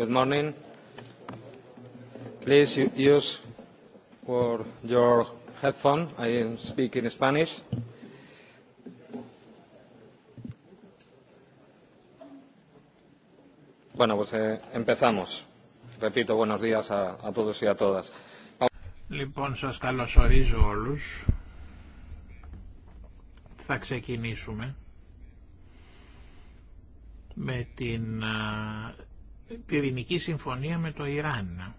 Good morning. Please use for your headphone. I am speaking Spanish. Bueno, pues eh, empezamos. Repito, buenos días a, a todos y a todas. Λοιπόν, σας καλωσορίζω όλους. Θα ξεκινήσουμε με την πυρηνική συμφωνία με το Ιράν.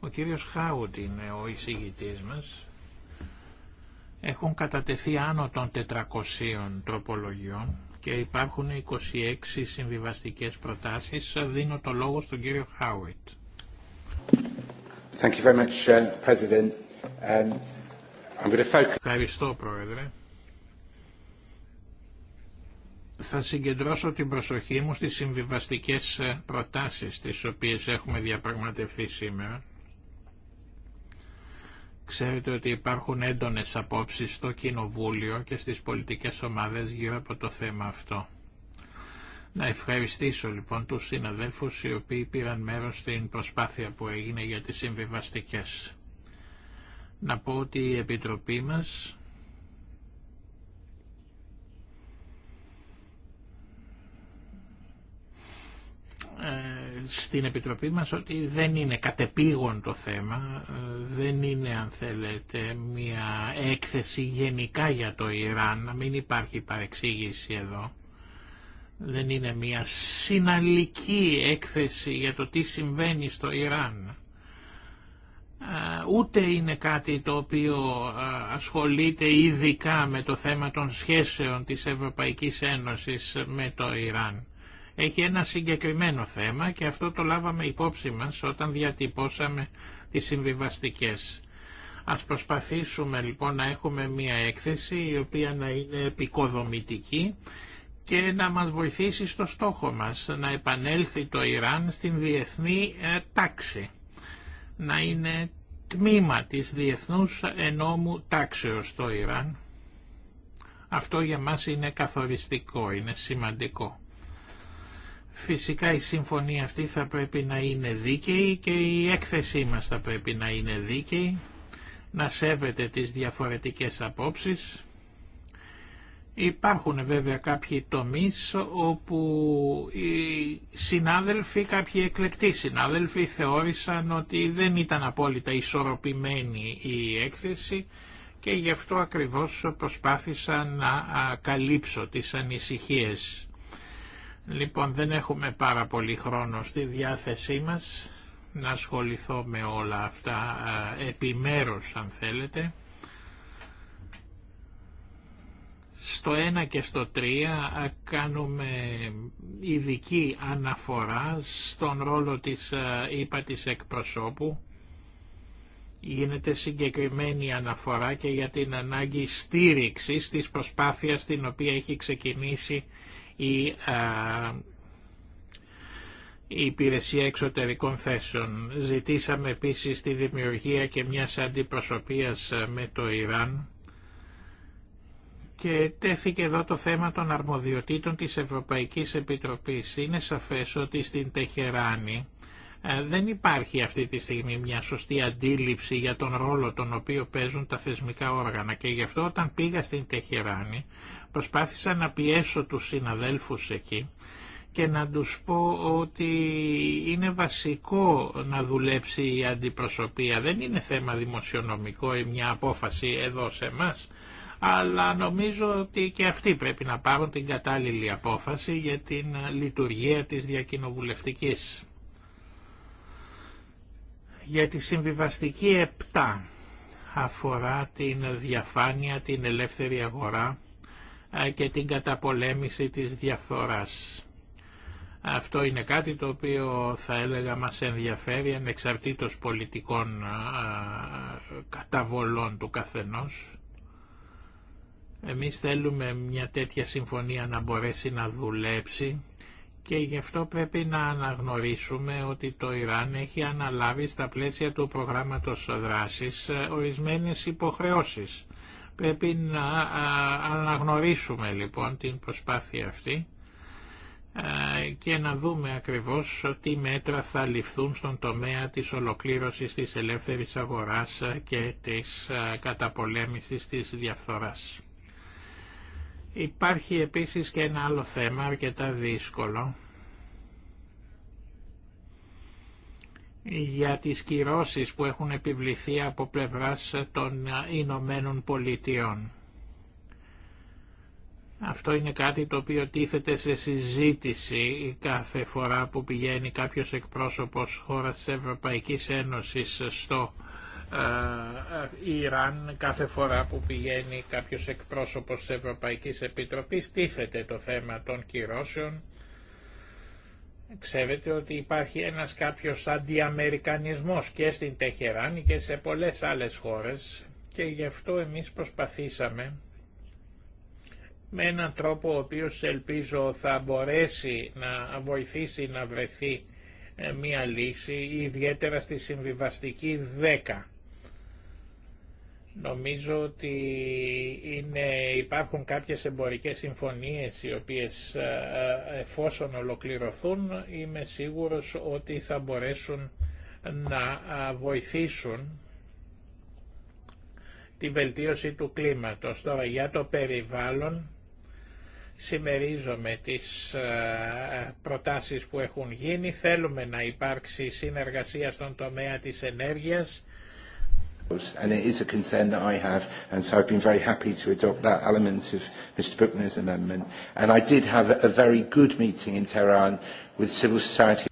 Ο κύριος Χάουτ είναι ο εισηγητής μας. Έχουν κατατεθεί άνω των 400 τροπολογιών και υπάρχουν 26 συμβιβαστικές προτάσεις. Δίνω το λόγο στον κύριο Χάουιτ. Uh, um, Ευχαριστώ, Πρόεδρε θα συγκεντρώσω την προσοχή μου στις συμβιβαστικές ε, προτάσεις τις οποίες έχουμε διαπραγματευτεί σήμερα. Ξέρετε ότι υπάρχουν έντονες απόψεις στο Κοινοβούλιο και στις πολιτικές ομάδες γύρω από το θέμα αυτό. Να ευχαριστήσω λοιπόν τους συναδέλφους οι οποίοι πήραν μέρος στην προσπάθεια που έγινε για τις συμβιβαστικές. Να πω ότι η Επιτροπή μας Ε, στην Επιτροπή μας ότι δεν είναι κατεπήγον το θέμα, ε, δεν είναι αν θέλετε μια έκθεση γενικά για το Ιράν, να μην υπάρχει παρεξήγηση εδώ. Δεν είναι μια συναλλική έκθεση για το τι συμβαίνει στο Ιράν. Ε, ούτε είναι κάτι το οποίο ασχολείται ειδικά με το θέμα των σχέσεων της Ευρωπαϊκής Ένωσης με το Ιράν έχει ένα συγκεκριμένο θέμα και αυτό το λάβαμε υπόψη μας όταν διατυπώσαμε τις συμβιβαστικές. Ας προσπαθήσουμε λοιπόν να έχουμε μία έκθεση η οποία να είναι επικοδομητική και να μας βοηθήσει στο στόχο μας να επανέλθει το Ιράν στην διεθνή ε, τάξη. Να είναι τμήμα της διεθνούς ενόμου τάξεως το Ιράν. Αυτό για μας είναι καθοριστικό, είναι σημαντικό. Φυσικά η συμφωνία αυτή θα πρέπει να είναι δίκαιη και η έκθεσή μας θα πρέπει να είναι δίκαιη, να σέβεται τις διαφορετικές απόψεις. Υπάρχουν βέβαια κάποιοι τομείς όπου οι συνάδελφοι, κάποιοι εκλεκτοί συνάδελφοι θεώρησαν ότι δεν ήταν απόλυτα ισορροπημένη η έκθεση και γι' αυτό ακριβώς προσπάθησαν να καλύψω τις ανησυχίες Λοιπόν, δεν έχουμε πάρα πολύ χρόνο στη διάθεσή μας να ασχοληθώ με όλα αυτά επιμέρους αν θέλετε. Στο 1 και στο 3 κάνουμε ειδική αναφορά στον ρόλο της είπα της εκπροσώπου. Γίνεται συγκεκριμένη αναφορά και για την ανάγκη στήριξης της προσπάθειας την οποία έχει ξεκινήσει η, η Υπηρεσία Εξωτερικών Θέσεων. Ζητήσαμε επίσης τη δημιουργία και μιας αντιπροσωπείας με το Ιράν και τέθηκε εδώ το θέμα των αρμοδιοτήτων της Ευρωπαϊκής Επιτροπής. Είναι σαφές ότι στην Τεχεράνη δεν υπάρχει αυτή τη στιγμή μια σωστή αντίληψη για τον ρόλο τον οποίο παίζουν τα θεσμικά όργανα και γι' αυτό όταν πήγα στην Τεχεράνη Προσπάθησα να πιέσω τους συναδέλφους εκεί και να τους πω ότι είναι βασικό να δουλέψει η αντιπροσωπεία. Δεν είναι θέμα δημοσιονομικό ή μια απόφαση εδώ σε εμά, αλλά νομίζω ότι και αυτοί πρέπει να πάρουν την κατάλληλη απόφαση για την λειτουργία της διακοινοβουλευτικής. Για τη συμβιβαστική 7 αφορά την διαφάνεια, την ελεύθερη αγορά και την καταπολέμηση της διαφθοράς. Αυτό είναι κάτι το οποίο θα έλεγα μας ενδιαφέρει ανεξαρτήτως πολιτικών καταβολών του καθενός. Εμείς θέλουμε μια τέτοια συμφωνία να μπορέσει να δουλέψει και γι' αυτό πρέπει να αναγνωρίσουμε ότι το Ιράν έχει αναλάβει στα πλαίσια του προγράμματος δράσης ε, ορισμένες υποχρεώσεις Πρέπει να αναγνωρίσουμε λοιπόν την προσπάθεια αυτή και να δούμε ακριβώς τι μέτρα θα ληφθούν στον τομέα της ολοκλήρωσης της ελεύθερης αγοράς και της καταπολέμησης της διαφθοράς. Υπάρχει επίσης και ένα άλλο θέμα αρκετά δύσκολο για τις κυρώσεις που έχουν επιβληθεί από πλευράς των Ηνωμένων Πολιτειών. Αυτό είναι κάτι το οποίο τίθεται σε συζήτηση κάθε φορά που πηγαίνει κάποιος εκπρόσωπος χώρας της Ευρωπαϊκής Ένωσης στο ε, ε, Ιράν, κάθε φορά που πηγαίνει κάποιος εκπρόσωπος της Ευρωπαϊκής Επιτροπής, τίθεται το θέμα των κυρώσεων Ξέρετε ότι υπάρχει ένας κάποιος αντιαμερικανισμός και στην Τεχεράνη και σε πολλές άλλες χώρες και γι' αυτό εμείς προσπαθήσαμε με έναν τρόπο ο οποίος ελπίζω θα μπορέσει να βοηθήσει να βρεθεί ε, μια λύση, ιδιαίτερα στη συμβιβαστική δέκα. Νομίζω ότι είναι, υπάρχουν κάποιες εμπορικές συμφωνίες οι οποίες ε, ε, εφόσον ολοκληρωθούν είμαι σίγουρος ότι θα μπορέσουν να βοηθήσουν τη βελτίωση του κλίματος. Τώρα για το περιβάλλον συμμερίζομαι τις ε, προτάσεις που έχουν γίνει. Θέλουμε να υπάρξει συνεργασία στον τομέα της ενέργειας And it is a concern that I have, and so I've been very happy to adopt that element of Mr. Bruckner's amendment. And I did have a very good meeting in Tehran with civil society.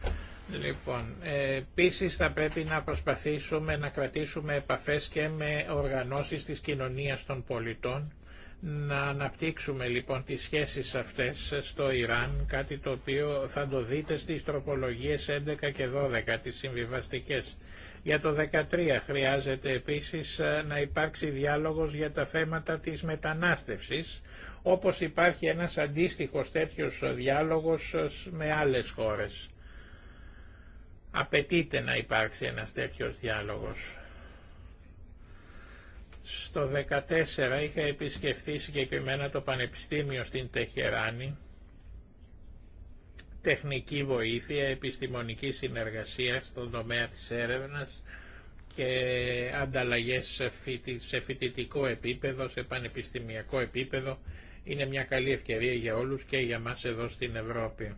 Λοιπόν, επίση θα πρέπει να προσπαθήσουμε να κρατήσουμε επαφές και με οργανώσεις της κοινωνίας των πολιτών, να αναπτύξουμε λοιπόν τις σχέσεις αυτές στο Ιράν, κάτι το οποίο θα το δείτε στις τροπολογίες 11 και 12, τις συμβιβαστικές. Για το 2013 χρειάζεται επίσης ε, να υπάρξει διάλογος για τα θέματα της μετανάστευσης, όπως υπάρχει ένας αντίστοιχος τέτοιος διάλογος ε, με άλλες χώρες. Απαιτείται να υπάρξει ένας τέτοιος διάλογος. Στο 2014 είχα επισκεφθεί συγκεκριμένα το Πανεπιστήμιο στην Τεχεράνη τεχνική βοήθεια, επιστημονική συνεργασία στον τομέα της έρευνας και ανταλλαγές σε φοιτητικό επίπεδο, σε πανεπιστημιακό επίπεδο. Είναι μια καλή ευκαιρία για όλους και για μας εδώ στην Ευρώπη.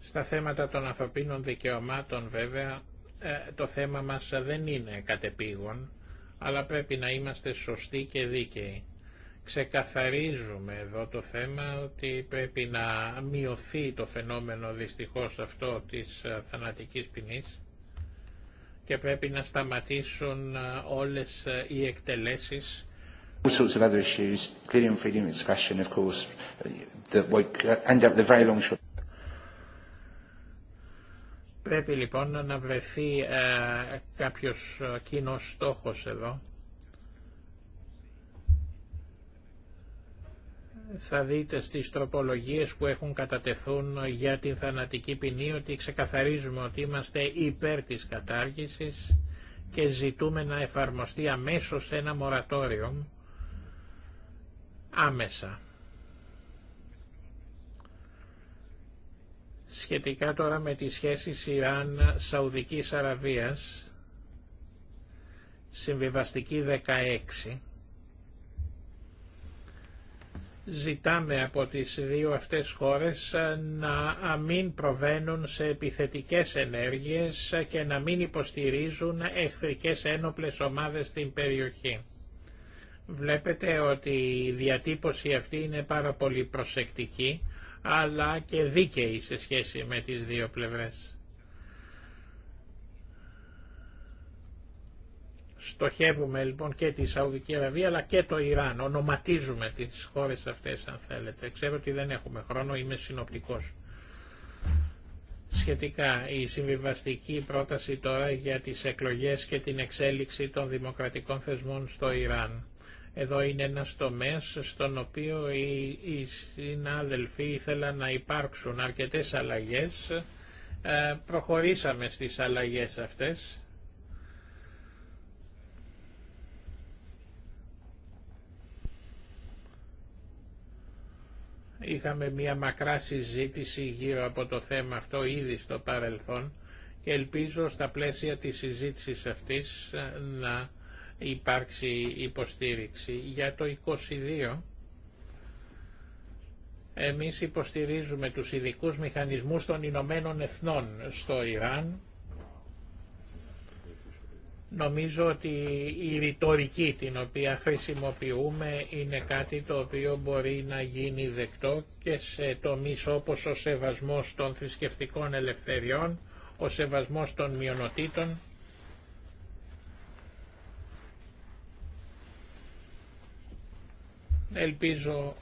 Στα θέματα των ανθρωπίνων δικαιωμάτων βέβαια ε, το θέμα μας δεν είναι κατεπήγον, αλλά πρέπει να είμαστε σωστοί και δίκαιοι ξεκαθαρίζουμε εδώ το θέμα ότι πρέπει να μειωθεί το φαινόμενο δυστυχώς αυτό της ε, θανατικής ποινής και πρέπει να σταματήσουν ε, όλες ε, οι εκτελέσεις issues, freedom expression, of course, that end up Πρέπει λοιπόν να βρεθεί κάποιος κοινός στόχος εδώ θα δείτε στις τροπολογίες που έχουν κατατεθούν για την θανατική ποινή ότι ξεκαθαρίζουμε ότι είμαστε υπέρ της κατάργησης και ζητούμε να εφαρμοστεί αμέσως ένα μορατόριο άμεσα. Σχετικά τώρα με τις σχέσεις Ιράν-Σαουδικής Αραβίας, συμβιβαστική 16, ζητάμε από τις δύο αυτές χώρες ε, να μην προβαίνουν σε επιθετικές ενέργειες ε, και να μην υποστηρίζουν εχθρικές ένοπλες ομάδες στην περιοχή. Βλέπετε ότι η διατύπωση αυτή είναι πάρα πολύ προσεκτική αλλά και δίκαιη σε σχέση με τις δύο πλευρές. Στοχεύουμε λοιπόν και τη Σαουδική Αραβία αλλά και το Ιράν. Ονοματίζουμε τις χώρες αυτές αν θέλετε. Ξέρω ότι δεν έχουμε χρόνο, είμαι συνοπτικός. Σχετικά η συμβιβαστική πρόταση τώρα για τις εκλογές και την εξέλιξη των δημοκρατικών θεσμών στο Ιράν. Εδώ είναι ένας τομέας στον οποίο οι, οι συνάδελφοι ήθελαν να υπάρξουν αρκετές αλλαγές. Ε, προχωρήσαμε στις αλλαγές αυτές Είχαμε μια μακρά συζήτηση γύρω από το θέμα αυτό ήδη στο παρελθόν και ελπίζω στα πλαίσια της συζήτησης αυτής να υπάρξει υποστήριξη. Για το 22 εμείς υποστηρίζουμε τους ειδικούς μηχανισμούς των Ηνωμένων Εθνών στο Ιράν Νομίζω ότι η ρητορική την οποία χρησιμοποιούμε είναι κάτι το οποίο μπορεί να γίνει δεκτό και σε τομείς όπως ο σεβασμός των θρησκευτικών ελευθεριών, ο σεβασμός των μειονοτήτων, Ελπίζω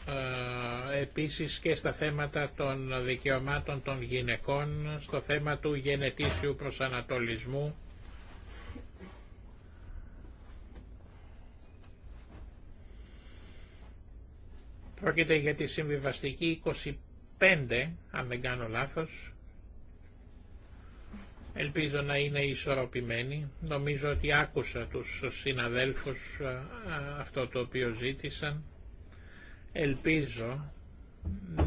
επίσης και στα θέματα των δικαιωμάτων των γυναικών, στο θέμα του γενετήσιου προσανατολισμού, Πρόκειται για τη συμβιβαστική 25, αν δεν κάνω λάθος. Ελπίζω να είναι ισορροπημένη. Νομίζω ότι άκουσα τους συναδέλφους αυτό το οποίο ζήτησαν. Ελπίζω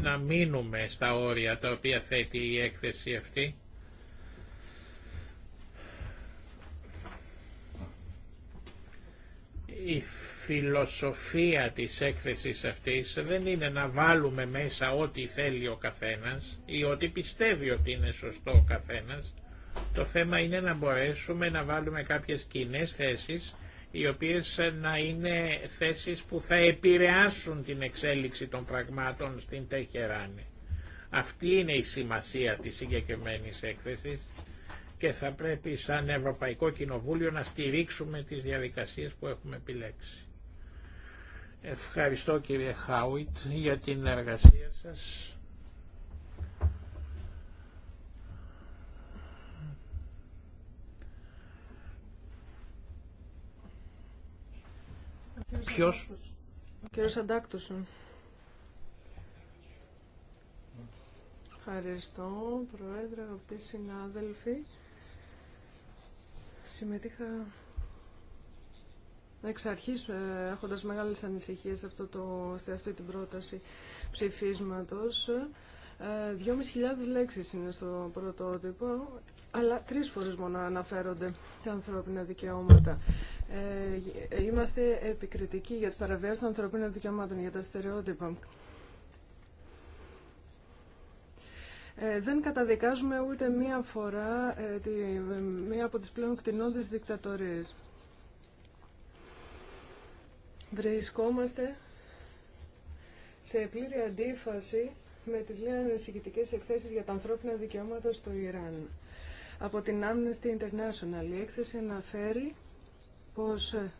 να μείνουμε στα όρια τα οποία θέτει η έκθεση αυτή φιλοσοφία της έκθεσης αυτής δεν είναι να βάλουμε μέσα ό,τι θέλει ο καθένας ή ό,τι πιστεύει ότι είναι σωστό ο καθένας. Το θέμα είναι να μπορέσουμε να βάλουμε κάποιες κοινέ θέσεις οι οποίες να είναι θέσεις που θα επηρεάσουν την εξέλιξη των πραγμάτων στην Τεχεράνη. Αυτή είναι η σημασία της συγκεκριμένη έκθεσης και θα πρέπει σαν Ευρωπαϊκό Κοινοβούλιο να στηρίξουμε τις διαδικασίες που έχουμε επιλέξει. Ευχαριστώ κύριε Χάουιτ για την εργασία σας. Ποιος? Ο κύριος Αντάκτουσον. Ευχαριστώ, Πρόεδρε, αγαπητοί συνάδελφοι. Συμμετείχα Εξ αρχής, ε, έχοντας μεγάλες ανησυχίες σε, αυτό το, αυτή την πρόταση ψηφίσματος, 2.500 ε, λέξεις είναι στο πρωτότυπο, αλλά τρεις φορές μόνο αναφέρονται τα ανθρώπινα δικαιώματα. Ε, είμαστε επικριτικοί για τις παραβιάσεις των ανθρωπίνων δικαιωμάτων, για τα στερεότυπα. Ε, δεν καταδικάζουμε ούτε μία φορά τη, μία από τις πλέον κτηνώδεις δικτατορίες. Βρισκόμαστε σε πλήρη αντίφαση με τις λέει ανησυχητικές εκθέσεις για τα ανθρώπινα δικαιώματα στο Ιράν. Από την Amnesty International η έκθεση αναφέρει πως ε,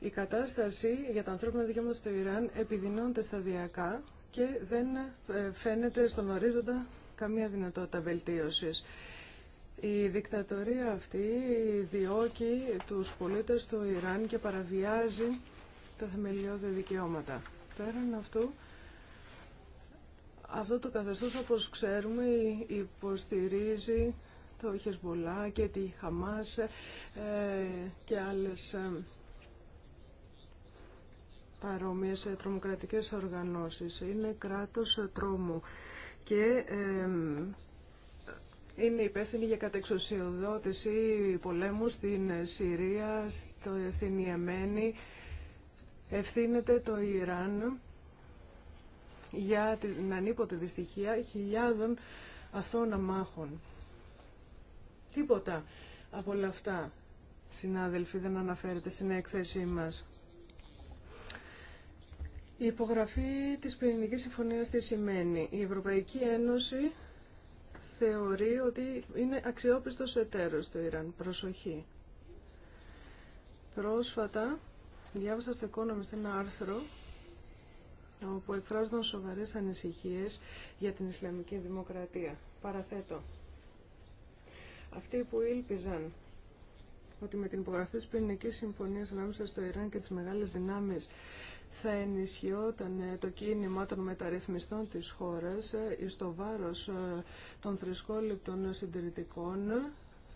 η κατάσταση για τα ανθρώπινα δικαιώματα στο Ιράν επιδεινώνεται σταδιακά και δεν ε, φαίνεται στον ορίζοντα καμία δυνατότητα βελτίωσης. Η δικτατορία αυτή διώκει τους πολίτες του Ιράν και παραβιάζει τα θεμελιώδη δικαιώματα. Πέραν αυτού, αυτό το καθεστώς όπως ξέρουμε υποστηρίζει το Χεσμολά και τη Χαμάς ε, και άλλες ε, παρόμοιες ε, τρομοκρατικές οργανώσεις. Είναι κράτος τρόμου και είναι υπεύθυνη για κατεξοσιοδότηση πολέμου στην Συρία, στο, στην Ιεμένη. Ευθύνεται το Ιράν για την ανίποτε δυστυχία χιλιάδων αθώνα μάχων. Τίποτα από όλα αυτά, συνάδελφοι, δεν αναφέρεται στην έκθεσή μας. Η υπογραφή της πυρηνικής συμφωνίας τι σημαίνει. Η Ευρωπαϊκή Ένωση θεωρεί ότι είναι αξιόπιστος εταίρος του Ιράν. Προσοχή. Πρόσφατα διάβασα στο Economist ένα άρθρο όπου εκφράζονταν σοβαρές ανησυχίες για την Ισλαμική Δημοκρατία. Παραθέτω. Αυτοί που ήλπιζαν ότι με την υπογραφή της πυρηνικής συμφωνίας ανάμεσα στο Ιράν και τις μεγάλες δυνάμεις θα ενισχυόταν ε, το κίνημα των μεταρρυθμιστών της χώρας ε, το βάρος ε, των θρησκόληπτων συντηρητικών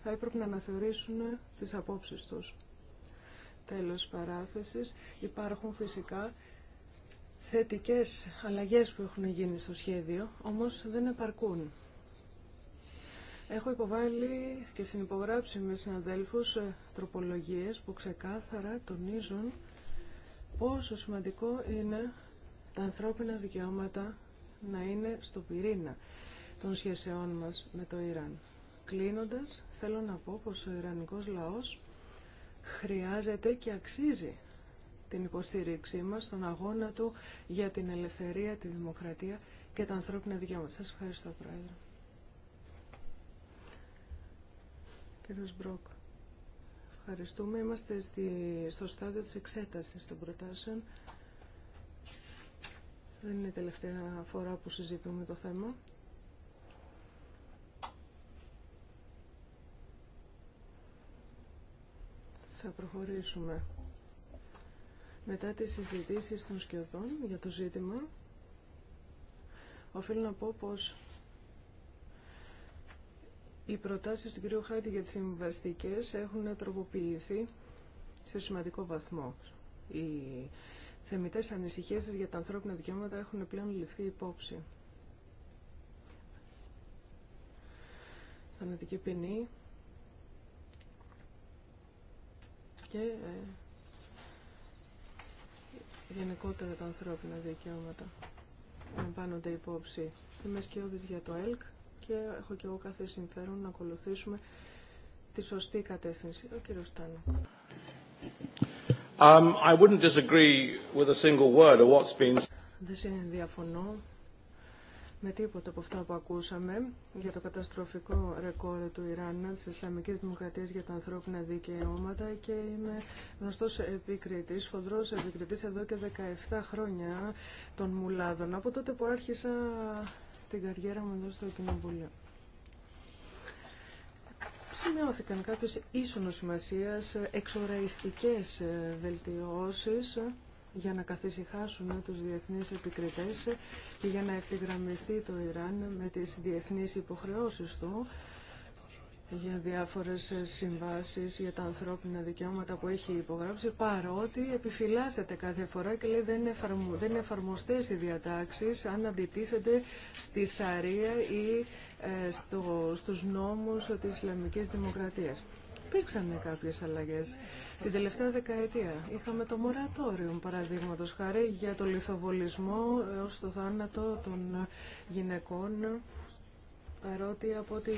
θα έπρεπε να αναθεωρήσουν τις απόψεις τους. Τέλος παράθεσης, υπάρχουν φυσικά θετικές αλλαγές που έχουν γίνει στο σχέδιο, όμως δεν επαρκούν. Έχω υποβάλει και συνυπογράψει με συναδέλφους ε, τροπολογίες που ξεκάθαρα τονίζουν πόσο σημαντικό είναι τα ανθρώπινα δικαιώματα να είναι στο πυρήνα των σχέσεών μας με το Ιράν. Κλείνοντας, θέλω να πω πως ο Ιρανικός λαός χρειάζεται και αξίζει την υποστήριξή μας στον αγώνα του για την ελευθερία, τη δημοκρατία και τα ανθρώπινα δικαιώματα. Σας ευχαριστώ, Πρόεδρε. Κύριος Μπρόκ. Ευχαριστούμε. Είμαστε στη, στο στάδιο της εξέτασης των προτάσεων. Δεν είναι η τελευταία φορά που συζητούμε το θέμα. Θα προχωρήσουμε. Μετά τις συζητήσεις των σκιωδών για το ζήτημα, οφείλω να πω πως οι προτάσεις του κ. Χάρτη για τις συμβαστικές έχουν τροποποιηθεί σε σημαντικό βαθμό. Οι θεμητές ανησυχίες για τα ανθρώπινα δικαιώματα έχουν πλέον ληφθεί υπόψη. Θανατική ποινή και ε, γενικότερα τα ανθρώπινα δικαιώματα. πάνονται υπόψη. και σκιώδης για το ΕΛΚ και έχω και εγώ κάθε συμφέρον να ακολουθήσουμε τη σωστή κατεύθυνση. Ο κύριος Τάνο. Um, been... Δεν συνδιαφωνώ με τίποτα από αυτά που ακούσαμε για το καταστροφικό ρεκόρ του Ιράν, τη Ισλαμική Δημοκρατία για τα ανθρώπινα δικαιώματα και είμαι γνωστό επικριτή, φοδρό επικριτή εδώ και 17 χρόνια των Μουλάδων. Από τότε που άρχισα την καριέρα μου εδώ στο Κοινοβούλιο. Σημειώθηκαν κάποιες ίσονο σημασίας εξοραϊστικές ε, βελτιώσεις ε, για να καθησυχάσουν ε, τους διεθνείς επικριτές και για να ευθυγραμμιστεί το Ιράν με τις διεθνείς υποχρεώσεις του για διάφορες ε, συμβάσεις για τα ανθρώπινα δικαιώματα που έχει υπογράψει, παρότι επιφυλάσσεται κάθε φορά και λέει δεν είναι, εφαρμο... εφαρμοστές οι διατάξεις αν αντιτίθεται στη Σαρία ή ε, στο... στους νόμους της Ισλαμικής Δημοκρατίας. Υπήρξαν κάποιες αλλαγές. Την τελευταία δεκαετία είχαμε το μορατόριο, παραδείγματο χάρη, για το λιθοβολισμό ε, ως το θάνατο των γυναικών παρότι από ό,τι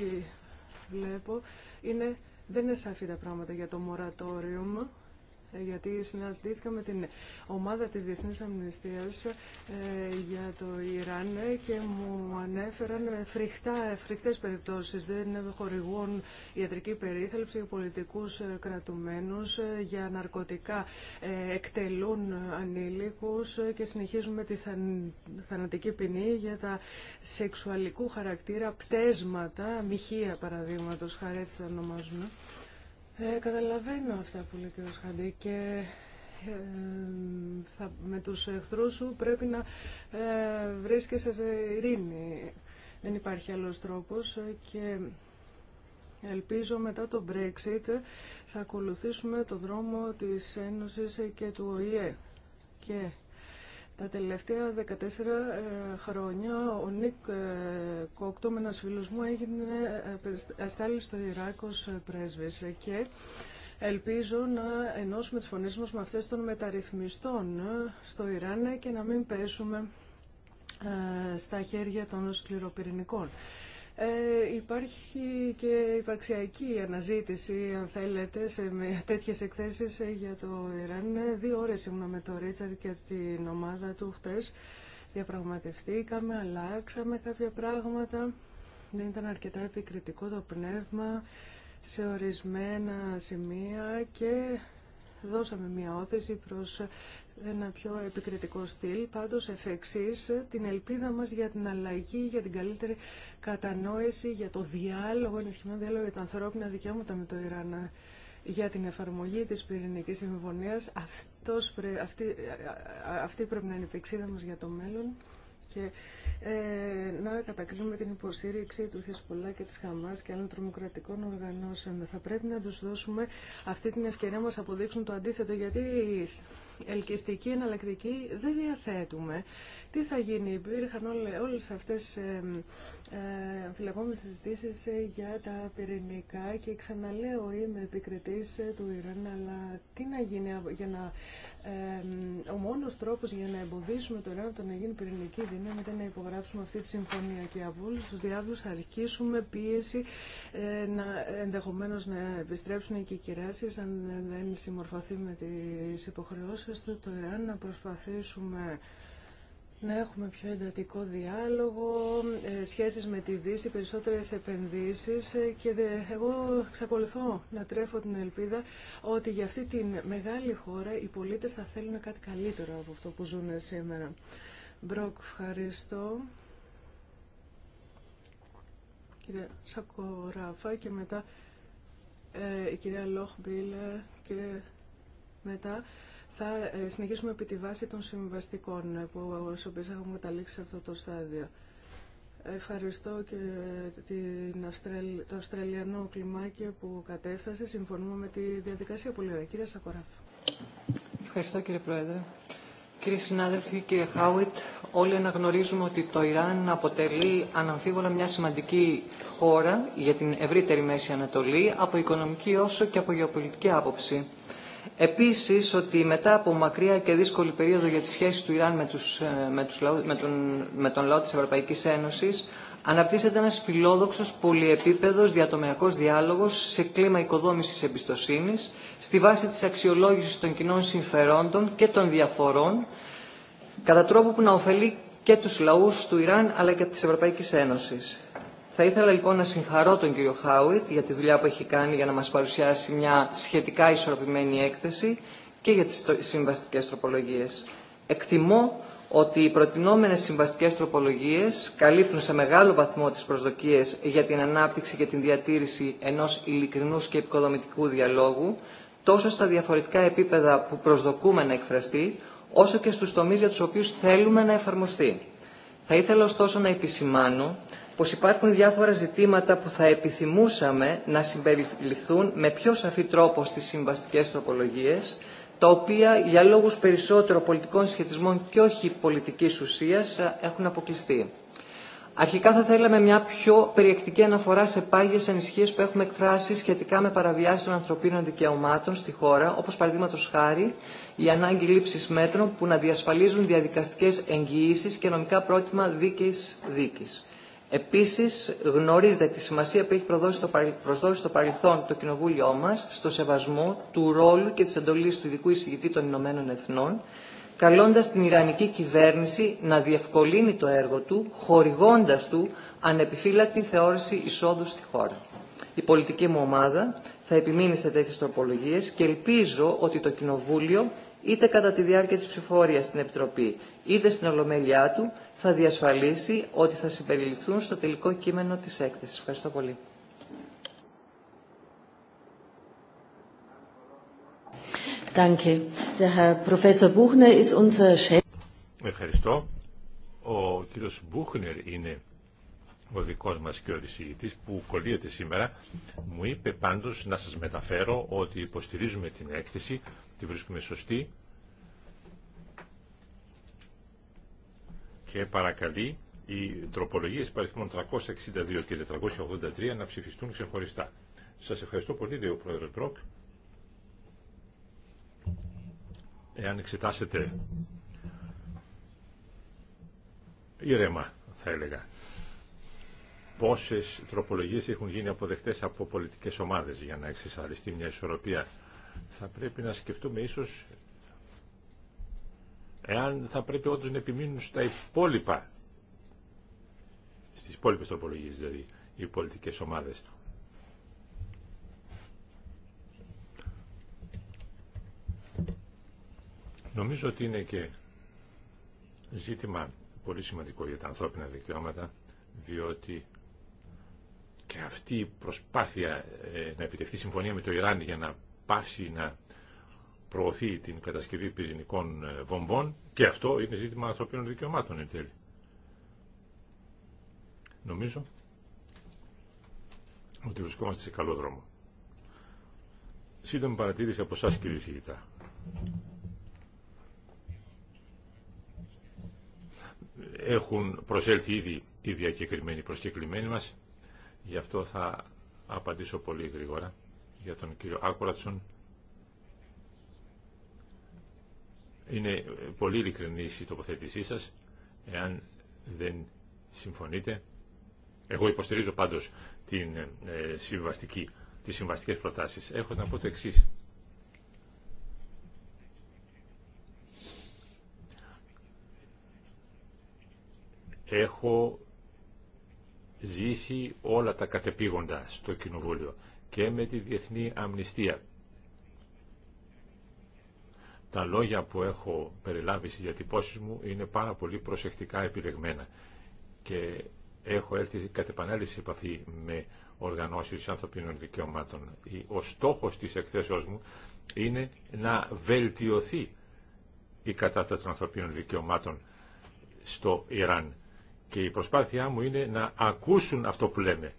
βλέπω είναι, δεν είναι σαφή τα πράγματα για το μορατόριο γιατί συναντήθηκα με την ομάδα της Διεθνής Αμνηστίας ε, για το Ιράν και μου ανέφεραν φρικτά, φρικτές περιπτώσεις. Δεν χορηγούν ιατρική περίθαλψη για πολιτικούς ε, κρατουμένους, ε, για ναρκωτικά εκτελούν ανήλικους και συνεχίζουμε τη θανατική ποινή για τα σεξουαλικού χαρακτήρα πτέσματα, μοιχεία παραδείγματος, χαρέτσι τα ονομάζουμε, ε, καταλαβαίνω αυτά που λέει ο Χαντή και ε, με τους εχθρούς σου πρέπει να ε, βρίσκεσαι σε ειρήνη. Δεν υπάρχει άλλος τρόπος ε, και ελπίζω μετά το Brexit θα ακολουθήσουμε το δρόμο της Ένωσης και του ΟΗΕ. Τα τελευταία 14 ε, χρόνια ο Νίκ ε, με ένας φίλος μου, έγινε ε, αστάλη στο Ιράκ ως πρέσβης και ελπίζω να ενώσουμε τις φωνές μας με αυτές των μεταρρυθμιστών στο Ιράν και να μην πέσουμε στα χέρια των σκληροπυρηνικών. Ε, υπάρχει και υπαξιακή αναζήτηση, αν θέλετε, σε με τέτοιες εκθέσεις ε, για το Ιράν. Ε, δύο ώρες ήμουν με τον Ρίτσαρ και την ομάδα του χτες. Διαπραγματευτήκαμε, αλλάξαμε κάποια πράγματα. Δεν ήταν αρκετά επικριτικό το πνεύμα σε ορισμένα σημεία και δώσαμε μια όθεση προς ένα πιο επικριτικό στυλ. Πάντως, εφ' εξής, την ελπίδα μας για την αλλαγή, για την καλύτερη κατανόηση, για το διάλογο, ενισχυμένο διάλογο για τα ανθρώπινα δικαιώματα με το Ιράν για την εφαρμογή της πυρηνικής συμφωνίας. Αυτός αυτή, αυτή πρέπει να είναι η επεξίδα μας για το μέλλον και ε, να κατακρίνουμε την υποστήριξη του Χεσπολά και της Χαμάς και άλλων τρομοκρατικών οργανώσεων. Θα πρέπει να τους δώσουμε αυτή την ευκαιρία μας αποδείξουν το αντίθετο γιατί ελκυστική εναλλακτική δεν διαθέτουμε. Τι θα γίνει, υπήρχαν όλες αυτές ε, ε, φυλακόμενες για τα πυρηνικά και ξαναλέω είμαι επικριτής ε, του Ιράν, αλλά τι να γίνει για να... Ε, ο μόνος τρόπος για να εμποδίσουμε το Ιράν το να γίνει πυρηνική δύναμη είναι να υπογράψουμε αυτή τη συμφωνία και από όλους τους διάβλους αρχίσουμε πίεση ε, να, ενδεχομένως να επιστρέψουν και οι κυράσεις αν δεν συμμορφωθεί με τις υποχρεώσεις στο να προσπαθήσουμε να έχουμε πιο εντατικό διάλογο, ε, σχέσεις με τη Δύση, περισσότερες επενδύσεις ε, και εγώ εξακολουθώ να τρέφω την ελπίδα ότι για αυτή τη μεγάλη χώρα οι πολίτες θα θέλουν κάτι καλύτερο από αυτό που ζουν σήμερα. Μπροκ, ευχαριστώ. Κύριε Σακοράφα και μετά ε, η κυρία και μετά θα ε, συνεχίσουμε επί τη βάση των συμβαστικών ε, που οποίες έχουμε καταλήξει σε αυτό το στάδιο. Ευχαριστώ και την Αυστραλ... το Αυστραλιανό κλιμάκι που κατέφτασε. Συμφωνούμε με τη διαδικασία πολύ ωραία. Κύριε Σακοράφ. Ευχαριστώ κύριε Πρόεδρε. Κύριοι συνάδελφοι, κύριε Χάουιτ, όλοι αναγνωρίζουμε ότι το Ιράν αποτελεί αναμφίβολα μια σημαντική χώρα για την ευρύτερη Μέση Ανατολή, από οικονομική όσο και από γεωπολιτική άποψη. Επίσης ότι μετά από μακριά και δύσκολη περίοδο για τις σχέσεις του Ιράν με, τους, ε, με, τους, με, τον, με τον λαό της Ευρωπαϊκής Ένωσης αναπτύσσεται ένας φιλόδοξος πολυεπίπεδος διατομιακός διάλογος σε κλίμα οικοδόμησης εμπιστοσύνης στη βάση της αξιολόγησης των κοινών συμφερόντων και των διαφορών κατά τρόπο που να ωφελεί και τους λαούς του Ιράν αλλά και της Ευρωπαϊκής Ένωσης. Θα ήθελα λοιπόν να συγχαρώ τον κύριο Χάουιτ για τη δουλειά που έχει κάνει για να μας παρουσιάσει μια σχετικά ισορροπημένη έκθεση και για τις συμβαστικές τροπολογίες. Εκτιμώ ότι οι προτινόμενες συμβαστικές τροπολογίες καλύπτουν σε μεγάλο βαθμό τις προσδοκίες για την ανάπτυξη και την διατήρηση ενός ειλικρινούς και επικοδομητικού διαλόγου, τόσο στα διαφορετικά επίπεδα που προσδοκούμε να εκφραστεί, όσο και στους τομείς για τους οποίους θέλουμε να εφαρμοστεί. Θα ήθελα ωστόσο να επισημάνω πως υπάρχουν διάφορα ζητήματα που θα επιθυμούσαμε να συμπεριληφθούν με πιο σαφή τρόπο στις συμβαστικές τροπολογίες, τα οποία για λόγους περισσότερο πολιτικών σχετισμών και όχι πολιτικής ουσίας ε, έχουν αποκλειστεί. Αρχικά θα θέλαμε μια πιο περιεκτική αναφορά σε πάγιες ανησυχίες που έχουμε εκφράσει σχετικά με παραβιάσεις των ανθρωπίνων δικαιωμάτων στη χώρα, όπως παραδείγματο χάρη η ανάγκη λήψης μέτρων που να διασφαλίζουν διαδικαστικές εγγυήσεις και νομικά πρότυπα δίκης δίκης. Επίση, γνωρίζετε τη σημασία που έχει προσδώσει στο παρελθόν το Κοινοβούλιο μα στο σεβασμό του ρόλου και τη εντολή του ειδικού εισηγητή των Ηνωμένων Εθνών καλώντα την Ιρανική κυβέρνηση να διευκολύνει το έργο του χορηγώντα του ανεπιφύλακτη θεώρηση εισόδου στη χώρα. Η πολιτική μου ομάδα θα επιμείνει σε τέτοιε τροπολογίε και ελπίζω ότι το Κοινοβούλιο είτε κατά τη διάρκεια τη ψηφορία στην Επιτροπή είτε στην Ολομέλειά του θα διασφαλίσει ότι θα συμπεριληφθούν στο τελικό κείμενο της έκθεσης. Ευχαριστώ πολύ. Ευχαριστώ. Ο κύριος Μπούχνερ είναι ο δικός μας και ο που κολλείεται σήμερα. Μου είπε πάντως να σας μεταφέρω ότι υποστηρίζουμε την έκθεση, τη βρίσκουμε σωστή και παρακαλεί οι τροπολογίε παριθμών 362 και 483 να ψηφιστούν ξεχωριστά. Σα ευχαριστώ πολύ, λέει ο πρόεδρο Μπροκ. Εάν εξετάσετε ήρεμα, θα έλεγα, Πόσε τροπολογίες έχουν γίνει αποδεκτέ από πολιτικέ ομάδε για να εξασφαλιστεί μια ισορροπία, θα πρέπει να σκεφτούμε ίσω εάν θα πρέπει όντως να επιμείνουν στα υπόλοιπα, στις υπόλοιπες τροπολογίες δηλαδή, οι πολιτικές ομάδες. Νομίζω ότι είναι και ζήτημα πολύ σημαντικό για τα ανθρώπινα δικαιώματα, διότι και αυτή η προσπάθεια ε, να επιτευχθεί συμφωνία με το Ιράν για να πάυσει να προωθεί την κατασκευή πυρηνικών ε, βομβών και αυτό είναι ζήτημα ανθρωπίνων δικαιωμάτων εν τέλει. Νομίζω ότι βρισκόμαστε σε καλό δρόμο. Σύντομη παρατήρηση από εσά κύριε Σιγητά. Έχουν προσέλθει ήδη οι διακεκριμένοι προσκεκλημένοι μας, γι' αυτό θα απαντήσω πολύ γρήγορα για τον κύριο Άκουρατσον Είναι πολύ ειλικρινή η τοποθέτησή σας. Εάν δεν συμφωνείτε, εγώ υποστηρίζω πάντως την, ε, συμβαστική, τις συμβαστικές προτάσεις. Έχω να πω το εξή. Έχω ζήσει όλα τα κατεπήγοντα στο Κοινοβούλιο και με τη Διεθνή Αμνηστία τα λόγια που έχω περιλάβει στις διατυπώσεις μου είναι πάρα πολύ προσεκτικά επιλεγμένα και έχω έρθει κατ' επανάληψη σε επαφή με οργανώσεις ανθρωπίνων δικαιωμάτων. Ο στόχος της εκθέσεως μου είναι να βελτιωθεί η κατάσταση των ανθρωπίνων δικαιωμάτων στο Ιράν. Και η προσπάθειά μου είναι να ακούσουν αυτό που λέμε.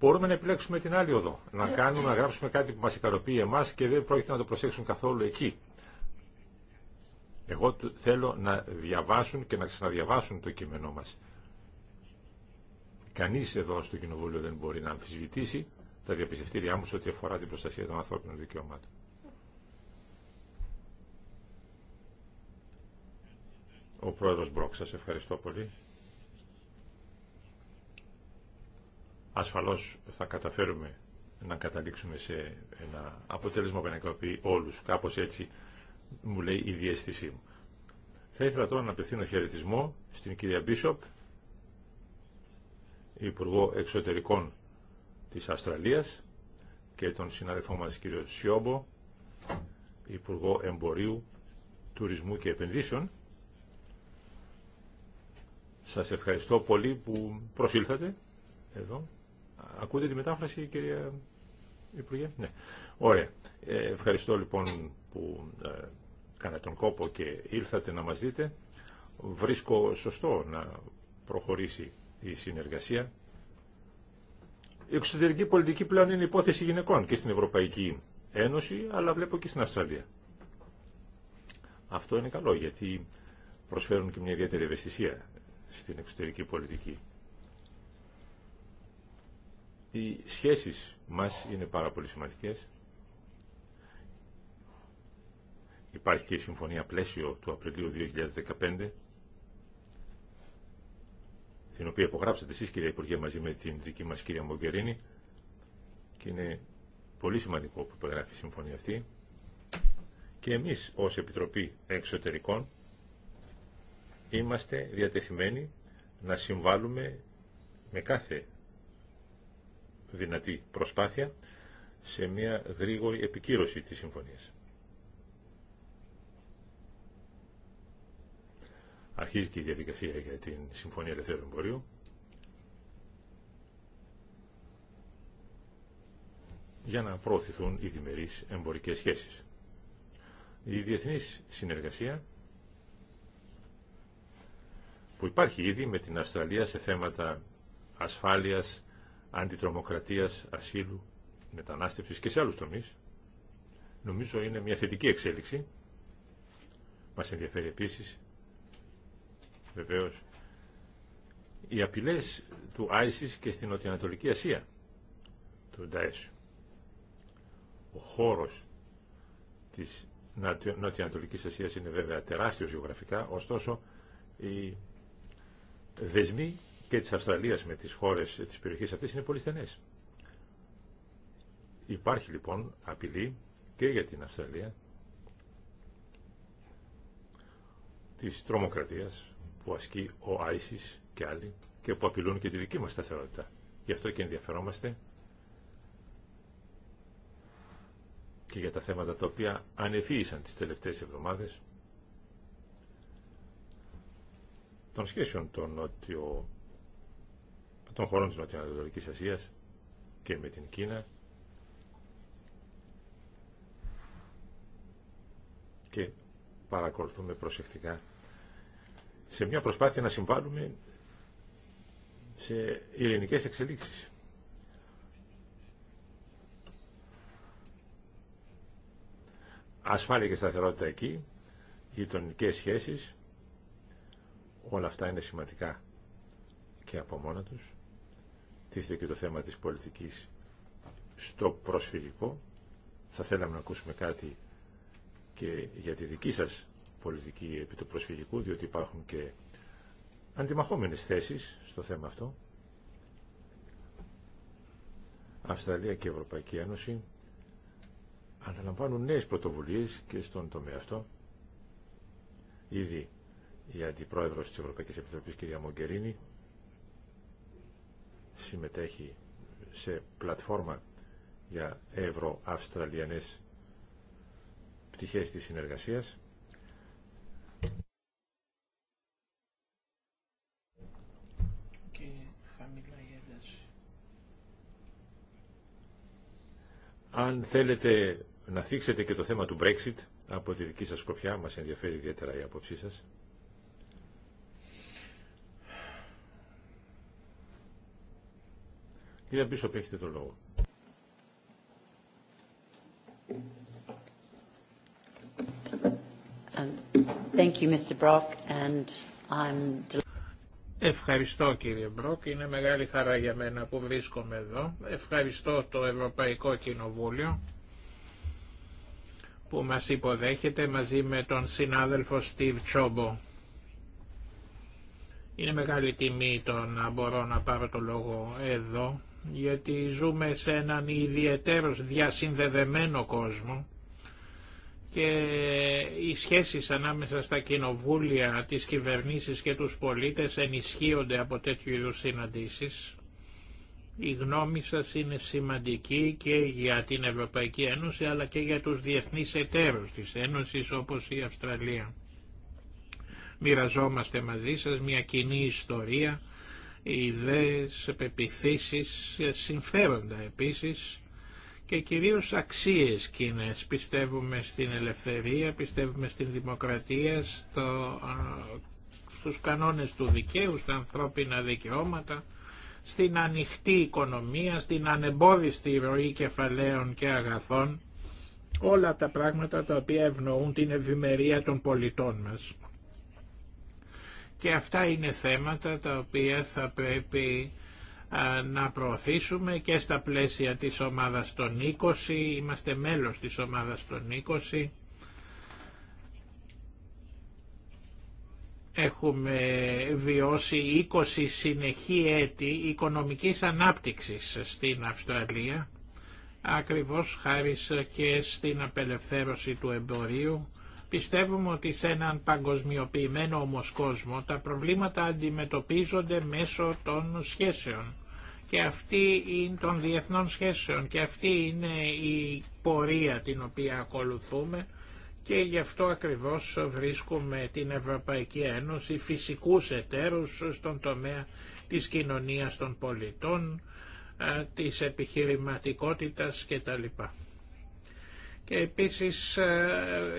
Μπορούμε να επιλέξουμε την άλλη οδό, να ε, κάνουμε, ε. να γράψουμε κάτι που μας ικανοποιεί εμάς και δεν πρόκειται να το προσέξουν καθόλου εκεί. Εγώ θέλω να διαβάσουν και να ξαναδιαβάσουν το κείμενό μας. Κανείς εδώ στο Κοινοβούλιο δεν μπορεί να αμφισβητήσει τα διαπιστευτήριά μου σε ό,τι αφορά την προστασία των ανθρώπινων δικαιωμάτων. Ο πρόεδρος Μπρόκ, σας ευχαριστώ πολύ. Ασφαλώς θα καταφέρουμε να καταλήξουμε σε ένα αποτέλεσμα που να όλους. Κάπως έτσι μου λέει η διέστησή μου. Θα ήθελα τώρα να απευθύνω χαιρετισμό στην κυρία Μπίσοπ, Υπουργό Εξωτερικών της Αυστραλίας και τον συναδελφό μας κύριο Σιόμπο, Υπουργό Εμπορίου, Τουρισμού και Επενδύσεων. Σας ευχαριστώ πολύ που προσήλθατε εδώ. Ακούτε τη μετάφραση κυρία Υπουργέ. Ναι. Ωραία. Ε, ευχαριστώ λοιπόν που ε, κάνα τον κόπο και ήλθατε να μας δείτε, βρίσκω σωστό να προχωρήσει η συνεργασία. Η εξωτερική πολιτική πλέον είναι υπόθεση γυναικών και στην Ευρωπαϊκή Ένωση, αλλά βλέπω και στην Αυστραλία. Αυτό είναι καλό, γιατί προσφέρουν και μια ιδιαίτερη ευαισθησία στην εξωτερική πολιτική. Οι σχέσεις μας είναι πάρα πολύ σημαντικές. Υπάρχει και η συμφωνία πλαίσιο του Απριλίου 2015, την οποία υπογράψατε εσείς κύριε Υπουργέ μαζί με την δική μας κυρία Μογκερίνη και είναι πολύ σημαντικό που υπογράφει η συμφωνία αυτή και εμείς ως Επιτροπή Εξωτερικών είμαστε διατεθειμένοι να συμβάλλουμε με κάθε δυνατή προσπάθεια σε μια γρήγορη επικύρωση της συμφωνίας. Αρχίζει και η διαδικασία για την Συμφωνία Ελευθέρου Εμπορίου. για να προωθηθούν οι διμερείς εμπορικές σχέσεις. Η διεθνής συνεργασία που υπάρχει ήδη με την Αυστραλία σε θέματα ασφάλειας, αντιτρομοκρατίας, ασύλου, μετανάστευσης και σε άλλους τομείς, νομίζω είναι μια θετική εξέλιξη. Μας ενδιαφέρει επίσης βεβαίως οι απειλές του ISIS και στην Νοτιοανατολική Ασία του Νταέσου. Ο χώρος της Νοτιοανατολικής Ασίας είναι βέβαια τεράστιος γεωγραφικά, ωστόσο οι δεσμοί και της Αυστραλίας με τις χώρες της περιοχής αυτής είναι πολύ στενές. Υπάρχει λοιπόν απειλή και για την Αυστραλία της τρομοκρατίας που ασκεί ο Άισις και άλλοι και που απειλούν και τη δική μας σταθερότητα. Γι' αυτό και ενδιαφερόμαστε και για τα θέματα τα οποία ανεφύησαν τις τελευταίες εβδομάδες των σχέσεων των, νότιο, των χωρών της Νοτιοανατολικής Ασίας και με την Κίνα και παρακολουθούμε προσεκτικά σε μια προσπάθεια να συμβάλλουμε σε ειρηνικές εξελίξεις. Ασφάλεια και σταθερότητα εκεί, γειτονικές σχέσεις, όλα αυτά είναι σημαντικά και από μόνα τους. Τίθεται και το θέμα της πολιτικής στο προσφυγικό. Θα θέλαμε να ακούσουμε κάτι και για τη δική σας πολιτική επί του προσφυγικού, διότι υπάρχουν και αντιμαχόμενες θέσεις στο θέμα αυτό. Αυστραλία και Ευρωπαϊκή Ένωση αναλαμβάνουν νέες πρωτοβουλίες και στον τομέα αυτό. Ήδη η Αντιπρόεδρος της Ευρωπαϊκής Επιτροπής, κυρία Μογκερίνη, συμμετέχει σε πλατφόρμα για ευρωαυστραλιανές πτυχές της συνεργασίας. Αν θέλετε να θίξετε και το θέμα του Brexit από τη δική σας σκοπιά, μας ενδιαφέρει ιδιαίτερα η άποψή σας. Κύριε Μπίσοπ, έχετε το λόγο. Thank you, Mr. Brock, and I'm... Ευχαριστώ κύριε Μπρόκ, είναι μεγάλη χαρά για μένα που βρίσκομαι εδώ. Ευχαριστώ το Ευρωπαϊκό Κοινοβούλιο που μας υποδέχεται μαζί με τον συνάδελφο Στίβ Τσόμπο. Είναι μεγάλη τιμή το να μπορώ να πάρω το λόγο εδώ, γιατί ζούμε σε έναν ιδιαίτερος διασυνδεδεμένο κόσμο και οι σχέσεις ανάμεσα στα κοινοβούλια, τις κυβερνήσεις και τους πολίτες ενισχύονται από τέτοιου είδους συναντήσεις. Η γνώμη σας είναι σημαντική και για την Ευρωπαϊκή Ένωση αλλά και για τους διεθνείς εταίρους της Ένωσης όπως η Αυστραλία. Μοιραζόμαστε μαζί σας μια κοινή ιστορία, ιδέες, πεπιθήσεις, συμφέροντα επίσης και κυρίως αξίες κοινές. Πιστεύουμε στην ελευθερία, πιστεύουμε στην δημοκρατία, στο, στους κανόνες του δικαίου, στα ανθρώπινα δικαιώματα, στην ανοιχτή οικονομία, στην ανεμπόδιστη ροή κεφαλαίων και αγαθών, όλα τα πράγματα τα οποία ευνοούν την ευημερία των πολιτών μας. Και αυτά είναι θέματα τα οποία θα πρέπει να προωθήσουμε και στα πλαίσια της ομάδας των 20, είμαστε μέλος της ομάδας των 20, έχουμε βιώσει 20 συνεχή έτη οικονομικής ανάπτυξης στην Αυστραλία, ακριβώς χάρη και στην απελευθέρωση του εμπορίου. Πιστεύουμε ότι σε έναν παγκοσμιοποιημένο όμως κόσμο τα προβλήματα αντιμετωπίζονται μέσω των σχέσεων και αυτή είναι των διεθνών σχέσεων και αυτή είναι η πορεία την οποία ακολουθούμε και γι' αυτό ακριβώς βρίσκουμε την Ευρωπαϊκή Ένωση φυσικούς εταίρους στον τομέα της κοινωνίας των πολιτών, ε, της επιχειρηματικότητας κτλ. Και επίσης ε,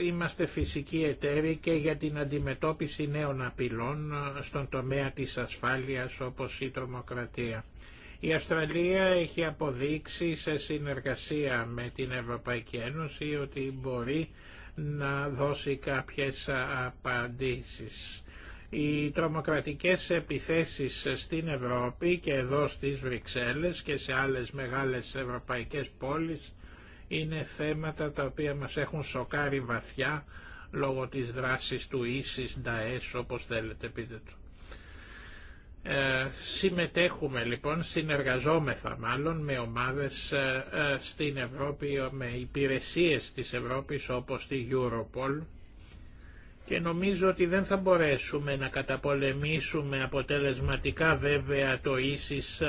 είμαστε φυσικοί εταίροι και για την αντιμετώπιση νέων απειλών ε, στον τομέα της ασφάλειας όπως η τρομοκρατία. Η Αυστραλία έχει αποδείξει σε συνεργασία με την Ευρωπαϊκή Ένωση ότι μπορεί να δώσει κάποιες απαντήσεις. Οι τρομοκρατικές επιθέσεις στην Ευρώπη και εδώ στις Βρυξέλλες και σε άλλες μεγάλες ευρωπαϊκές πόλεις είναι θέματα τα οποία μας έχουν σοκάρει βαθιά λόγω της δράσης του isis νταές, όπως θέλετε πείτε του. Ε, συμμετέχουμε λοιπόν, συνεργαζόμεθα μάλλον με ομάδες ε, ε, στην Ευρώπη, με υπηρεσίες της Ευρώπης όπως τη Europol και νομίζω ότι δεν θα μπορέσουμε να καταπολεμήσουμε αποτελεσματικά βέβαια το ίσις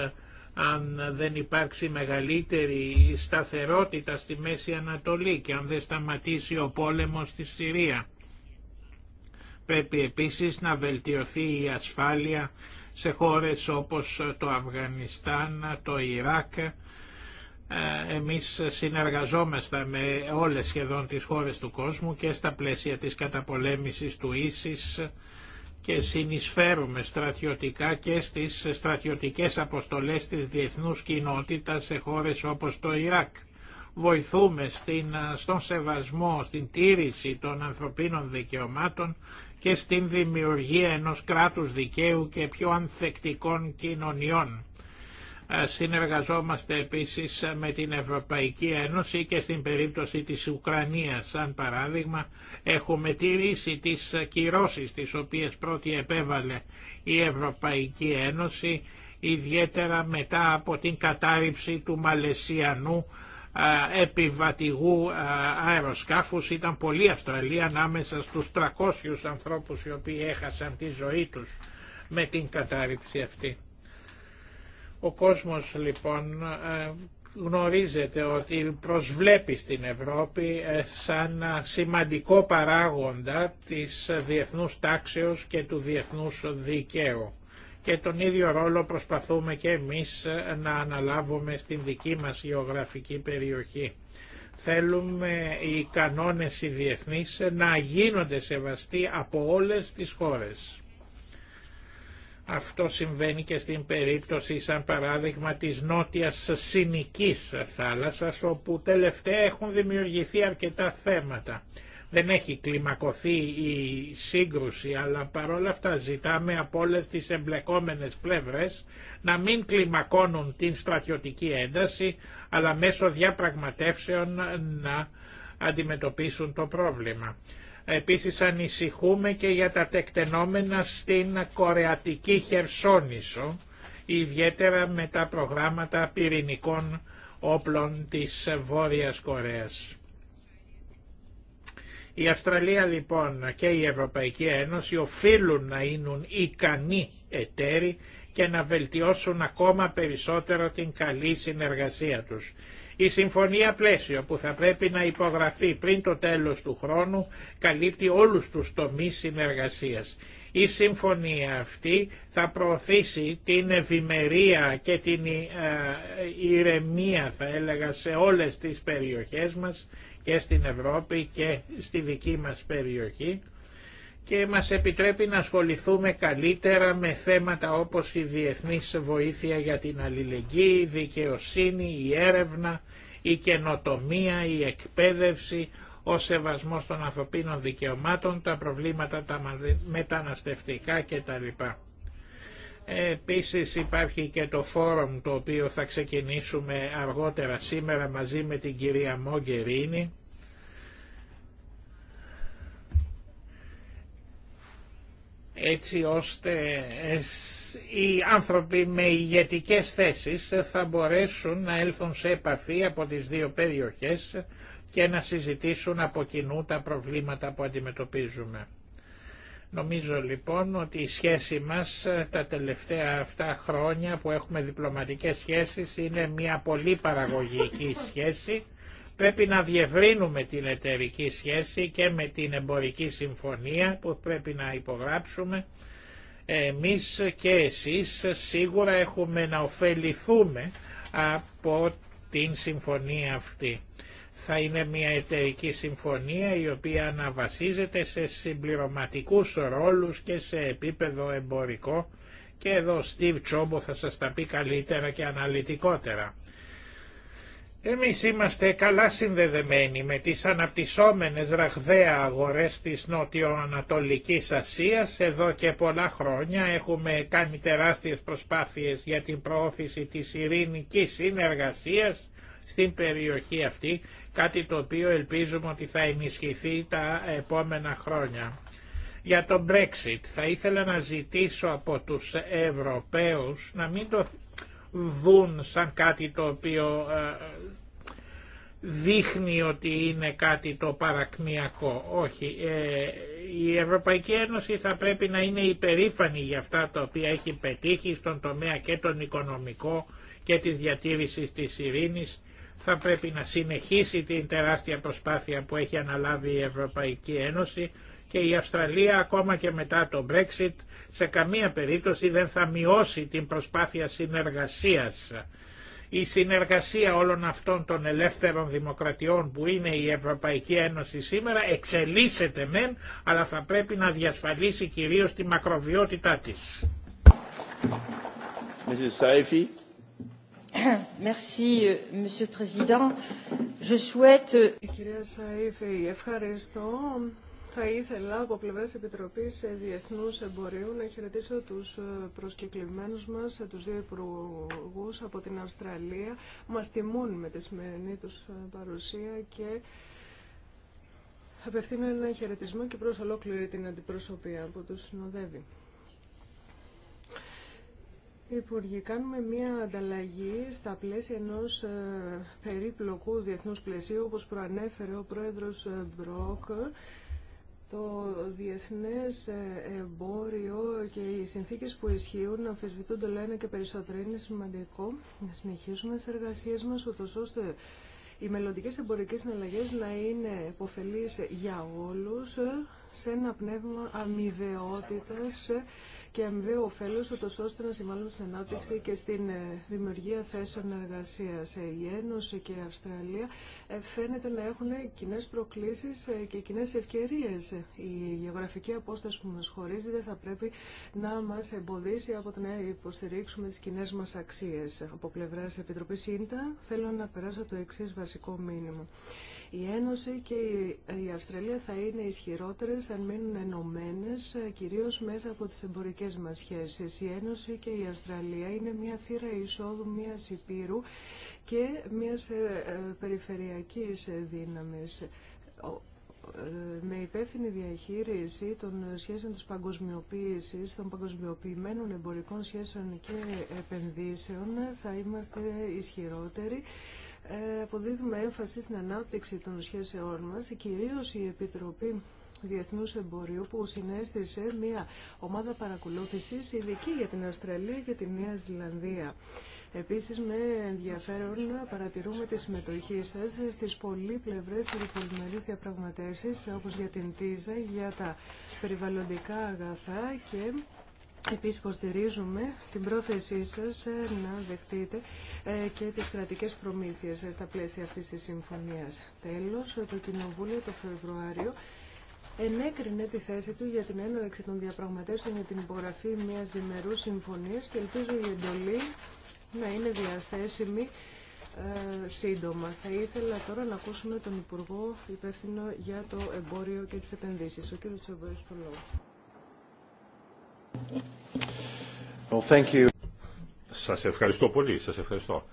αν δεν υπάρξει μεγαλύτερη σταθερότητα στη Μέση Ανατολή και αν δεν σταματήσει ο πόλεμος στη Συρία. Πρέπει επίσης να βελτιωθεί η ασφάλεια σε χώρες όπως το Αφγανιστάν, το Ιράκ. Ε, εμείς συνεργαζόμαστε με όλες σχεδόν τις χώρες του κόσμου και στα πλαίσια της καταπολέμησης του ίσης και συνεισφέρουμε στρατιωτικά και στις στρατιωτικές αποστολές της διεθνούς κοινότητας σε χώρες όπως το Ιράκ. Βοηθούμε στην, στον σεβασμό, στην τήρηση των ανθρωπίνων δικαιωμάτων και στην δημιουργία ενός κράτους δικαίου και πιο ανθεκτικών κοινωνιών. Ε, συνεργαζόμαστε επίσης με την Ευρωπαϊκή Ένωση και στην περίπτωση της Ουκρανίας. Σαν παράδειγμα έχουμε τηρήσει τις κυρώσεις τις οποίες πρώτη επέβαλε η Ευρωπαϊκή Ένωση ιδιαίτερα μετά από την κατάρριψη του Μαλαισιανού επιβατηγού αεροσκάφους ήταν πολύ Αυστραλοί ανάμεσα στους 300 ανθρώπους οι οποίοι έχασαν τη ζωή τους με την κατάρριψη αυτή. Ο κόσμος λοιπόν γνωρίζεται ότι προσβλέπει στην Ευρώπη ε, σαν σημαντικό παράγοντα της διεθνούς τάξεως και του διεθνούς δικαίου και τον ίδιο ρόλο προσπαθούμε και εμείς ε, να αναλάβουμε στην δική μας γεωγραφική περιοχή. Θέλουμε οι κανόνες οι διεθνείς ε, να γίνονται σεβαστοί από όλες τις χώρες. Αυτό συμβαίνει και στην περίπτωση σαν παράδειγμα της νότιας συνικής θάλασσας όπου τελευταία έχουν δημιουργηθεί αρκετά θέματα. Δεν έχει κλιμακωθεί η σύγκρουση, αλλά παρόλα αυτά ζητάμε από όλες τις εμπλεκόμενες πλευρές να μην κλιμακώνουν την στρατιωτική ένταση, αλλά μέσω διαπραγματεύσεων να αντιμετωπίσουν το πρόβλημα. Επίσης ανησυχούμε και για τα τεκτενόμενα στην Κορεατική Χερσόνησο, ιδιαίτερα με τα προγράμματα πυρηνικών όπλων της Βόρειας Κορέας. Η Αυστραλία λοιπόν και η Ευρωπαϊκή Ένωση οφείλουν να είναι ικανοί εταίροι και να βελτιώσουν ακόμα περισσότερο την καλή συνεργασία τους. Η συμφωνία πλαίσιο που θα πρέπει να υπογραφεί πριν το τέλος του χρόνου καλύπτει όλους τους τομείς συνεργασίας. Η συμφωνία αυτή θα προωθήσει την ευημερία και την ε, ηρεμία θα έλεγα σε όλες τις περιοχές μας και στην Ευρώπη και στη δική μας περιοχή και μας επιτρέπει να ασχοληθούμε καλύτερα με θέματα όπως η διεθνής βοήθεια για την αλληλεγγύη, η δικαιοσύνη, η έρευνα, η καινοτομία, η εκπαίδευση, ο σεβασμός των ανθρωπίνων δικαιωμάτων, τα προβλήματα τα μεταναστευτικά κτλ. Επίσης υπάρχει και το φόρουμ το οποίο θα ξεκινήσουμε αργότερα σήμερα μαζί με την κυρία Μόγκερίνη. έτσι ώστε οι άνθρωποι με ηγετικές θέσεις θα μπορέσουν να έλθουν σε επαφή από τις δύο περιοχές και να συζητήσουν από κοινού τα προβλήματα που αντιμετωπίζουμε. Νομίζω λοιπόν ότι η σχέση μας ε, τα τελευταία αυτά χρόνια που έχουμε διπλωματικές σχέσεις είναι μια πολύ παραγωγική σχέση. Πρέπει να διευρύνουμε την εταιρική σχέση και με την εμπορική συμφωνία που πρέπει να υπογράψουμε. Εμείς και εσείς σίγουρα έχουμε να ωφεληθούμε από την συμφωνία αυτή θα είναι μια εταιρική συμφωνία η οποία αναβασίζεται σε συμπληρωματικούς ρόλους και σε επίπεδο εμπορικό και εδώ ο Στίβ Τσόμπο θα σας τα πει καλύτερα και αναλυτικότερα. Εμείς είμαστε καλά συνδεδεμένοι με τις αναπτυσσόμενες ραχδαία αγορές της Νότιο-Ανατολικής Ασίας. Εδώ και πολλά χρόνια έχουμε κάνει τεράστιες προσπάθειες για την προώθηση της ειρηνικής συνεργασίας στην περιοχή αυτή, κάτι το οποίο ελπίζουμε ότι θα ενισχυθεί τα επόμενα χρόνια. Για το Brexit θα ήθελα να ζητήσω από τους Ευρωπαίους να μην το δουν σαν κάτι το οποίο ε, δείχνει ότι είναι κάτι το παρακμιακό. Όχι, ε, η Ευρωπαϊκή Ένωση θα πρέπει να είναι υπερήφανη για αυτά τα οποία έχει πετύχει στον τομέα και τον οικονομικό και της διατήρησης της ειρήνης θα πρέπει να συνεχίσει την τεράστια προσπάθεια που έχει αναλάβει η Ευρωπαϊκή Ένωση και η Αυστραλία ακόμα και μετά το Brexit σε καμία περίπτωση δεν θα μειώσει την προσπάθεια συνεργασίας. Η συνεργασία όλων αυτών των ελεύθερων δημοκρατιών που είναι η Ευρωπαϊκή Ένωση σήμερα εξελίσσεται μεν, αλλά θα πρέπει να διασφαλίσει κυρίως τη μακροβιότητά της. Euh, Monsieur le Président. Euh, ε, ευχαριστώ. Θα ήθελα από πλευρά Επιτροπή Διεθνού Εμπορίου να χαιρετήσω του ε, προσκεκλημένου μα, ε, του δύο υπουργού από την Αυστραλία. Μα τιμούν με τη σημερινή του παρουσία και απευθύνω ένα χαιρετισμό και προ ολόκληρη την αντιπροσωπεία που του συνοδεύει. Υπουργή, κάνουμε μία ανταλλαγή στα πλαίσια ενός ε, περίπλοκου διεθνούς πλαισίου, όπως προανέφερε ο πρόεδρος ε, Μπρόκ. Το διεθνές ε, εμπόριο και οι συνθήκες που ισχύουν αμφισβητούνται όλο ένα και περισσότερο. Είναι σημαντικό να συνεχίσουμε τις εργασίες μας, ούτως ώστε οι μελλοντικές εμπορικές συναλλαγές να είναι υποφελείς για όλους, σε ένα πνεύμα αμοιβαιότητας, και αμοιβαίου ωφέλους, ούτως ώστε να συμβάλλουν στην ανάπτυξη και στην ε, δημιουργία θέσεων εργασία ε, Η Ένωση και η Αυστραλία ε, φαίνεται να έχουν κοινέ προκλήσεις και κοινέ ευκαιρίες. Η γεωγραφική απόσταση που μας χωρίζει δεν θα πρέπει να μας εμποδίσει από το να υποστηρίξουμε τι κοινέ μα αξίες. Από πλευράς Επιτροπή ΙΝΤΑ θέλω να περάσω το εξή βασικό μήνυμα. Η Ένωση και η Αυστραλία θα είναι ισχυρότερες αν μείνουν ενωμένε, ε, κυρίως μέσα από τις εμπορικές μας σχέσεις. Η Ένωση και η Αυστραλία είναι μια θύρα εισόδου μια υπήρου και μιας ε, ε, περιφερειακής δύναμης με υπεύθυνη διαχείριση των σχέσεων της παγκοσμιοποίησης, των παγκοσμιοποιημένων εμπορικών σχέσεων και επενδύσεων θα είμαστε ισχυρότεροι ε, αποδίδουμε έμφαση στην ανάπτυξη των σχέσεών μας, κυρίως η Επιτροπή Διεθνού Εμπορίου που συνέστησε μια ομάδα παρακολούθησης ειδική για την Αυστραλία και τη Νέα Ζηλανδία. Επίσης με ενδιαφέρον παρατηρούμε τη συμμετοχή σας στις πολύπλευρες πολυμερής διαπραγματεύσεις όπως για την ΤΙΖΑ, για τα περιβαλλοντικά αγαθά και Επίσης υποστηρίζουμε την πρόθεσή σας ε, να δεχτείτε ε, και τις κρατικές προμήθειες ε, στα πλαίσια αυτής της συμφωνίας. Τέλος, το Κοινοβούλιο το Φεβρουάριο ενέκρινε τη θέση του για την έναρξη των διαπραγματεύσεων για την υπογραφή μιας διμερούς συμφωνίας και ελπίζω η εντολή να είναι διαθέσιμη σύντομα. Θα ήθελα τώρα να ακούσουμε τον Υπουργό υπεύθυνο για το εμπόριο και τις επενδύσεις. Ο κ. Τσεβού έχει το λόγο. Well, Σας ευχαριστώ πολύ, σας ευχαριστώ,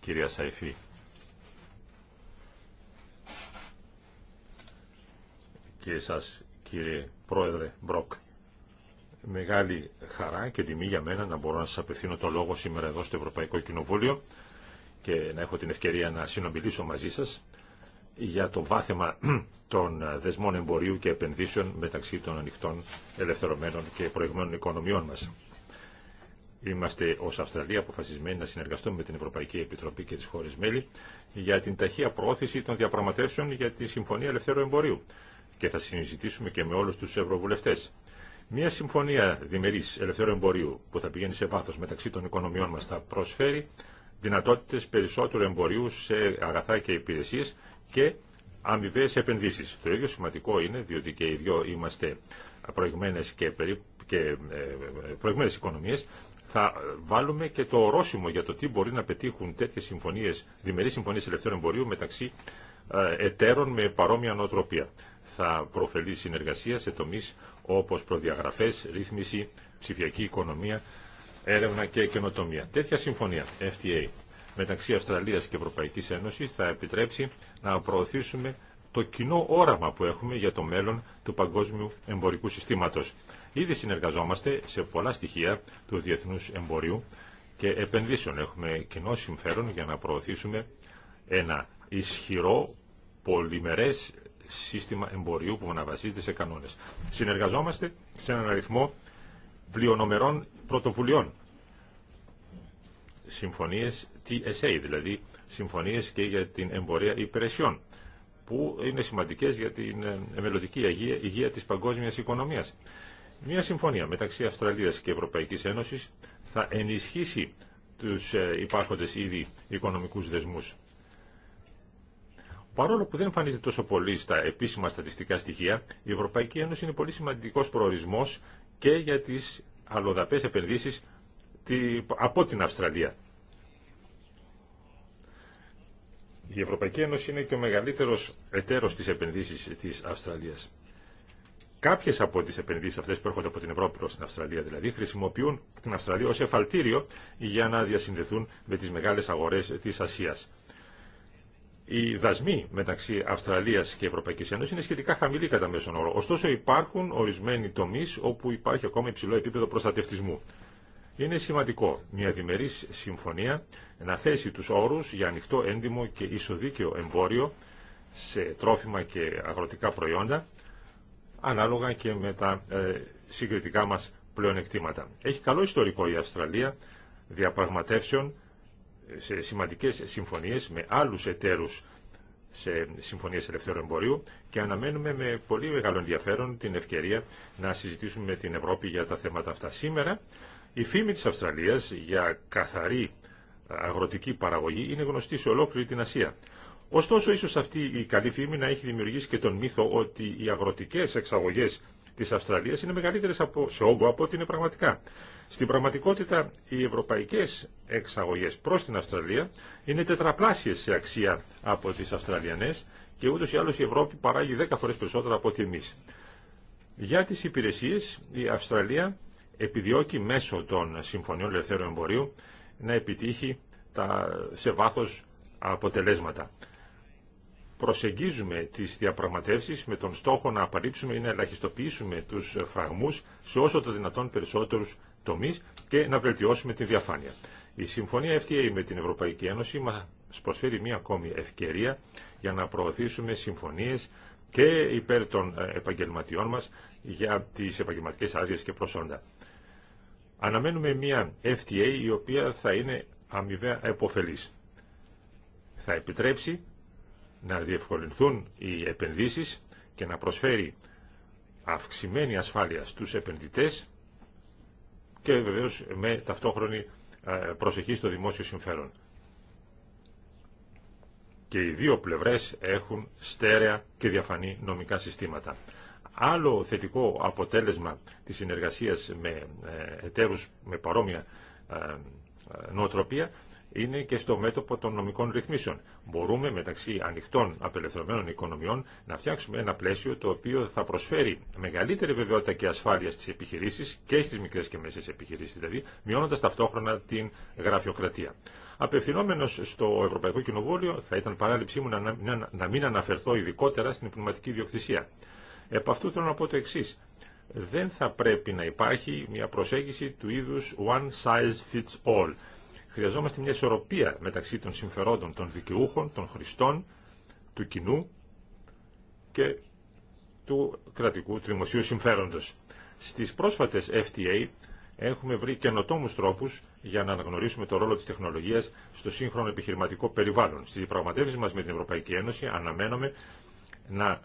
κυρία Σαϊφή. Και σας κύριε Πρόεδρε Μπροκ. Μεγάλη χαρά και τιμή για μένα να μπορώ να σας απευθύνω το λόγο σήμερα εδώ στο Ευρωπαϊκό Κοινοβούλιο και να έχω την ευκαιρία να συνομιλήσω μαζί σας για το βάθεμα των ε, δεσμών εμπορίου και επενδύσεων μεταξύ των ανοιχτών, ελευθερωμένων και προηγμένων οικονομιών μας. Είμαστε ως Αυστραλία αποφασισμένοι να συνεργαστούμε με την Ευρωπαϊκή Επιτροπή και τις χώρες μέλη για την ταχεία προώθηση των διαπραγματεύσεων για τη Συμφωνία Ελευθέρου Εμπορίου και θα συζητήσουμε και με όλους τους ευρωβουλευτές. Μια συμφωνία διμερής ελευθέρου εμπορίου που θα πηγαίνει σε βάθος μεταξύ των οικονομιών μας θα προσφέρει δυνατότητες περισσότερου εμπορίου σε αγαθά και υπηρεσίες και αμοιβέ επενδύσεις. Το ίδιο σημαντικό είναι, διότι και οι δυο είμαστε προηγμένες, και και ε, προηγμένες οικονομίες, θα βάλουμε και το ορόσημο για το τι μπορεί να πετύχουν τέτοιε συμφωνίες, διμερεί συμφωνίε ελευθερών εμπορίου μεταξύ ε, εταίρων με παρόμοια νοοτροπία. Θα προφελεί συνεργασία σε τομείς όπως προδιαγραφές, ρύθμιση, ψηφιακή οικονομία, έρευνα και καινοτομία. Τέτοια συμφωνία, FTA, μεταξύ Αυστραλίας και Ευρωπαϊκής Ένωσης θα επιτρέψει να προωθήσουμε το κοινό όραμα που έχουμε για το μέλλον του παγκόσμιου εμπορικού συστήματος. Ήδη συνεργαζόμαστε σε πολλά στοιχεία του διεθνούς εμπορίου και επενδύσεων. Έχουμε κοινό συμφέρον για να προωθήσουμε ένα ισχυρό πολυμερές σύστημα εμπορίου που αναβασίζεται σε κανόνες. Συνεργαζόμαστε σε έναν αριθμό πλειονομερών πρωτοβουλειών συμφωνίες TSA, δηλαδή συμφωνίες και για την εμπορία υπηρεσιών, που είναι σημαντικές για την ε, μελλοντική υγεία, υγεία της παγκόσμιας οικονομίας. Μια συμφωνία μεταξύ Αυστραλίας και Ευρωπαϊκής Ένωσης θα ενισχύσει τους ε, υπάρχοντες ήδη οικονομικούς δεσμούς. Παρόλο που δεν εμφανίζεται τόσο πολύ στα επίσημα στατιστικά στοιχεία, η Ευρωπαϊκή Ένωση είναι πολύ σημαντικός προορισμός και για τις αλλοδαπές επενδύσεις από την Αυστραλία. Η Ευρωπαϊκή Ένωση είναι και ο μεγαλύτερος εταίρος της επενδύσεις της Αυστραλίας. Κάποιες από τις επενδύσεις αυτές που έρχονται από την Ευρώπη προς την Αυστραλία δηλαδή χρησιμοποιούν την Αυστραλία ως εφαλτήριο για να διασυνδεθούν με τις μεγάλες αγορές της Ασίας. Οι δασμοί μεταξύ Αυστραλία και Ευρωπαϊκή Ένωση είναι σχετικά χαμηλοί κατά μέσον όρο. Ωστόσο, υπάρχουν ορισμένοι τομεί όπου υπάρχει ακόμα υψηλό επίπεδο προστατευτισμού. Είναι σημαντικό μια διμερής συμφωνία να θέσει τους όρους για ανοιχτό, έντιμο και ισοδίκαιο εμπόριο σε τρόφιμα και αγροτικά προϊόντα, ανάλογα και με τα ε, συγκριτικά μας πλεονεκτήματα. Έχει καλό ιστορικό η Αυστραλία διαπραγματεύσεων ε, σε σημαντικές συμφωνίες με άλλους εταίρους σε συμφωνίες ελευθέρου εμπορίου και αναμένουμε με πολύ μεγάλο ενδιαφέρον την ευκαιρία να συζητήσουμε με την Ευρώπη για τα θέματα αυτά. Σήμερα η φήμη της Αυστραλίας για καθαρή αγροτική παραγωγή είναι γνωστή σε ολόκληρη την Ασία. Ωστόσο, ίσως αυτή η καλή φήμη να έχει δημιουργήσει και τον μύθο ότι οι αγροτικές εξαγωγές της Αυστραλίας είναι μεγαλύτερες από, σε όγκο από ό,τι είναι πραγματικά. Στην πραγματικότητα, οι ευρωπαϊκές εξαγωγές προς την Αυστραλία είναι τετραπλάσιες σε αξία από τις Αυστραλιανές και ούτως ή άλλως η Ευρώπη παράγει 10 φορές περισσότερα από ό,τι εμείς. Για τις υπηρεσίες, η Αυστραλία επιδιώκει μέσω των συμφωνιών ελευθέρου εμπορίου να επιτύχει τα, σε βάθος αποτελέσματα. Προσεγγίζουμε τις διαπραγματεύσεις με τον στόχο να απαλείψουμε ή να ελαχιστοποιήσουμε τους φραγμούς σε όσο το δυνατόν περισσότερους τομείς και να βελτιώσουμε τη διαφάνεια. Η συμφωνία FTA με την Ευρωπαϊκή Ένωση μας προσφέρει μία ακόμη ευκαιρία για να προωθήσουμε συμφωνίες και υπέρ των επαγγελματιών μας για τις επαγγελματικές άδειες και προσόντα. Αναμένουμε μια FTA η οποία θα είναι αμοιβαία επωφελής. Θα επιτρέψει να διευκολυνθούν οι επενδύσεις και να προσφέρει αυξημένη ασφάλεια στους επενδυτές και βεβαίως με ταυτόχρονη ε, προσοχή στο δημόσιο συμφέρον. Και οι δύο πλευρές έχουν στέρεα και διαφανή νομικά συστήματα. Άλλο θετικό αποτέλεσμα της συνεργασίας με ε, εταίρους με παρόμοια ε, νοοτροπία είναι και στο μέτωπο των νομικών ρυθμίσεων. Μπορούμε μεταξύ ανοιχτών απελευθερωμένων οικονομιών να φτιάξουμε ένα πλαίσιο το οποίο θα προσφέρει μεγαλύτερη βεβαιότητα και ασφάλεια στις επιχειρήσεις και στις μικρές και μέσες επιχειρήσεις δηλαδή, μειώνοντας ταυτόχρονα την γραφειοκρατία. Απευθυνόμενος στο Ευρωπαϊκό Κοινοβούλιο θα ήταν παράληψή μου να, να, να μην αναφερθώ ειδικότερα στην πνευματική διοκτησία. Επ' αυτού θέλω να πω το εξή. Δεν θα πρέπει να υπάρχει μια προσέγγιση του είδους one size fits all. Χρειαζόμαστε μια ισορροπία μεταξύ των συμφερόντων των δικαιούχων, των χρηστών, του κοινού και του κρατικού, του δημοσίου συμφέροντος. Στις πρόσφατες FTA έχουμε βρει καινοτόμου τρόπου για να αναγνωρίσουμε το ρόλο τη τεχνολογία στο σύγχρονο επιχειρηματικό περιβάλλον. Στι διαπραγματεύσει μα με την Ευρωπαϊκή Ένωση αναμένουμε να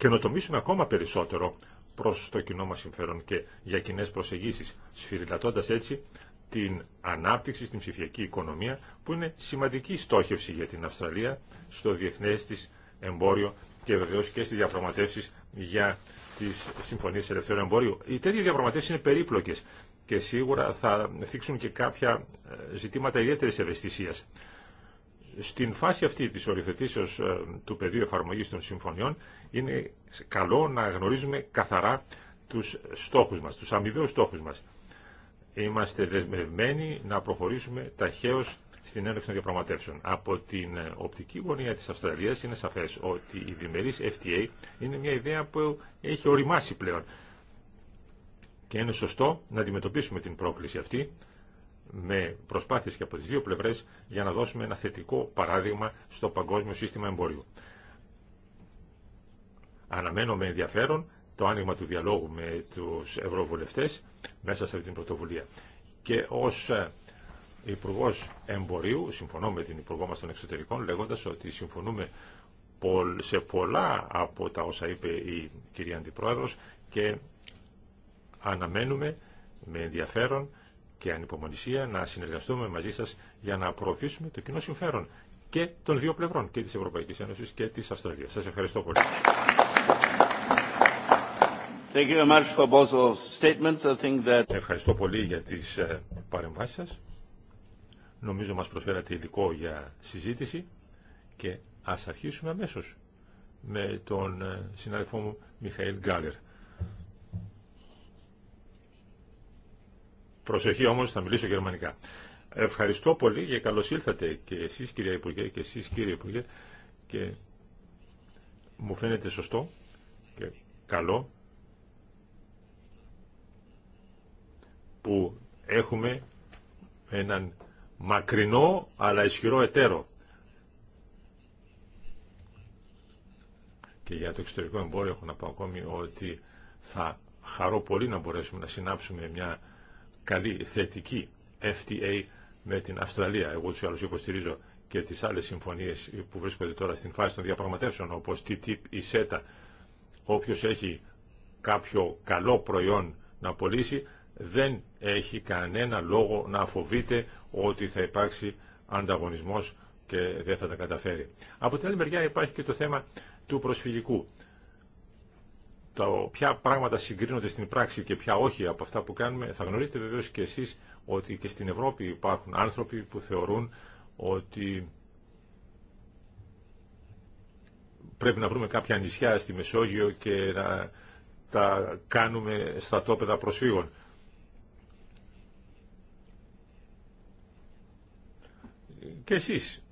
καινοτομήσουν ακόμα περισσότερο προς το κοινό μας συμφέρον και για κοινέ προσεγγίσεις, σφυριλατώντας έτσι την ανάπτυξη στην ψηφιακή οικονομία που είναι σημαντική στόχευση για την Αυστραλία στο διεθνές της εμπόριο και βεβαίως και στις διαπραγματεύσεις για τις συμφωνίες ελευθερών εμπόριου. Οι τέτοιες διαπραγματεύσεις είναι περίπλοκες και σίγουρα θα θίξουν και κάποια ε, ζητήματα ιδιαίτερης ευαισθησίας. Στην φάση αυτή της οριοθετήσεως ε, του πεδίου εφαρμογής των συμφωνιών είναι καλό να γνωρίζουμε καθαρά τους στόχους μας, τους αμοιβαίους στόχους μας. Είμαστε δεσμευμένοι να προχωρήσουμε ταχαίως στην έλευση των διαπραγματεύσεων. Από την ε, οπτική γωνία της Αυστραλίας είναι σαφές ότι η διμερής FTA είναι μια ιδέα που έχει οριμάσει πλέον. Και είναι σωστό να αντιμετωπίσουμε την πρόκληση αυτή με προσπάθειες και από τις δύο πλευρές για να δώσουμε ένα θετικό παράδειγμα στο παγκόσμιο σύστημα εμπόριου. Αναμένω με ενδιαφέρον το άνοιγμα του διαλόγου με τους ευρωβουλευτές μέσα σε αυτή την πρωτοβουλία. Και ως ε, Υπουργό Εμπορίου, συμφωνώ με την Υπουργό μας των Εξωτερικών, λέγοντας ότι συμφωνούμε σε πολλά από τα όσα είπε η κυρία Αντιπρόεδρος και αναμένουμε με ενδιαφέρον και ανυπομονησία να συνεργαστούμε μαζί σας για να προωθήσουμε το κοινό συμφέρον και των δύο πλευρών, και της Ευρωπαϊκής Ένωσης και της Αυστραλίας. Σας ευχαριστώ πολύ. Thank you for statements. I think that... Ευχαριστώ πολύ για τις ε, παρεμβάσεις σας. Νομίζω μας προσφέρατε υλικό για συζήτηση και ας αρχίσουμε αμέσως με τον ε, συνάδελφό μου Μιχαήλ Γκάλερ. Προσοχή όμως, θα μιλήσω γερμανικά. Ευχαριστώ πολύ και καλώς ήλθατε και εσείς κυρία Υπουργέ και εσείς κύριε Υπουργέ και μου φαίνεται σωστό και καλό που έχουμε έναν μακρινό αλλά ισχυρό εταίρο και για το εξωτερικό εμπόριο έχω να πω ακόμη ότι θα χαρώ πολύ να μπορέσουμε να συνάψουμε μια καλή θετική FTA με την Αυστραλία. Εγώ του άλλου υποστηρίζω και τι άλλε συμφωνίε που βρίσκονται τώρα στην φάση των διαπραγματεύσεων όπω TTIP ή SETA. οποίο έχει κάποιο καλό προϊόν να πωλήσει δεν έχει κανένα λόγο να φοβείται ότι θα υπάρξει ανταγωνισμός και δεν θα τα καταφέρει. Από την άλλη μεριά υπάρχει και το θέμα του προσφυγικού το ποια πράγματα συγκρίνονται στην πράξη και ποια όχι από αυτά που κάνουμε, θα γνωρίζετε βεβαίως και εσείς ότι και στην Ευρώπη υπάρχουν άνθρωποι που θεωρούν ότι πρέπει να βρούμε κάποια νησιά στη Μεσόγειο και να τα κάνουμε στρατόπεδα προσφύγων. Και εσείς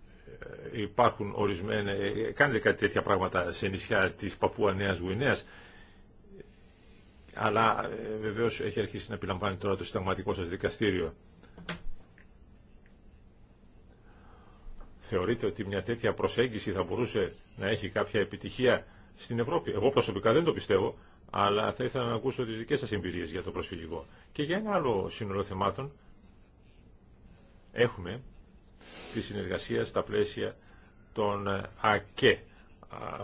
ε, υπάρχουν ορισμένα, ε, κάνετε κάτι τέτοια πράγματα σε νησιά της Παππούα Νέας Γουινέας αλλά ε, βεβαίως έχει αρχίσει να επιλαμβάνει τώρα το συνταγματικό σας δικαστήριο. Θεωρείτε ότι μια τέτοια προσέγγιση θα μπορούσε να έχει κάποια επιτυχία στην Ευρώπη. Εγώ προσωπικά δεν το πιστεύω, αλλά θα ήθελα να ακούσω τις δικές σας εμπειρίες για το προσφυγικό. Και για ένα άλλο σύνολο θεμάτων, έχουμε τη συνεργασία στα πλαίσια των ε, ΑΚΕ,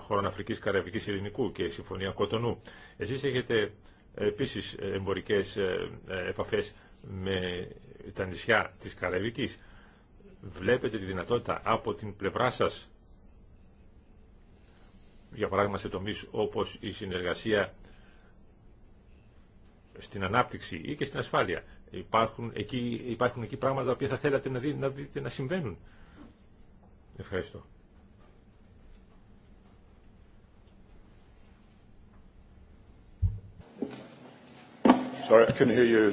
χωρών Αφρικής, Καραβικής, Ειρηνικού και Συμφωνία Κοτονού. Εσείς έχετε επίσης ε, εμπορικές ε, ε, επαφές με τα νησιά της Καραϊβικής. Βλέπετε τη δυνατότητα από την πλευρά σας, για παράδειγμα σε τομείς όπως η συνεργασία στην ανάπτυξη ή και στην ασφάλεια. Υπάρχουν εκεί, υπάρχουν εκεί πράγματα που θα θέλατε να να, δείτε, να συμβαίνουν. Ευχαριστώ. Sorry, I hear you,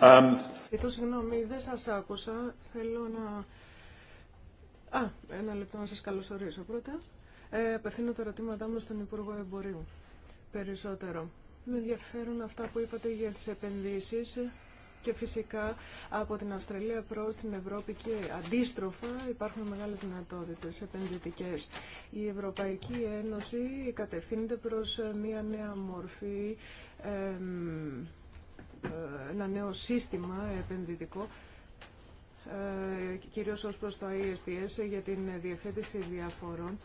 um, συγγνώμη, δεν σας άκουσα. Θέλω να... Α, ένα λεπτό να σας καλωσορίσω πρώτα. Ε, απευθύνω τα ερωτήματά μου στον Υπουργό Εμπορίου. Περισσότερο. Με ενδιαφέρουν αυτά που είπατε για τις επενδύσεις και φυσικά από την Αυστραλία προς την Ευρώπη και αντίστροφα υπάρχουν μεγάλες δυνατότητες επενδυτικές. Η Ευρωπαϊκή Ένωση κατευθύνεται προς μια νέα μορφή ένα νέο σύστημα επενδυτικό ε, κυρίως ως προς το ISTS για την διευθέτηση διαφορών.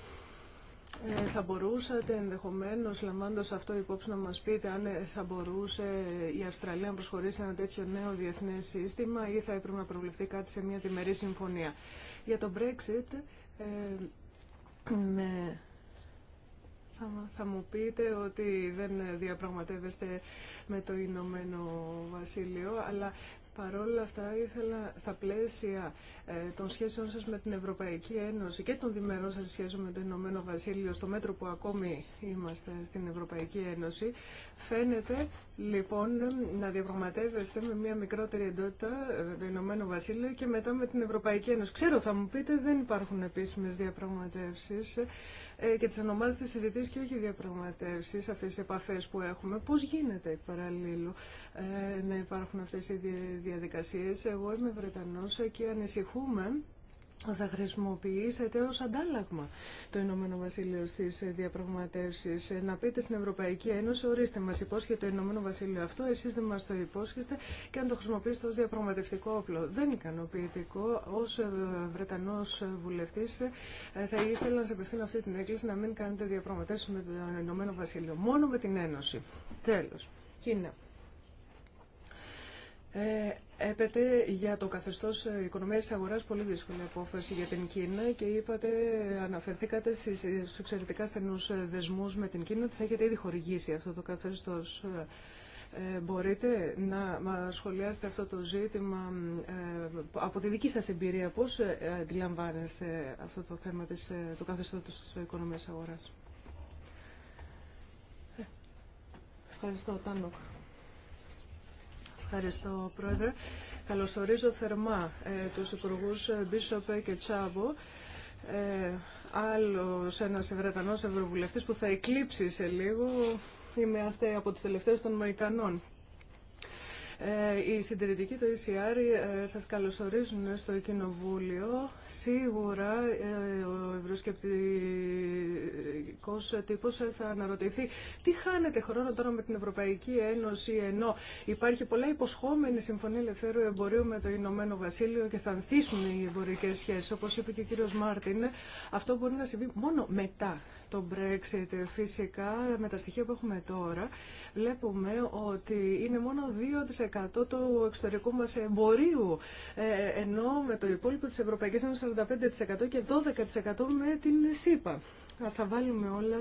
Ε, θα μπορούσατε ενδεχομένως, λαμβάνοντας αυτό υπόψη, να μας πείτε αν ε, θα μπορούσε η Αυστραλία να προσχωρήσει ένα τέτοιο νέο διεθνές σύστημα ή θα έπρεπε να προβληθεί κάτι σε μια διμερή συμφωνία. Για το Brexit, με θα, θα μου πείτε ότι δεν διαπραγματεύεστε με το Ηνωμένο Βασίλειο, αλλά παρόλα αυτά ήθελα στα πλαίσια ε, των σχέσεων σας με την Ευρωπαϊκή Ένωση και των διμερών σας σχέσεων με το Ηνωμένο Βασίλειο, στο μέτρο που ακόμη είμαστε στην Ευρωπαϊκή Ένωση, φαίνεται λοιπόν να διαπραγματεύεστε με μια μικρότερη εντότητα ε, το Ηνωμένο Βασίλειο και μετά με την Ευρωπαϊκή Ένωση. Ξέρω, θα μου πείτε, δεν υπάρχουν επίσημες διαπραγματεύσεις. Ε, και τις ονομάζετε συζητήσεις και όχι διαπραγματεύσεις αυτές τις επαφές που έχουμε. Πώς γίνεται εκ παραλλήλου ε, να υπάρχουν αυτές οι διαδικασίες. Εγώ είμαι Βρετανός και ανησυχούμε θα χρησιμοποιήσετε ως αντάλλαγμα το Ηνωμένο Βασίλειο στις διαπραγματεύσεις. Ε, να πείτε στην Ευρωπαϊκή Ένωση, ορίστε μας υπόσχεται το Ηνωμένο Βασίλειο αυτό, εσείς δεν μας το υπόσχεστε και αν το χρησιμοποιήσετε ως διαπραγματευτικό όπλο. Δεν ικανοποιητικό. Ως ε, Βρετανός βουλευτής ε, θα ήθελα να σε απευθύνω αυτή την έκκληση να μην κάνετε διαπραγματεύσεις με το Ηνωμένο Βασίλειο. Μόνο με την Ένωση. Τέλος. Κίνα. Ε, έπετε για το καθεστώ ε, οικονομία τη αγορά πολύ δύσκολη απόφαση για την Κίνα και είπατε, αναφερθήκατε στου εξαιρετικά στενού ε, δεσμού με την Κίνα. Τη έχετε ήδη χορηγήσει αυτό το καθεστώ. Ε, μπορείτε να μας σχολιάσετε αυτό το ζήτημα ε, από τη δική σας εμπειρία. Πώς αντιλαμβάνεστε αυτό το θέμα της, του καθεστώ της οικονομίας αγοράς. ευχαριστώ, Τάνοκ. Ευχαριστώ, Πρόεδρε. Καλωσορίζω θερμά ε, τους Υπουργούς Μπίσοπε και Τσάβο. Ε, άλλος ένας Βρετανός Ευρωβουλευτής που θα εκλείψει σε λίγο. Είμαι από τις τελευταίες των Μαϊκανών. Ε, οι συντηρητικοί του ECR ε, σας καλωσορίζουν στο Κοινοβούλιο. Σίγουρα ε, ο ευρωσκεπτικός τύπος θα αναρωτηθεί τι χάνεται χρόνο τώρα με την Ευρωπαϊκή Ένωση ενώ υπάρχει πολλά υποσχόμενη συμφωνία ελευθέρου εμπορίου με το Ηνωμένο Βασίλειο και θα ανθίσουν οι εμπορικές σχέσεις. Όπως είπε και ο κύριος Μάρτιν, αυτό μπορεί να συμβεί μόνο μετά το Brexit φυσικά με τα στοιχεία που έχουμε τώρα βλέπουμε ότι είναι μόνο 2% του εξωτερικού μας εμπορίου ε, ενώ με το υπόλοιπο της Ευρωπαϊκής είναι 45% και 12% με την ΣΥΠΑ. Ας τα βάλουμε όλα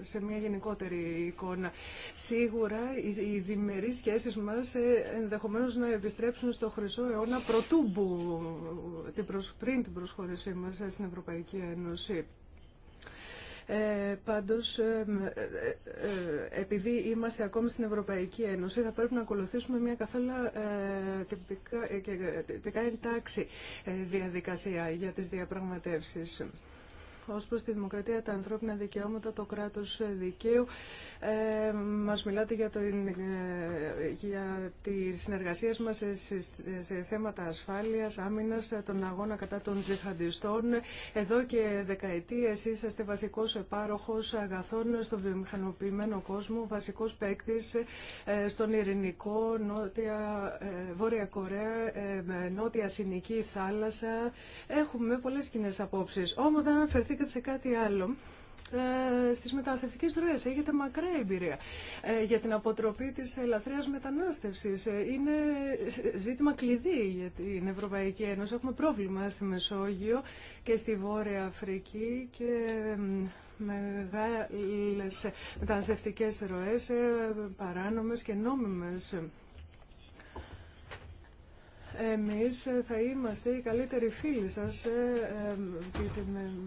σε μια γενικότερη εικόνα. Σίγουρα οι, οι διμερείς σχέσεις μας ε, ενδεχομένως να επιστρέψουν στο χρυσό αιώνα πρωτού πριν την προσχώρησή μας ε, στην Ευρωπαϊκή Ένωση. Ε, πάντως, ε, ε, επειδή είμαστε ακόμη στην Ευρωπαϊκή Ένωση, θα πρέπει να ακολουθήσουμε μια καθόλου τυπικά, εντάξει διαδικασία για τις διαπραγματεύσεις ως προς τη δημοκρατία, τα ανθρώπινα δικαιώματα, το κράτος δικαίου. Ε, μας μιλάτε για, ε, για τη συνεργασία μας σε, σε, θέματα ασφάλειας, άμυνας, τον αγώνα κατά των τζιχαντιστών. Εδώ και δεκαετίες είσαστε βασικός πάροχος αγαθών στο βιομηχανοποιημένο κόσμο, βασικός παίκτη ε, στον ειρηνικό, νότια, ε, βόρεια Κορέα, νότια συνική θάλασσα. Έχουμε πολλές κοινέ απόψεις. Όμως δεν αναφερθεί στι σε κάτι άλλο. Ε, στις μεταναστευτικές ροές έχετε μακρά εμπειρία ε, για την αποτροπή της ελαθρέας μετανάστευσης. Ε, είναι ζήτημα κλειδί για την Ευρωπαϊκή Ένωση. Έχουμε πρόβλημα στη Μεσόγειο και στη Βόρεια Αφρική και μεγάλες μεταναστευτικές ροές, ε, παράνομες και νόμιμες εμείς θα είμαστε οι καλύτεροι φίλοι σας ε, ε,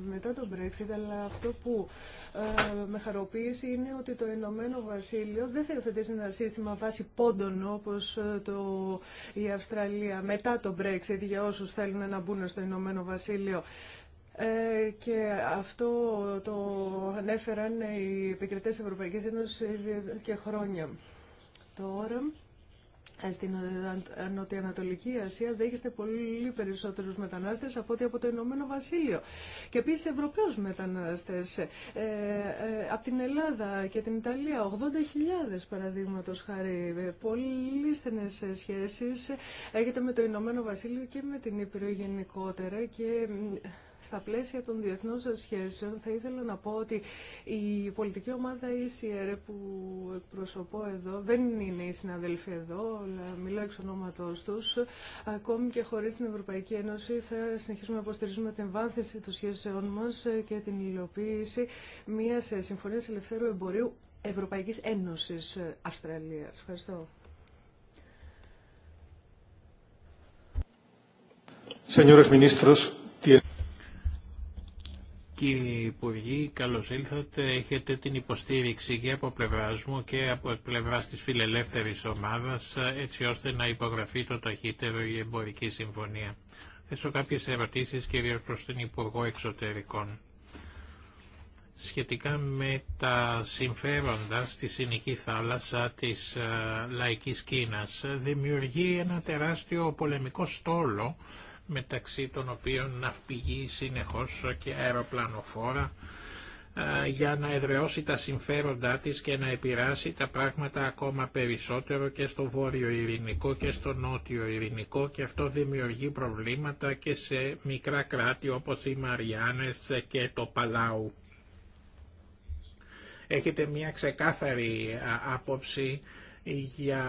μετά τον Brexit, αλλά αυτό που ε, με χαροποίησε είναι ότι το Ηνωμένο Βασίλειο δεν θα υιοθετήσει ένα σύστημα βάση πόντων όπως το, η Αυστραλία μετά το Brexit για όσους θέλουν να μπουν στο Ηνωμένο Βασίλειο και αυτό το ανέφεραν οι επικριτές Ευρωπαϊκής Ένωσης και χρόνια. Τώρα ε, στην Νοτιοανατολική Ασία δέχεστε πολύ περισσότερους μετανάστες από ό,τι από το Ηνωμένο Βασίλειο. Και επίσης Ευρωπαίους μετανάστες ε, ε από την Ελλάδα και την Ιταλία, 80.000 παραδείγματο χάρη. Ε, πολύ στενέ σχέσεις έχετε με το Ηνωμένο Βασίλειο και με την Ήπειρο γενικότερα και στα πλαίσια των διεθνών σας σχέσεων θα ήθελα να πω ότι η πολιτική ομάδα ECR που εκπροσωπώ εδώ, δεν είναι οι συναδέλφοι εδώ, αλλά μιλάω εξ ονόματός τους, ακόμη και χωρίς την Ευρωπαϊκή Ένωση θα συνεχίσουμε να υποστηρίζουμε την βάθηση των σχέσεών μας και την υλοποίηση μιας συμφωνίας ελευθέρου εμπορίου Ευρωπαϊκής Ένωσης Αυστραλίας. Ευχαριστώ. Señores ministros, Κύριε Υπουργή, καλώς ήλθατε. Έχετε την υποστήριξη και από πλευράς μου και από πλευράς της φιλελεύθερης ομάδας έτσι ώστε να υπογραφεί το ταχύτερο η εμπορική συμφωνία. Θέσω κάποιες ερωτήσεις κυρίως προς την Υπουργό Εξωτερικών. Σχετικά με τα συμφέροντα στη Συνική Θάλασσα της ε, Λαϊκής Κίνας δημιουργεί ένα τεράστιο πολεμικό στόλο μεταξύ των οποίων ναυπηγεί συνεχώς και αεροπλανοφόρα ε, για να εδραιώσει τα συμφέροντά της και να επηρεάσει τα πράγματα ακόμα περισσότερο και στο βόρειο ειρηνικό και στο νότιο ειρηνικό και αυτό δημιουργεί προβλήματα και σε μικρά κράτη όπως οι Μαριάνες και το Παλάου. Έχετε μια ξεκάθαρη ε, άποψη για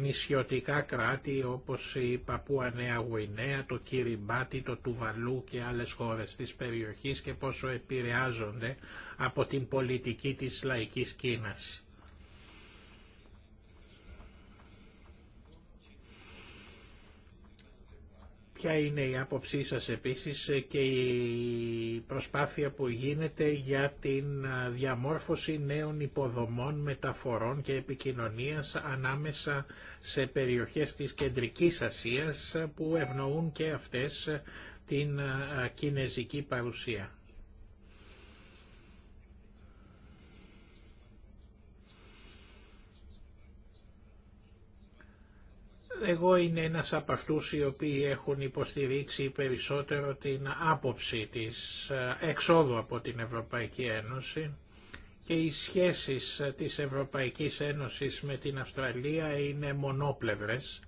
νησιωτικά κράτη όπως η Παππούα Νέα Γουινέα, το Κυριμπάτι, το Τουβαλού και άλλες χώρες της περιοχής και πόσο επηρεάζονται από την πολιτική της λαϊκής Κίνας. Ποια είναι η άποψή σας επίσης και η προσπάθεια που γίνεται για την διαμόρφωση νέων υποδομών μεταφορών και επικοινωνίας ανάμεσα σε περιοχές της Κεντρικής Ασίας που ευνοούν και αυτές την κινέζικη παρουσία. Εγώ είναι ένας από αυτούς οι οποίοι έχουν υποστηρίξει περισσότερο την άποψη της ε, εξόδου από την Ευρωπαϊκή Ένωση και οι σχέσεις της Ευρωπαϊκής Ένωσης με την Αυστραλία είναι μονόπλευρες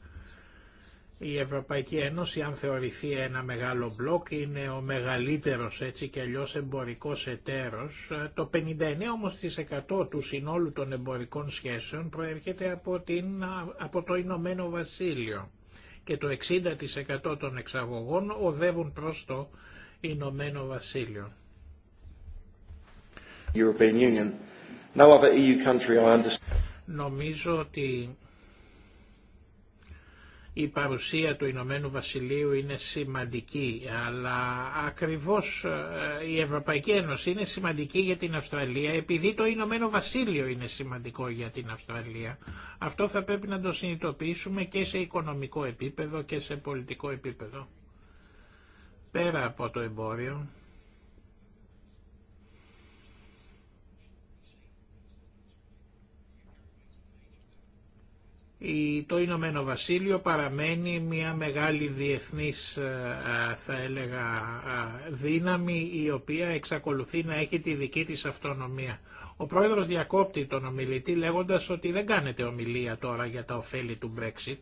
η Ευρωπαϊκή Ένωση, αν θεωρηθεί ένα μεγάλο μπλοκ, είναι ο μεγαλύτερος έτσι και αλλιώ εμπορικός εταίρος. Το 59 όμως της 100 του συνόλου των εμπορικών σχέσεων προέρχεται από, την, από το Ηνωμένο Βασίλειο και το 60% των εξαγωγών οδεύουν προς το Ηνωμένο Βασίλειο. European Union. EU e country, I Νομίζω ότι η παρουσία του Ηνωμένου Βασιλείου είναι σημαντική, αλλά ακριβώς ε, η Ευρωπαϊκή Ένωση είναι σημαντική για την Αυστραλία, επειδή το Ηνωμένο Βασίλειο είναι σημαντικό για την Αυστραλία. Αυτό θα πρέπει να το συνειδητοποιήσουμε και σε οικονομικό επίπεδο και σε πολιτικό επίπεδο. Πέρα από το εμπόριο, το Ηνωμένο Βασίλειο παραμένει μια μεγάλη διεθνής ε, ε, θα έλεγα ε, δύναμη η οποία εξακολουθεί να έχει τη δική της αυτονομία. Ο πρόεδρος διακόπτει τον ομιλητή λέγοντας ότι δεν κάνετε ομιλία τώρα για τα ωφέλη του Brexit.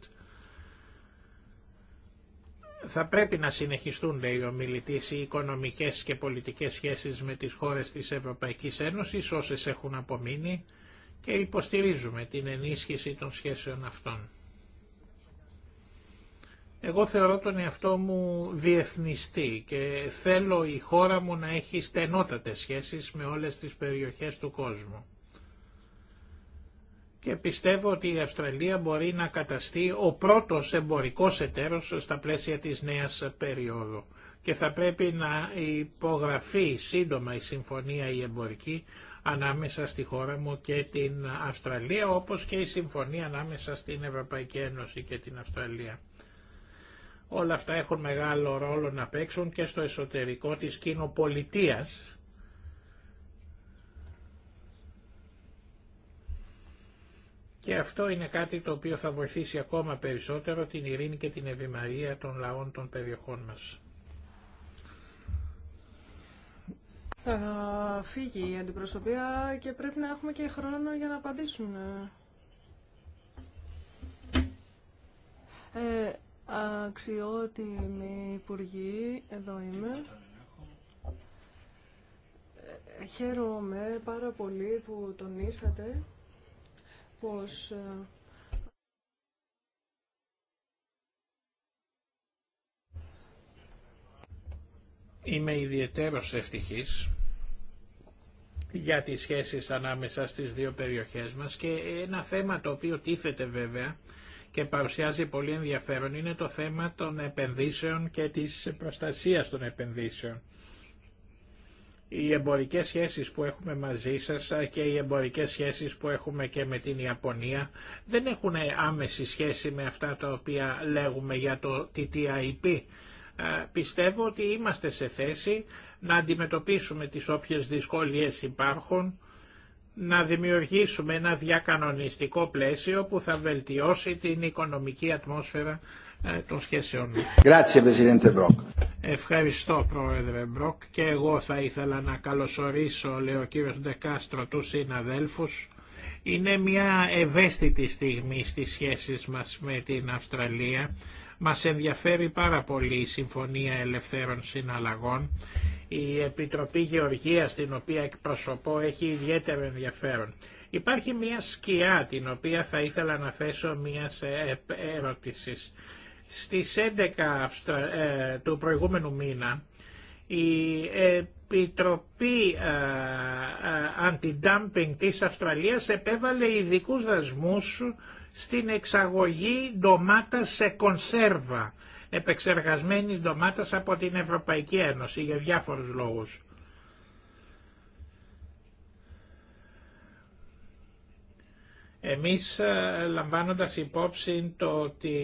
Θα πρέπει να συνεχιστούν, λέει ο ομιλητής οι οικονομικές και πολιτικές σχέσεις με τις χώρες της Ευρωπαϊκής Ένωσης, όσες έχουν απομείνει, και υποστηρίζουμε την ενίσχυση των σχέσεων αυτών. Εγώ θεωρώ τον εαυτό μου διεθνιστή και θέλω η χώρα μου να έχει στενότατες σχέσεις με όλες τις περιοχές του κόσμου. Και πιστεύω ότι η Αυστραλία μπορεί να καταστεί ο πρώτος εμπορικός εταίρος στα πλαίσια της νέας περίοδου. Και θα πρέπει να υπογραφεί σύντομα η συμφωνία εμπορική ανάμεσα στη χώρα μου και την Αυστραλία, όπως και η συμφωνία ανάμεσα στην Ευρωπαϊκή Ένωση και την Αυστραλία. Όλα αυτά έχουν μεγάλο ρόλο να παίξουν και στο εσωτερικό της κοινοπολιτείας, Και αυτό είναι κάτι το οποίο θα βοηθήσει ακόμα περισσότερο την ειρήνη και την ευημαρία των λαών των περιοχών μας. Θα φύγει η αντιπροσωπεία και πρέπει να έχουμε και χρόνο για να απαντήσουν. Ε, Υπουργή, εδώ είμαι. Ε, χαίρομαι πάρα πολύ που τονίσατε πως... Ε, Είμαι ιδιαίτερος ευτυχής για τις σχέσεις ανάμεσα στις δύο περιοχές μας και ένα θέμα το οποίο τίθεται βέβαια και παρουσιάζει πολύ ενδιαφέρον είναι το θέμα των επενδύσεων και της προστασίας των επενδύσεων. Οι εμπορικές σχέσεις που έχουμε μαζί σας και οι εμπορικές σχέσεις που έχουμε και με την Ιαπωνία δεν έχουν άμεση σχέση με αυτά τα οποία λέγουμε για το TTIP ε, πιστεύω ότι είμαστε σε θέση να αντιμετωπίσουμε τις όποιες δυσκολίες υπάρχουν, να δημιουργήσουμε ένα διακανονιστικό πλαίσιο που θα βελτιώσει την οικονομική ατμόσφαιρα ε, των σχέσεων. Ευχαριστώ Πρόεδρε Μπροκ και εγώ θα ήθελα να καλωσορίσω, λέει ο κύριος Ντεκάστρο, του συναδέλφους. Είναι μια ευαίσθητη στιγμή στις σχέσεις μας με την Αυστραλία μας ενδιαφέρει πάρα πολύ η Συμφωνία Ελευθέρων Συναλλαγών. Η Επιτροπή Γεωργίας, την οποία εκπροσωπώ, έχει ιδιαίτερο ενδιαφέρον. Υπάρχει μια σκιά την οποία θα ήθελα να θέσω μια ερώτηση. Στις 11 ε, του προηγούμενου μήνα η Επιτροπή Αντιντάμπινγκ ε, ε, της Αυστραλίας επέβαλε ειδικούς δασμούς στην εξαγωγή ντομάτα σε κονσέρβα, επεξεργασμένης ντομάτας από την Ευρωπαϊκή Ένωση για διάφορους λόγους. Εμείς ε, λαμβάνοντας υπόψη το ότι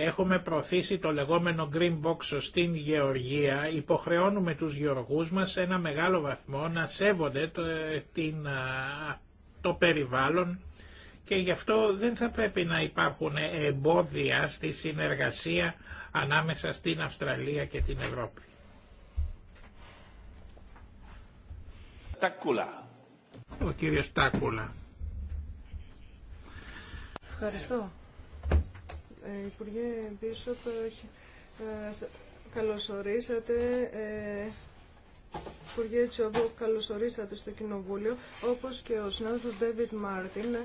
έχουμε προωθήσει το λεγόμενο Green Box στην Γεωργία, υποχρεώνουμε τους γεωργούς μας σε ένα μεγάλο βαθμό να σέβονται το, ε, την, ε, το περιβάλλον και γι' αυτό δεν θα πρέπει να υπάρχουν εμπόδια στη συνεργασία ανάμεσα στην Αυστραλία και την Ευρώπη. Τακούλα. Ο κύριος Τάκουλα. Ευχαριστώ. Ε, Υπουργέ Μπίσοπ, ε, καλωσορίσατε. Ε, Υπουργέ Τσόβο, καλωσορίσατε στο Κοινοβούλιο, όπως και ο συνάδελφος Ντέβιτ Μάρτιν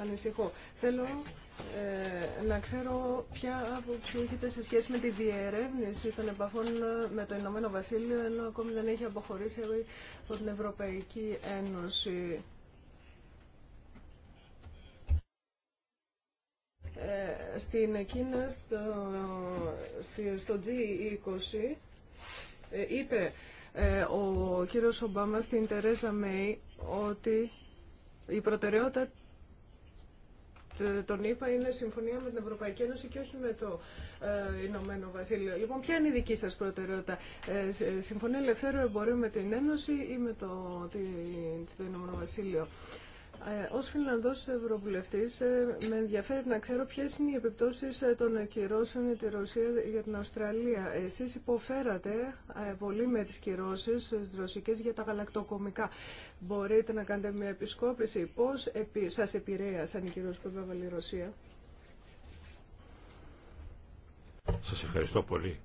ανησυχώ. Θέλω ε, να ξέρω ποια άποψη έχετε σε σχέση με τη διερεύνηση των επαφών με το Ηνωμένο Βασίλειο, ενώ ακόμη δεν έχει αποχωρήσει από την Ευρωπαϊκή Ένωση. Ε, στην Κίνα, στο, στο G20, ε, είπε ε, ο κύριος Ομπάμα στην Τερέζα Μέη ότι η προτεραιότητα τον είπα, είναι συμφωνία με την Ευρωπαϊκή Ένωση και όχι με το ε, Ηνωμένο Βασίλειο. Λοιπόν, ποια είναι η δική σας προτεραιότητα, ε, ε, συμφωνία ελευθέρω εμπορίου με την Ένωση ή με το, το Ηνωμένο Βασίλειο. Ε, ως Φιλανδός Ευρωβουλευτής ε, με ενδιαφέρει να ξέρω ποιες είναι οι επιπτώσεις ε, των κυρώσεων τη Ρωσία για την Αυστραλία. Εσείς υποφέρατε πολύ με τις κυρώσεις τις ρωσικές για τα γαλακτοκομικά. Μπορείτε να κάνετε μια επισκόπηση πώς επί... σας επηρέασαν οι κυρώσεις που έβαλε η Ρωσία. Σας ευχαριστώ πολύ.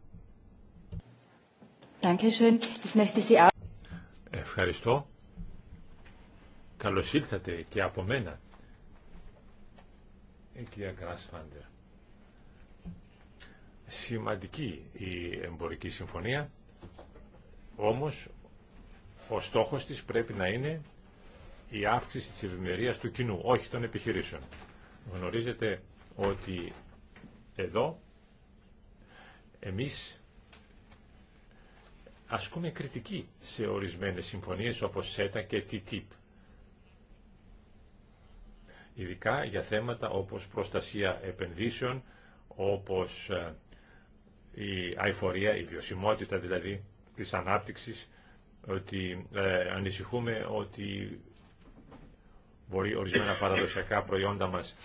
Ευχαριστώ. Καλώς ήλθατε και από μένα. Η ε, κυρία Γκράσφαντερ. Σημαντική η εμπορική συμφωνία, όμως ο στόχος της πρέπει να είναι η αύξηση της ευημερία του κοινού, όχι των επιχειρήσεων. Γνωρίζετε ότι εδώ εμείς ασκούμε κριτική σε ορισμένες συμφωνίες όπως ΣΕΤΑ και TTIP ειδικά για θέματα όπως προστασία επενδύσεων, όπως ε, η αηφορία, η βιωσιμότητα δηλαδή της ανάπτυξης, ότι ε, ανησυχούμε ότι μπορεί ορισμένα παραδοσιακά προϊόντα μας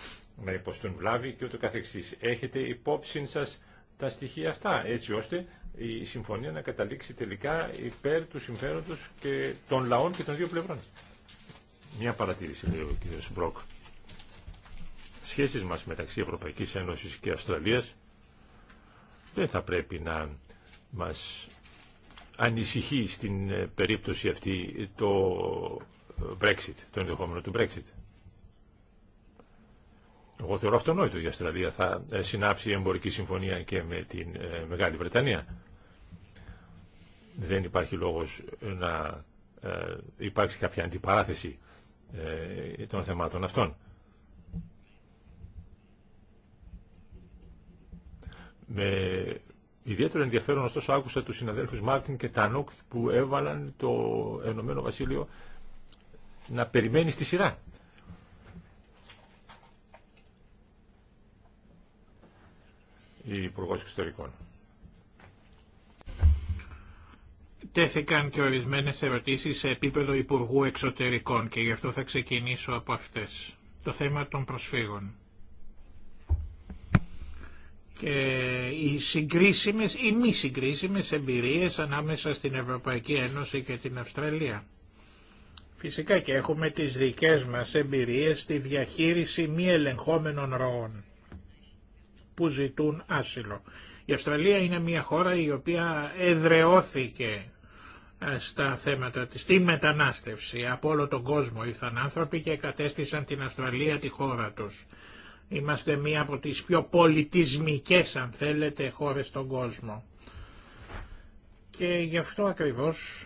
να υποστούν βλάβη και ούτω καθεξής. Έχετε υπόψη σας τα στοιχεία αυτά, έτσι ώστε η συμφωνία να καταλήξει τελικά υπέρ του συμφέροντος και των λαών και των δύο πλευρών. Μια παρατήρηση λέει ο κ σχέσεις μας μεταξύ Ευρωπαϊκής Ένωσης και Αυστραλίας δεν θα πρέπει να μας ανησυχεί στην ε, περίπτωση αυτή το ε, Brexit, το ενδεχόμενο του Brexit. Εγώ θεωρώ αυτονόητο η Αυστραλία θα ε, συνάψει εμπορική συμφωνία και με την Μεγάλη Βρετανία. Δεν υπάρχει λόγος να υπάρξει κάποια αντιπαράθεση των θεμάτων αυτών. Με ιδιαίτερο ενδιαφέρον ωστόσο άκουσα του συναδέλφους Μάρτιν και Τανόκ που έβαλαν το Ενωμένο Βασίλειο να περιμένει στη σειρά. Η Υπουργό Εξωτερικών. Τέθηκαν και ορισμένες ερωτήσεις σε επίπεδο Υπουργού Εξωτερικών και γι' αυτό θα ξεκινήσω από αυτές. Το θέμα των προσφύγων και οι συγκρίσιμες ή μη συγκρίσιμες εμπειρίες ανάμεσα στην Ευρωπαϊκή Ένωση και την Αυστραλία. Φυσικά και έχουμε τις δικές μας εμπειρίες στη διαχείριση μη ελεγχόμενων ροών που ζητούν άσυλο. Η Αυστραλία είναι μια χώρα η οποία εδρεώθηκε ε, στα θέματα της, στη μετανάστευση. Από όλο τον κόσμο ήρθαν άνθρωποι και κατέστησαν την Αυστραλία τη χώρα τους. Είμαστε μία από τις πιο πολιτισμικές, αν θέλετε, χώρες στον κόσμο. Και γι' αυτό ακριβώς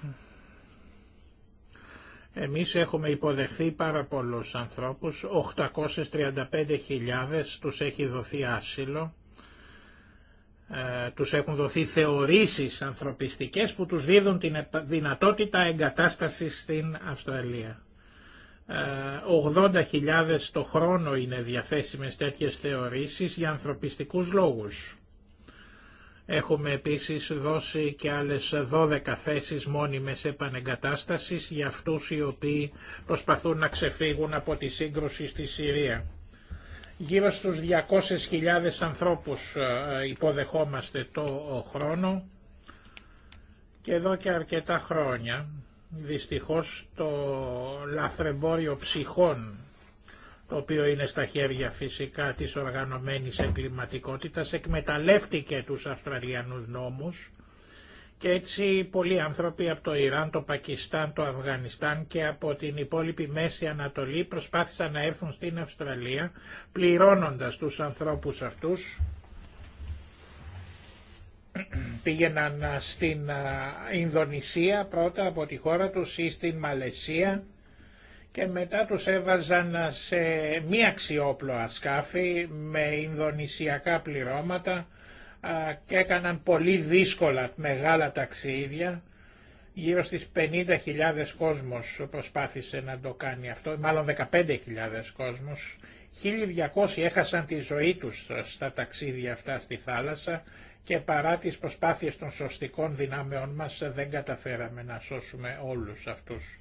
εμείς έχουμε υποδεχθεί πάρα πολλούς ανθρώπους, 835.000 τους έχει δοθεί άσυλο, ε, τους έχουν δοθεί θεωρήσεις ανθρωπιστικές που τους δίδουν την δυνατότητα εγκατάστασης στην Αυστραλία. 80.000 ε, το χρόνο είναι διαθέσιμες τέτοιες θεωρήσεις για ανθρωπιστικούς λόγους. Έχουμε επίσης δώσει και άλλες 12 θέσεις μόνιμες επανεγκατάστασης για αυτούς οι οποίοι προσπαθούν να ξεφύγουν από τη σύγκρουση στη Συρία. Γύρω στους 200.000 ανθρώπους ε, υποδεχόμαστε το χρόνο και εδώ και αρκετά χρόνια Δυστυχώς το λαθρεμπόριο ψυχών, το οποίο είναι στα χέρια φυσικά της οργανωμένης εγκληματικότητας, εκμεταλλεύτηκε τους Αυστραλιανούς νόμους και έτσι πολλοί άνθρωποι από το Ιράν, το Πακιστάν, το Αφγανιστάν και από την υπόλοιπη Μέση Ανατολή προσπάθησαν να έρθουν στην Αυστραλία πληρώνοντας τους ανθρώπους αυτούς πήγαιναν στην Ινδονησία πρώτα από τη χώρα τους ή στην Μαλαισία και μετά τους έβαζαν σε μία αξιόπλοα σκάφη με Ινδονησιακά πληρώματα και έκαναν πολύ δύσκολα μεγάλα ταξίδια. Γύρω στις 50.000 κόσμος προσπάθησε να το κάνει αυτό, μάλλον 15.000 κόσμος. 1.200 έχασαν τη ζωή τους στα ταξίδια αυτά στη θάλασσα και παρά τις προσπάθειες των σωστικών δυνάμεών μας δεν καταφέραμε να σώσουμε όλους αυτούς.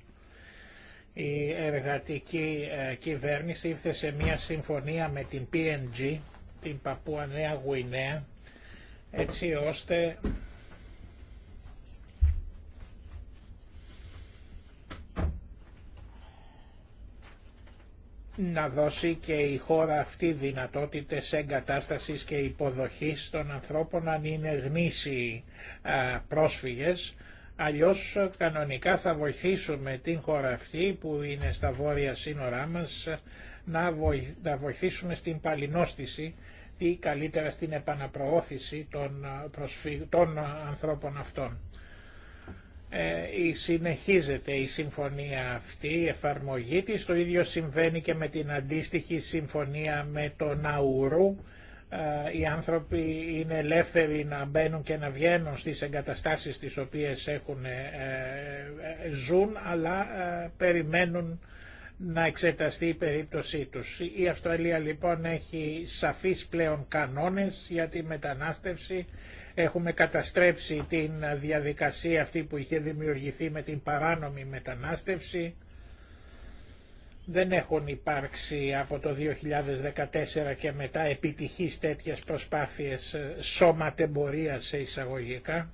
Η εργατική ε, κυβέρνηση ήρθε σε μια συμφωνία με την PNG, την Παππούα Νέα Γουινέα, έτσι ώστε να δώσει και η χώρα αυτή δυνατότητες εγκατάστασης και υποδοχής των ανθρώπων αν είναι γνήσιοι πρόσφυγες. Αλλιώς κανονικά θα βοηθήσουμε την χώρα αυτή που είναι στα βόρεια σύνορά μας να βοηθήσουμε στην παλινόστηση ή καλύτερα στην επαναπροώθηση των, προσφυ... των ανθρώπων αυτών. Ε, συνεχίζεται η συμφωνία αυτή, η εφαρμογή της. Το ίδιο συμβαίνει και με την αντίστοιχη συμφωνία με τον Ναουρού. Ε, οι άνθρωποι είναι ελεύθεροι να μπαίνουν και να βγαίνουν στις εγκαταστάσεις τις οποίες έχουν, ε, ζουν, αλλά περιμένουν να εξεταστεί η περίπτωσή τους. Η Αυστραλία λοιπόν έχει σαφείς πλέον κανόνες για τη μετανάστευση. Έχουμε καταστρέψει την διαδικασία αυτή που είχε δημιουργηθεί με την παράνομη μετανάστευση. Δεν έχουν υπάρξει από το 2014 και μετά επιτυχείς τέτοιες προσπάθειες σώματεμπορίας σε εισαγωγικά.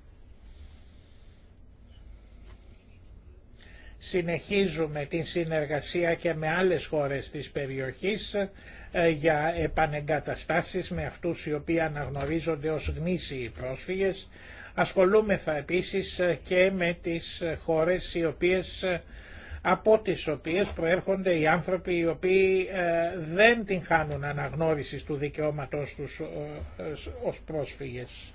Συνεχίζουμε την συνεργασία και με άλλες χώρες της περιοχής ε, για επανεγκαταστάσεις με αυτούς οι οποίοι αναγνωρίζονται ως γνήσιοι πρόσφυγες. Ασχολούμεθα επίσης ε, και με τις χώρες οι οποίες, ε, από τις οποίες προέρχονται οι άνθρωποι οι οποίοι δεν την χάνουν αναγνώριση του δικαιώματός τους ως πρόσφυγες.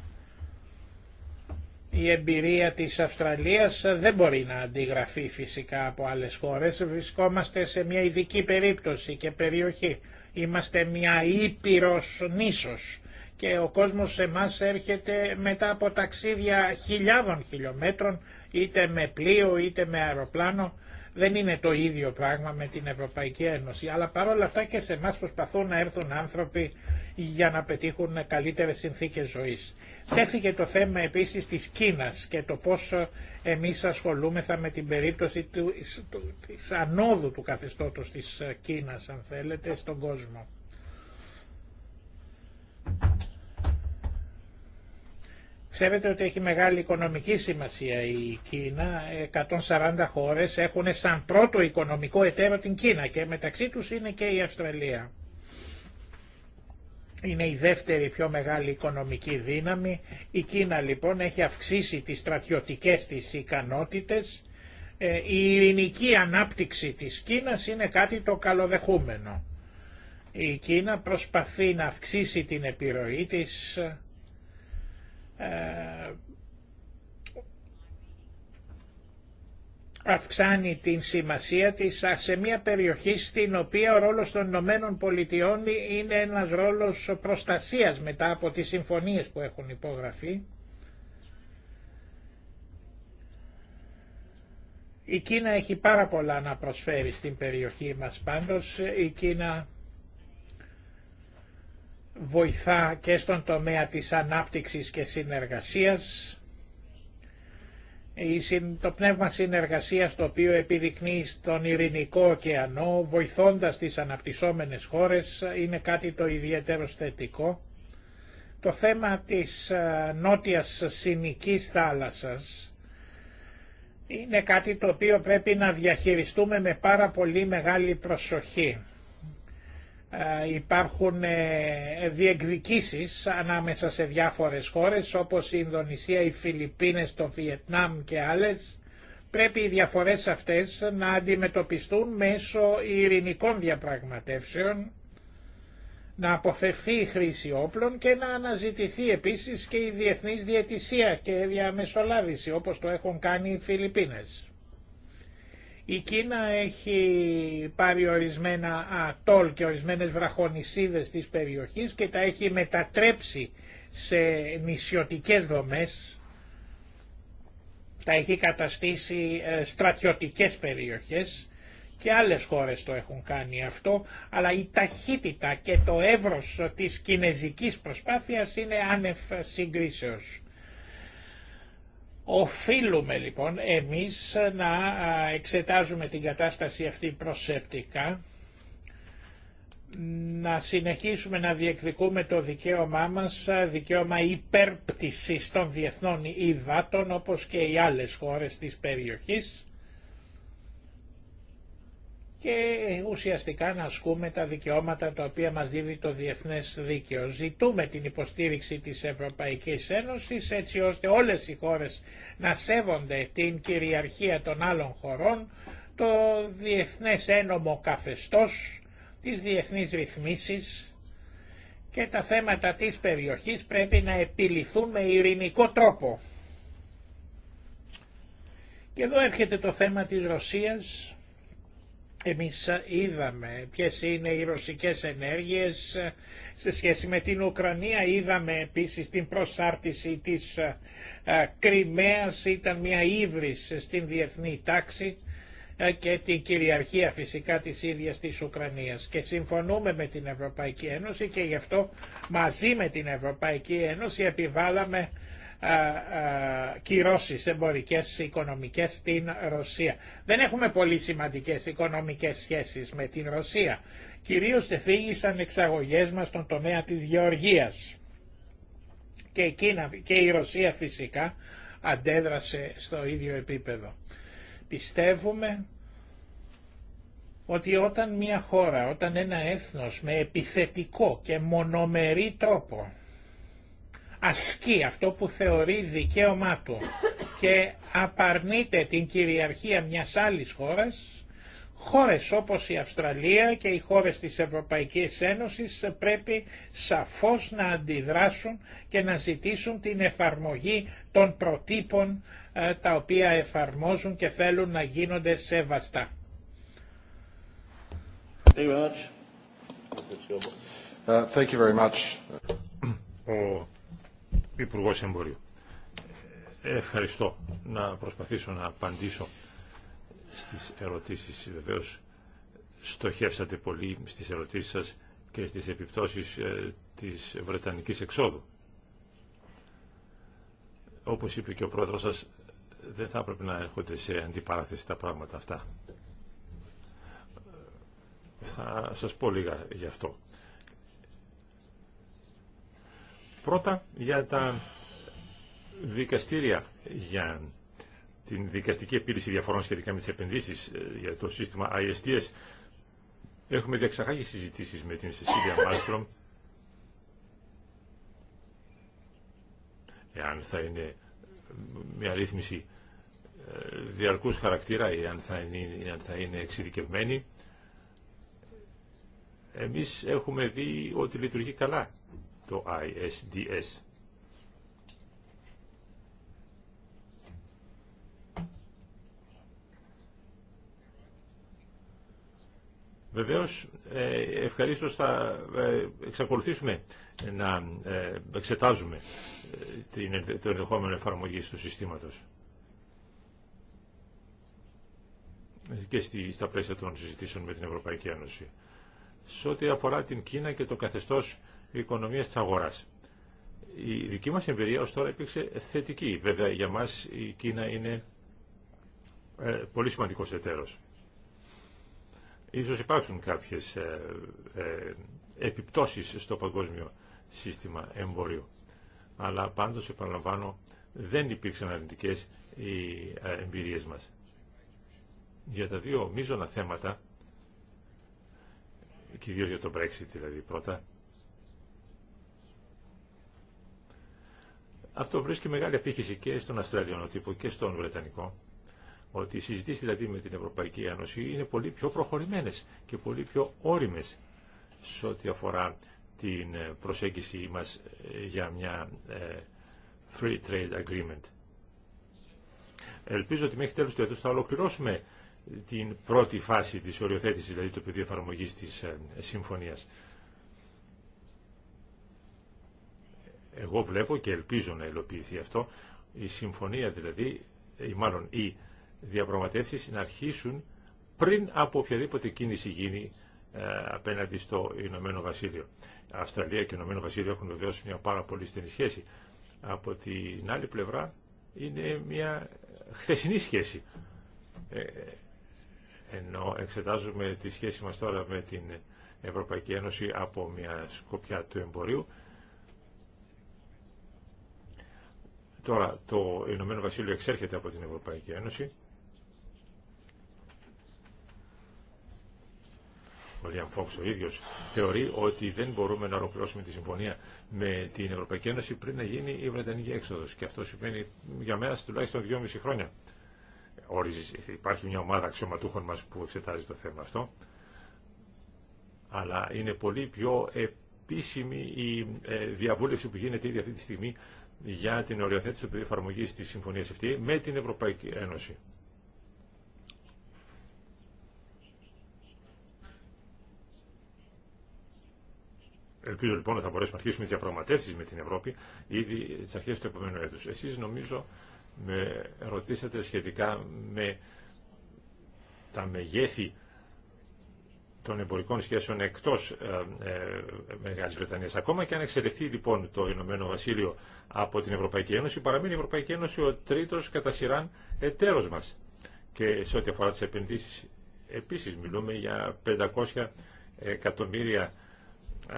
Η εμπειρία της Αυστραλίας δεν μπορεί να αντιγραφεί φυσικά από άλλες χώρες. Βρισκόμαστε σε μια ειδική περίπτωση και περιοχή. Είμαστε μια ήπειρος νήσος και ο κόσμος σε μας έρχεται μετά από ταξίδια χιλιάδων χιλιόμετρων είτε με πλοίο είτε με αεροπλάνο δεν είναι το ίδιο πράγμα με την Ευρωπαϊκή Ένωση, αλλά παρόλα αυτά και σε εμά προσπαθούν να έρθουν άνθρωποι για να πετύχουν καλύτερε συνθήκε ζωή. Τέθηκε το θέμα επίση της Κίνας και το πόσο ε, εμεί ασχολούμεθα με την περίπτωση του, ανόδου του καθεστώτος της ε, Κίνα, αν θέλετε, στον κόσμο. Ξέρετε ότι έχει μεγάλη οικονομική σημασία η Κίνα. 140 χώρες έχουν σαν πρώτο οικονομικό εταίρο την Κίνα και μεταξύ τους είναι και η Αυστραλία. Είναι η δεύτερη πιο μεγάλη οικονομική δύναμη. Η Κίνα λοιπόν έχει αυξήσει τις στρατιωτικές της ικανότητες. Ε, η ειρηνική ανάπτυξη της Κίνας είναι κάτι το καλοδεχούμενο. Η Κίνα προσπαθεί να αυξήσει την επιρροή της ε, αυξάνει την σημασία της σε μια περιοχή στην οποία ο ρόλος των Ηνωμένων Πολιτειών είναι ένας ρόλος προστασίας μετά από τις συμφωνίες που έχουν υπογραφεί. Η Κίνα έχει πάρα πολλά να προσφέρει στην περιοχή μας πάντως. Η Κίνα βοηθά και στον τομέα της ανάπτυξης και συνεργασίας. Το πνεύμα συνεργασίας το οποίο επιδεικνύει στον Ειρηνικό ωκεανό βοηθώντας τις αναπτυσσόμενες χώρες είναι κάτι το ιδιαίτερο θετικό. Το θέμα της ε, νότιας συνικής θάλασσας είναι κάτι το οποίο πρέπει να διαχειριστούμε με πάρα πολύ μεγάλη προσοχή ε, υπάρχουν ε, διεκδικήσεις ανάμεσα σε διάφορες χώρες όπως η Ινδονησία, οι Φιλιππίνες, το Βιετνάμ και άλλες πρέπει οι διαφορές αυτές να αντιμετωπιστούν μέσω ειρηνικών διαπραγματεύσεων να αποφευθεί η χρήση όπλων και να αναζητηθεί επίσης και η διεθνής διαιτησία και διαμεσολάβηση όπως το έχουν κάνει οι Φιλιππίνες. Η Κίνα έχει πάρει ορισμένα ατόλ και ορισμένες βραχονισίδες της περιοχής και τα έχει μετατρέψει σε νησιωτικές δομές, τα έχει καταστήσει ε, στρατιωτικές περιοχές και άλλες χώρες το έχουν κάνει αυτό, αλλά η ταχύτητα και το εύρος της κινέζικης προσπάθειας είναι άνευ συγκρίσεως. Οφείλουμε λοιπόν εμείς να εξετάζουμε την κατάσταση αυτή προσεπτικά, να συνεχίσουμε να διεκδικούμε το δικαίωμά μας, δικαίωμα υπέρπτυσης των διεθνών υδάτων όπως και οι άλλες χώρες της περιοχής και ουσιαστικά να ασκούμε τα δικαιώματα τα οποία μας δίδει το διεθνές δίκαιο. Ζητούμε την υποστήριξη της Ευρωπαϊκής Ένωσης έτσι ώστε όλες οι χώρες να σέβονται την κυριαρχία των άλλων χωρών, το διεθνές ένομο καθεστώς, τις διεθνείς ρυθμίσεις και τα θέματα της περιοχής πρέπει να επιληθούν με ειρηνικό τρόπο. Και εδώ έρχεται το θέμα της Ρωσίας εμείς είδαμε ποιες είναι οι ρωσικές ενέργειες σε σχέση με την Ουκρανία. Είδαμε επίσης την προσάρτηση της ε, Κρυμαίας, ήταν μια ύβριση στην διεθνή τάξη ε, και την κυριαρχία φυσικά της ίδιας της Ουκρανίας. Και συμφωνούμε με την Ευρωπαϊκή Ένωση και γι' αυτό μαζί με την Ευρωπαϊκή Ένωση επιβάλαμε ε, ε, κυρώσεις εμπορικές οικονομικές στην Ρωσία. Δεν έχουμε πολύ σημαντικές οικονομικές σχέσεις με την Ρωσία. Κυρίως εφήγησαν εξαγωγές μας στον τομέα της γεωργίας. Και, και η Ρωσία φυσικά αντέδρασε στο ίδιο επίπεδο. Πιστεύουμε ότι όταν μια χώρα, όταν ένα έθνος με επιθετικό και μονομερή τρόπο ασκεί αυτό που θεωρεί δικαίωμά του και απαρνείται την κυριαρχία μιας άλλης χώρας, χώρες όπως η Αυστραλία και οι χώρες της Ευρωπαϊκής Ένωσης πρέπει σαφώς να αντιδράσουν και να ζητήσουν την εφαρμογή των προτύπων ε, τα οποία εφαρμόζουν και θέλουν να γίνονται σεβαστά. Thank you uh, Υπουργό Εμπορίου. Ευχαριστώ να προσπαθήσω να απαντήσω στις ερωτήσεις. Βεβαίως στοχεύσατε πολύ στις ερωτήσεις σας και στις επιπτώσεις ε, της Βρετανικής εξόδου. Όπως είπε και ο πρόεδρος σας, δεν θα έπρεπε να έρχονται σε αντιπαράθεση τα πράγματα αυτά. Θα σας πω λίγα γι' αυτό. Πρώτα για τα δικαστήρια, για την δικαστική επίλυση διαφορών σχετικά με τις επενδύσεις ε, για το σύστημα ISTS. Έχουμε διαξαχάγει συζητήσεις με την Σεσίλια Μάλστρομ. Εάν θα είναι μια ρύθμιση ε, διαρκούς χαρακτήρα ή αν θα είναι, αν θα είναι εξειδικευμένη. Εμείς έχουμε δει ότι λειτουργεί καλά το ISDS. Βεβαίως, ε, ευχαρίστως θα ε, εξακολουθήσουμε να ε, εξετάζουμε το ενδεχόμενο εφαρμογή του συστήματος και στα πλαίσια των συζητήσεων με την Ευρωπαϊκή Ένωση. Σε ό,τι αφορά την Κίνα και το καθεστώς οικονομία τη αγορά. Η δική μας εμπειρία ω τώρα υπήρξε θετική. Βέβαια για μας η Κίνα είναι ε, πολύ σημαντικό εταίρο. Ίσως υπάρξουν κάποιες ε, ε, επιπτώσεις στο παγκόσμιο σύστημα εμπορίου. Αλλά πάντω, επαναλαμβάνω, δεν υπήρξαν αρνητικές οι εμπειρίες μας. Για τα δύο μείζωνα θέματα, κυρίως για το Brexit δηλαδή πρώτα, Αυτό βρίσκει μεγάλη απίχυση και στον Αυστραλιανό τύπο και στον Βρετανικό, ότι οι συζητήσει δηλαδή με την Ευρωπαϊκή Ένωση είναι πολύ πιο προχωρημένες και πολύ πιο όριμε σε ό,τι αφορά την ε, προσέγγιση μας ε, για μια ε, Free Trade Agreement. Ελπίζω ότι μέχρι τέλο του έτου θα ολοκληρώσουμε την πρώτη φάση της οριοθέτησης, δηλαδή το πεδίο εφαρμογής της συμφωνίας. Εγώ βλέπω και ελπίζω να υλοποιηθεί αυτό, η συμφωνία δηλαδή, ή μάλλον οι διαπραγματεύσεις να αρχίσουν πριν από οποιαδήποτε κίνηση γίνει ε, απέναντι στο Ηνωμένο Βασίλειο. Αυστραλία και Ηνωμένο Βασίλειο έχουν βεβαίω μια πάρα πολύ στενή σχέση. Από την άλλη πλευρά είναι μια χθεσινή σχέση. Ε, ενώ εξετάζουμε τη σχέση μας τώρα με την Ευρωπαϊκή Ένωση από μια σκοπιά του εμπορίου, Τώρα το Ηνωμένο Βασίλειο εξέρχεται από την Ευρωπαϊκή Ένωση. Ο Λιάν Φόξ ο ίδιο θεωρεί ότι δεν μπορούμε να ολοκληρώσουμε τη συμφωνία με την Ευρωπαϊκή Ένωση πριν να γίνει η Βρετανική έξοδο Και αυτό σημαίνει για μένα τουλάχιστον 2,5 χρόνια. Υπάρχει μια ομάδα αξιωματούχων μας που εξετάζει το θέμα αυτό. Αλλά είναι πολύ πιο επίσημη η ε, διαβούλευση που γίνεται ήδη αυτή τη στιγμή για την οριοθέτηση του εφαρμογή τη συμφωνία αυτή με την Ευρωπαϊκή Ένωση. Ελπίζω λοιπόν ότι θα μπορέσουμε να αρχίσουμε τι διαπραγματεύσει με την Ευρώπη ήδη τι αρχέ του επόμενου έτου. Εσεί νομίζω με ρωτήσατε σχετικά με τα μεγέθη των εμπορικών σχέσεων εκτός ε, ε, μεγάλη Βρετανία. Ακόμα και αν εξαιρεθεί λοιπόν το Ηνωμένο Βασίλειο από την Ευρωπαϊκή Ένωση, παραμένει η Ευρωπαϊκή Ένωση ο τρίτο κατά σειράν εταίρο μα. Και σε ό,τι αφορά τι επενδύσει επίση μιλούμε για 500 εκατομμύρια ...500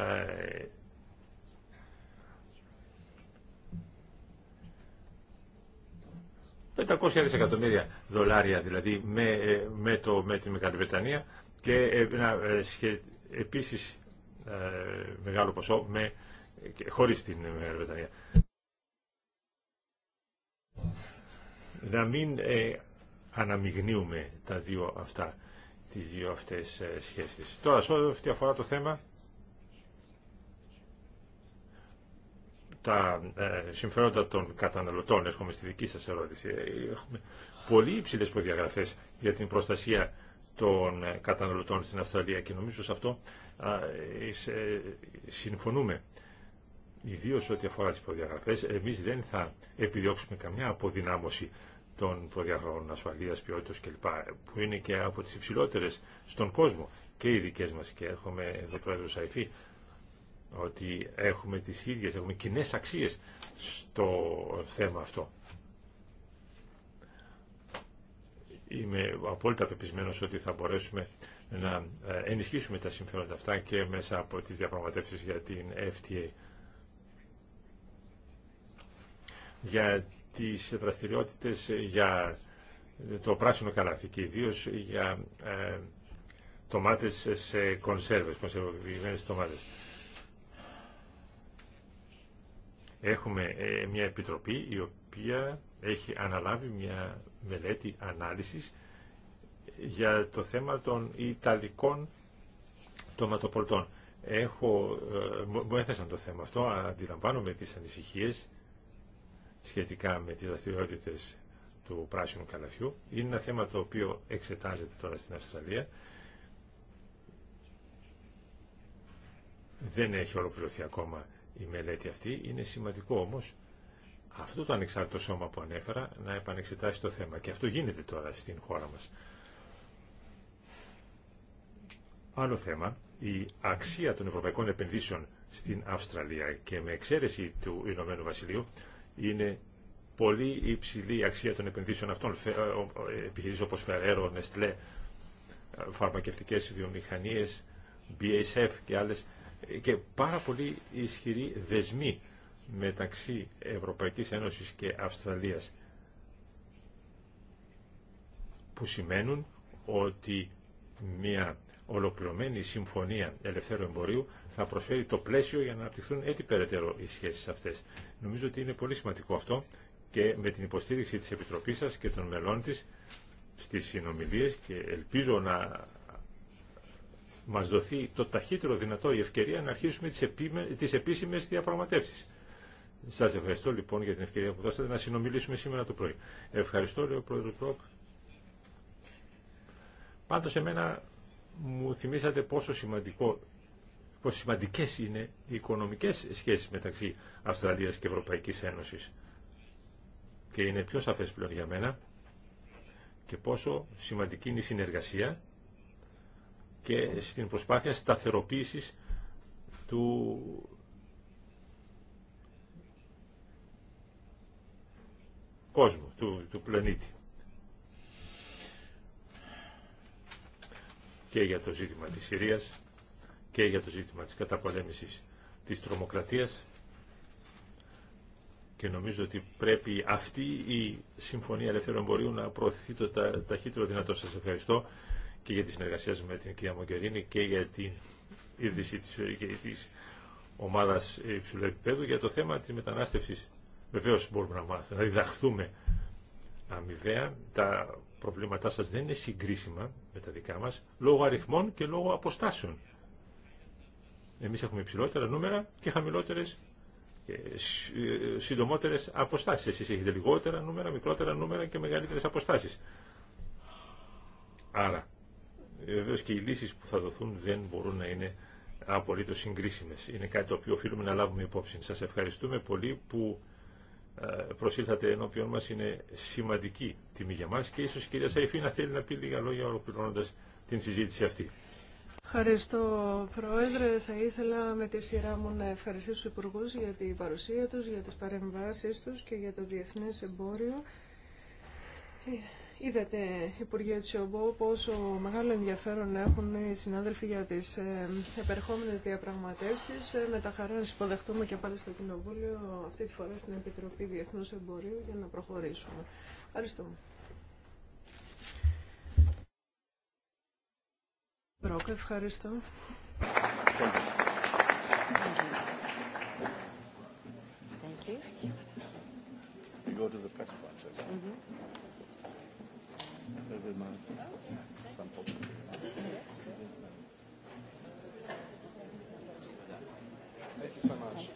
ε, δισεκατομμύρια δολάρια δηλαδή με, με, το, με τη Μεγάλη Βρετανία και ένα ε, ε, επίσης ε, μεγάλο ποσό με, χωρίς την Μεγάλη Βρετανία. Να μην αναμειγνύουμε τα δύο αυτά, τις δύο αυτές σχέσεις. Τώρα, σε ό,τι αφορά το θέμα, τα ε, συμφέροντα των καταναλωτών, έρχομαι στη δική σας ερώτηση, έχουμε πολύ υψηλές προδιαγραφές για την προστασία των ε, καταναλωτών στην Αυστραλία και νομίζω σε αυτό ε, ε, συμφωνούμε. Ιδίω ό,τι αφορά τι προδιαγραφέ, εμεί δεν θα επιδιώξουμε καμιά αποδυνάμωση των προδιαγραφών ασφαλεία, ποιότητα κλπ. που είναι και από τι υψηλότερε στον κόσμο και οι δικέ μα. Και έρχομαι εδώ, πρόεδρο Σαϊφή ότι έχουμε τις ίδιες, έχουμε κοινέ αξίες στο θέμα αυτό. Είμαι απόλυτα πεπισμένο ότι θα μπορέσουμε να ε, ενισχύσουμε τα συμφέροντα αυτά και μέσα από τις διαπραγματεύσεις για την FTA. Για τις δραστηριότητες ε, για το πράσινο καλάθι και ιδίω για ε, τομάτες σε κονσέρβες, κονσερβοποιημένες τομάτες. Έχουμε ε, μια επιτροπή η οποία έχει αναλάβει μια μελέτη ανάλυσης για το θέμα των Ιταλικών τοματοπολτών. Έχω, ε, μου έθεσαν το θέμα αυτό, αντιλαμβάνομαι τις ανησυχίες σχετικά με τις δραστηριότητε του πράσινου καλαθιού. Είναι ένα θέμα το οποίο εξετάζεται τώρα στην Αυστραλία. Δεν έχει ολοκληρωθεί ακόμα η μελέτη αυτή. Είναι σημαντικό όμως αυτό το ανεξάρτητο σώμα που ανέφερα να επανεξετάσει το θέμα. Και αυτό γίνεται τώρα στην χώρα μας. Άλλο θέμα, η αξία των ευρωπαϊκών επενδύσεων στην Αυστραλία και με εξαίρεση του Ηνωμένου Βασιλείου είναι πολύ υψηλή η αξία των επενδύσεων αυτών. Ε, επιχειρήσεις όπως Φεραίρο, Νεστλέ, φαρμακευτικές βιομηχανίες, BASF και άλλες ε, και πάρα πολύ ισχυροί δεσμοί μεταξύ Ευρωπαϊκής Ένωσης και Αυστραλίας που σημαίνουν ότι μια ολοκληρωμένη συμφωνία ελευθέρου εμπορίου θα προσφέρει το πλαίσιο για να αναπτυχθούν έτσι περαιτέρω οι σχέσεις αυτές. Νομίζω ότι είναι πολύ σημαντικό αυτό και με την υποστήριξη της Επιτροπής σας και των μελών της στις συνομιλίες και ελπίζω να μας δοθεί το ταχύτερο δυνατό η ευκαιρία να αρχίσουμε τις, επίσημε τις επίσημες διαπραγματεύσεις. Σα ευχαριστώ λοιπόν για την ευκαιρία που δώσατε να συνομιλήσουμε σήμερα το πρωί. Ευχαριστώ, λέει ο πρόεδρο Πρόκ. Πάντω, εμένα μου θυμήσατε πόσο σημαντικό πόσο σημαντικές είναι οι οικονομικές σχέσεις μεταξύ Αυστραλίας και Ευρωπαϊκής Ένωσης. Και είναι πιο σαφές πλέον για μένα και πόσο σημαντική είναι η συνεργασία και στην προσπάθεια σταθεροποίησης του κόσμου, του, του πλανήτη. Και για το ζήτημα της Συρίας και για το ζήτημα της καταπολέμησης της τρομοκρατίας και νομίζω ότι πρέπει αυτή η Συμφωνία Ελευθέρων Εμπορίου να προωθηθεί το τα, ταχύτερο δυνατό. Σας ευχαριστώ και για τη συνεργασία με την κυρία Μογκερίνη και για την είδηση της, της ομάδας υψηλού επίπεδου για το θέμα της μετανάστευσης Βεβαίως μπορούμε να, μάθουμε, να διδαχθούμε αμοιβαία. Τα προβλήματά σας δεν είναι συγκρίσιμα με τα δικά μας, λόγω αριθμών και λόγω αποστάσεων. Εμείς έχουμε υψηλότερα νούμερα και χαμηλότερες και ε, συντομότερες αποστάσεις. Εσείς έχετε λιγότερα νούμερα, μικρότερα νούμερα και μεγαλύτερες αποστάσεις. Άρα, βεβαίω και οι λύσεις που θα δοθούν δεν μπορούν να είναι απολύτως συγκρίσιμες. Είναι κάτι το οποίο οφείλουμε να λάβουμε υπόψη. Σας ευχαριστούμε πολύ που ε, προσήλθατε ενώπιον μας είναι σημαντική τιμή για μας και ίσως η κυρία Σαϊφή θέλει να πει λίγα λόγια ολοκληρώνοντας την συζήτηση αυτή. Ευχαριστώ Πρόεδρε. Θα ήθελα με τη σειρά μου να ευχαριστήσω τους Υπουργούς για την παρουσία τους, για τις παρεμβάσεις τους και για το διεθνές εμπόριο. Ε, Είδατε, Υπουργέ Τσιόμπο, πόσο μεγάλο ενδιαφέρον έχουν οι συνάδελφοι για τι ε, επερχόμενε διαπραγματεύσει. Ε, με τα χαρά να σα υποδεχτούμε και πάλι στο Κοινοβούλιο, αυτή τη φορά στην Επιτροπή Διεθνού Εμπορίου, για να προχωρήσουμε. Ευχαριστούμε. Μπρόκ, ευχαριστώ. Thank you. go to the mm-hmm. Thank you so much.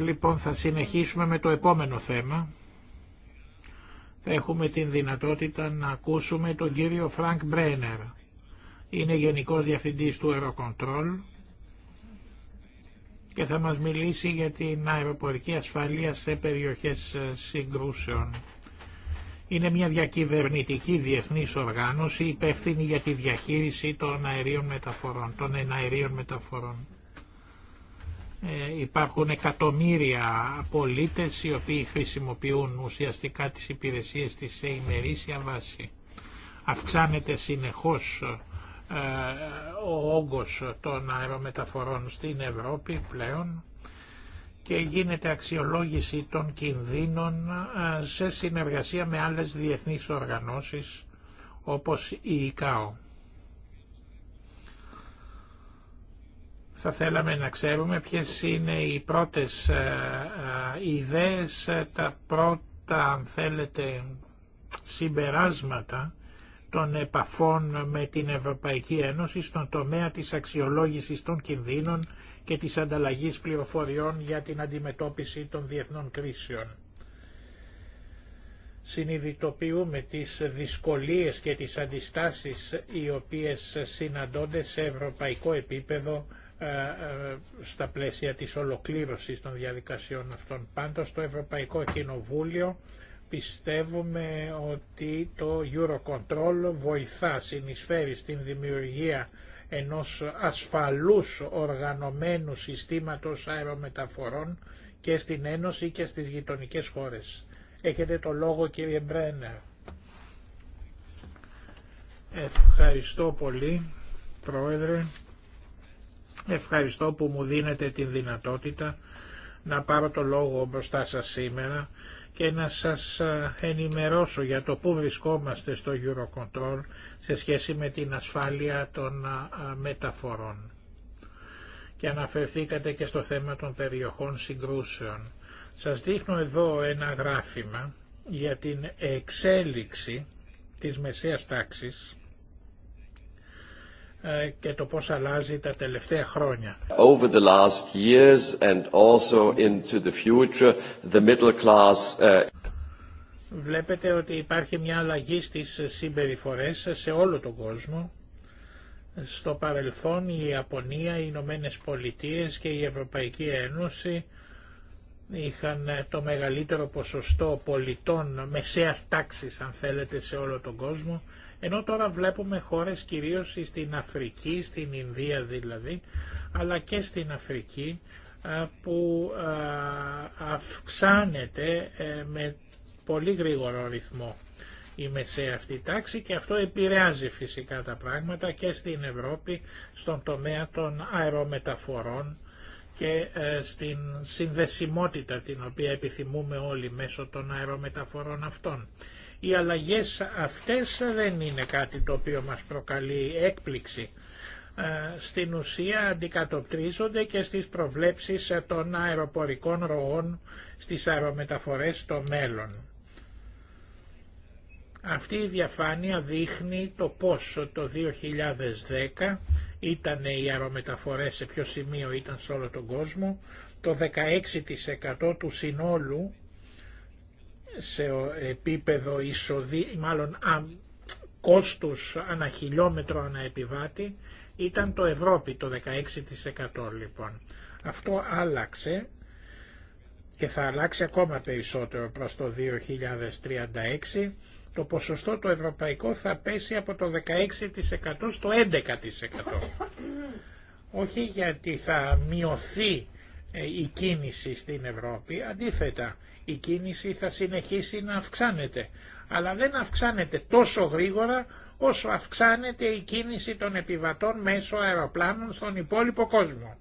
Λοιπόν, θα συνεχίσουμε με το επόμενο θέμα. Θα έχουμε την δυνατότητα να ακούσουμε τον κύριο Φρανκ Μπρένερ. Είναι Γενικός Διευθυντής του Aerocontrol και θα μας μιλήσει για την αεροπορική ασφαλεία σε περιοχές ε, συγκρούσεων είναι μια διακυβερνητική διεθνής οργάνωση υπεύθυνη για τη διαχείριση των αερίων μεταφορών, των εναερίων μεταφορών. Ε, υπάρχουν εκατομμύρια πολίτες οι οποίοι χρησιμοποιούν ουσιαστικά τις υπηρεσίες της σε ημερήσια βάση. Αυξάνεται συνεχώς ε, ο όγκος των αερομεταφορών στην Ευρώπη πλέον και γίνεται αξιολόγηση των κινδύνων σε συνεργασία με άλλες διεθνείς οργανώσεις όπως η ΙΚΑΟ. Θα θέλαμε να ξέρουμε ποιες είναι οι πρώτες ιδέες, τα πρώτα αν θέλετε συμπεράσματα των επαφών με την Ευρωπαϊκή Ένωση στον τομέα της αξιολόγησης των κινδύνων και της ανταλλαγής πληροφοριών για την αντιμετώπιση των διεθνών κρίσεων. Συνειδητοποιούμε τις δυσκολίες και τις αντιστάσεις οι οποίες συναντώνται σε ευρωπαϊκό επίπεδο ε, ε, στα πλαίσια της ολοκλήρωσης των διαδικασιών αυτών. Πάντως το Ευρωπαϊκό Κοινοβούλιο πιστεύουμε ότι το Eurocontrol βοηθά, συνεισφέρει στην δημιουργία ενός ασφαλούς οργανωμένου συστήματος αερομεταφορών και στην Ένωση και στις γειτονικές χώρες. Έχετε το λόγο κύριε Μπρένερ. Ευχαριστώ πολύ Πρόεδρε. Ευχαριστώ που μου δίνετε την δυνατότητα να πάρω το λόγο μπροστά σας σήμερα και να σας ε, ενημερώσω για το πού βρισκόμαστε στο Eurocontrol σε σχέση με την ασφάλεια των ε, ε, μεταφορών. Και αναφερθήκατε και στο θέμα των περιοχών συγκρούσεων. Σας δείχνω εδώ ένα γράφημα για την εξέλιξη της μεσαίας τάξης ε, και το πώς αλλάζει τα τελευταία χρόνια. Over Βλέπετε ότι υπάρχει μια αλλαγή στις συμπεριφορές σε όλο τον κόσμο. Στο παρελθόν η Ιαπωνία, οι Ηνωμένε Πολιτείε και η Ευρωπαϊκή Ένωση είχαν ε, το μεγαλύτερο ποσοστό πολιτών μεσαίας τάξης αν θέλετε σε όλο τον κόσμο ενώ τώρα βλέπουμε χώρες κυρίως στην Αφρική, στην Ινδία δηλαδή, αλλά και στην Αφρική που αυξάνεται ε, με πολύ γρήγορο ρυθμό η μεσαία αυτή τάξη και αυτό επηρεάζει φυσικά τα πράγματα και στην Ευρώπη στον τομέα των αερομεταφορών και ε, στην συνδεσιμότητα την οποία επιθυμούμε όλοι μέσω των αερομεταφορών αυτών. Οι αλλαγές αυτές δεν είναι κάτι το οποίο μας προκαλεί έκπληξη. Ε, στην ουσία αντικατοπτρίζονται και στις προβλέψεις των αεροπορικών ροών στις αερομεταφορές στο μέλλον. Αυτή η διαφάνεια δείχνει το πόσο το 2010 ήταν οι αερομεταφορές, σε ποιο σημείο ήταν σε όλο τον κόσμο, το 16% του συνόλου σε επίπεδο εισοδή, μάλλον α, κόστους ανά χιλιόμετρο ανά επιβάτη ήταν το Ευρώπη το 16% λοιπόν. Αυτό άλλαξε και θα αλλάξει ακόμα περισσότερο προς το 2036. Το ποσοστό το ευρωπαϊκό θα πέσει από το 16% στο 11%. Όχι γιατί θα μειωθεί ε, η κίνηση στην Ευρώπη, αντίθετα η κίνηση θα συνεχίσει να αυξάνεται. Αλλά δεν αυξάνεται τόσο γρήγορα όσο αυξάνεται η κίνηση των επιβατών μέσω αεροπλάνων στον υπόλοιπο κόσμο.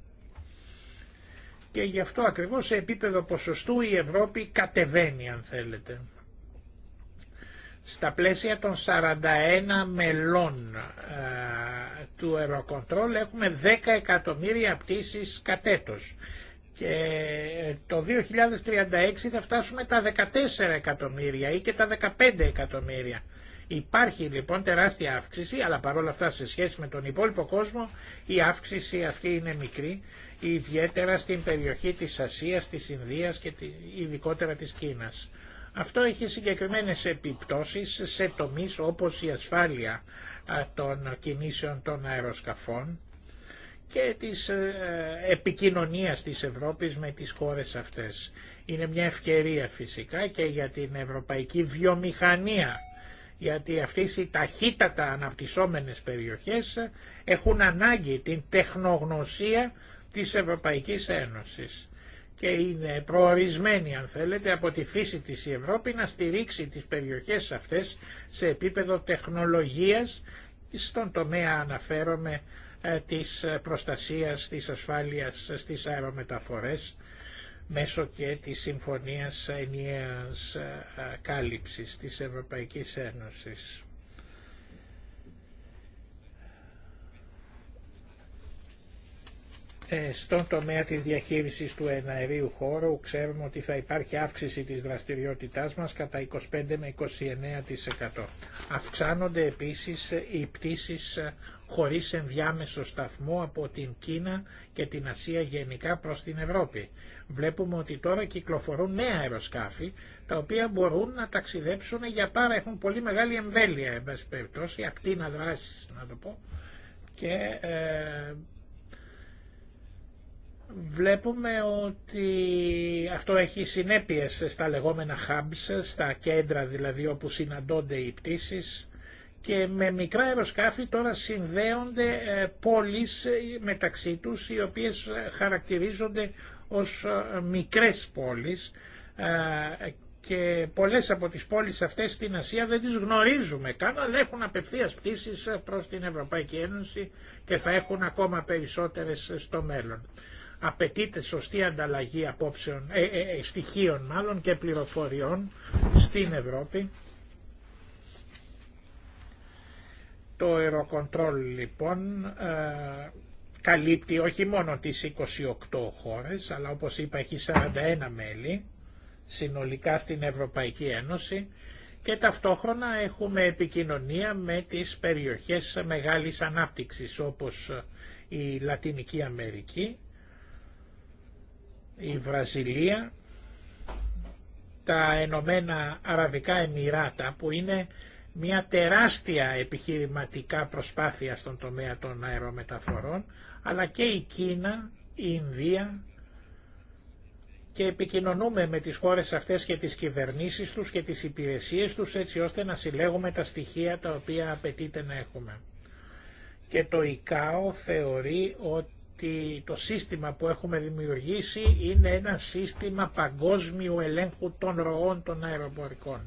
Και γι' αυτό ακριβώς σε επίπεδο ποσοστού η Ευρώπη κατεβαίνει αν θέλετε. Στα πλαίσια των 41 μελών ε, του Aerocontrol έχουμε 10 εκατομμύρια πτήσεις κατέτος και ε, το 2036 θα φτάσουμε τα 14 εκατομμύρια ή και τα 15 εκατομμύρια. Υπάρχει λοιπόν τεράστια αύξηση, αλλά παρόλα αυτά σε σχέση με τον υπόλοιπο κόσμο η αύξηση αυτή είναι μικρή, ιδιαίτερα στην περιοχή της Ασίας, της Ινδίας και ειδικότερα της Κίνας. Αυτό έχει συγκεκριμένες επιπτώσεις σε τομείς όπως η ασφάλεια των κινήσεων των αεροσκαφών, και της ε, επικοινωνίας της Ευρώπης με τις χώρες αυτές. Είναι μια ευκαιρία φυσικά και για την ευρωπαϊκή βιομηχανία, γιατί αυτές οι ταχύτατα αναπτυσσόμενες περιοχές έχουν ανάγκη την τεχνογνωσία της Ευρωπαϊκής Ένωσης και είναι προορισμένη αν θέλετε από τη φύση της η Ευρώπη να στηρίξει τις περιοχές αυτές σε επίπεδο τεχνολογίας στον τομέα αναφέρομαι ε, της προστασίας της ασφάλειας στις αερομεταφορές μέσω και της Συμφωνίας Ενιαίας ε, Κάλυψης της Ευρωπαϊκής Ένωσης. Ε, στον τομέα της διαχείρισης του εναερίου χώρου ξέρουμε ότι θα υπάρχει αύξηση της δραστηριότητάς μας κατά 25 με 29%. Αυξάνονται επίσης οι πτήσεις χωρίς ενδιάμεσο σταθμό από την Κίνα και την Ασία γενικά προς την Ευρώπη. Βλέπουμε ότι τώρα κυκλοφορούν νέα αεροσκάφη, τα οποία μπορούν να ταξιδέψουν για πάρα, έχουν πολύ μεγάλη εμβέλεια, εν ακτίνα δράσης να το πω, και ε, βλέπουμε ότι αυτό έχει συνέπειες στα λεγόμενα hubs, στα κέντρα δηλαδή όπου συναντώνται οι πτήσεις και με μικρά αεροσκάφη τώρα συνδέονται ε, πόλεις ε, μεταξύ τους οι οποίες ε, χαρακτηρίζονται ως μικρές πόλεις και πολλές από τις πόλεις αυτές στην Ασία δεν τις γνωρίζουμε καν, αλλά έχουν απευθείας πτήσεις προς την Ευρωπαϊκή Ένωση και θα έχουν ακόμα περισσότερες στο μέλλον απαιτείται σωστή ανταλλαγή απόψεων, ε, ε, ε, στοιχείων μάλλον και πληροφοριών στην Ευρώπη. Το Eurocontrol λοιπόν καλύπτει όχι μόνο τις 28 χώρες, αλλά όπως είπα έχει 41 μέλη συνολικά στην Ευρωπαϊκή Ένωση και ταυτόχρονα έχουμε επικοινωνία με τις περιοχές μεγάλης ανάπτυξης όπως η Λατινική Αμερική η Βραζιλία, τα Ενωμένα Αραβικά Εμμυράτα που είναι μια τεράστια επιχειρηματικά προσπάθεια στον τομέα των αερομεταφορών, αλλά και η Κίνα, η Ινδία και επικοινωνούμε με τις χώρες αυτές και τις κυβερνήσεις τους και τις υπηρεσίες τους έτσι ώστε να συλλέγουμε τα στοιχεία τα οποία απαιτείται να έχουμε. Και το ΙΚΑΟ θεωρεί ότι το σύστημα που έχουμε δημιουργήσει είναι ένα σύστημα παγκόσμιου ελέγχου των ροών των αεροπορικών.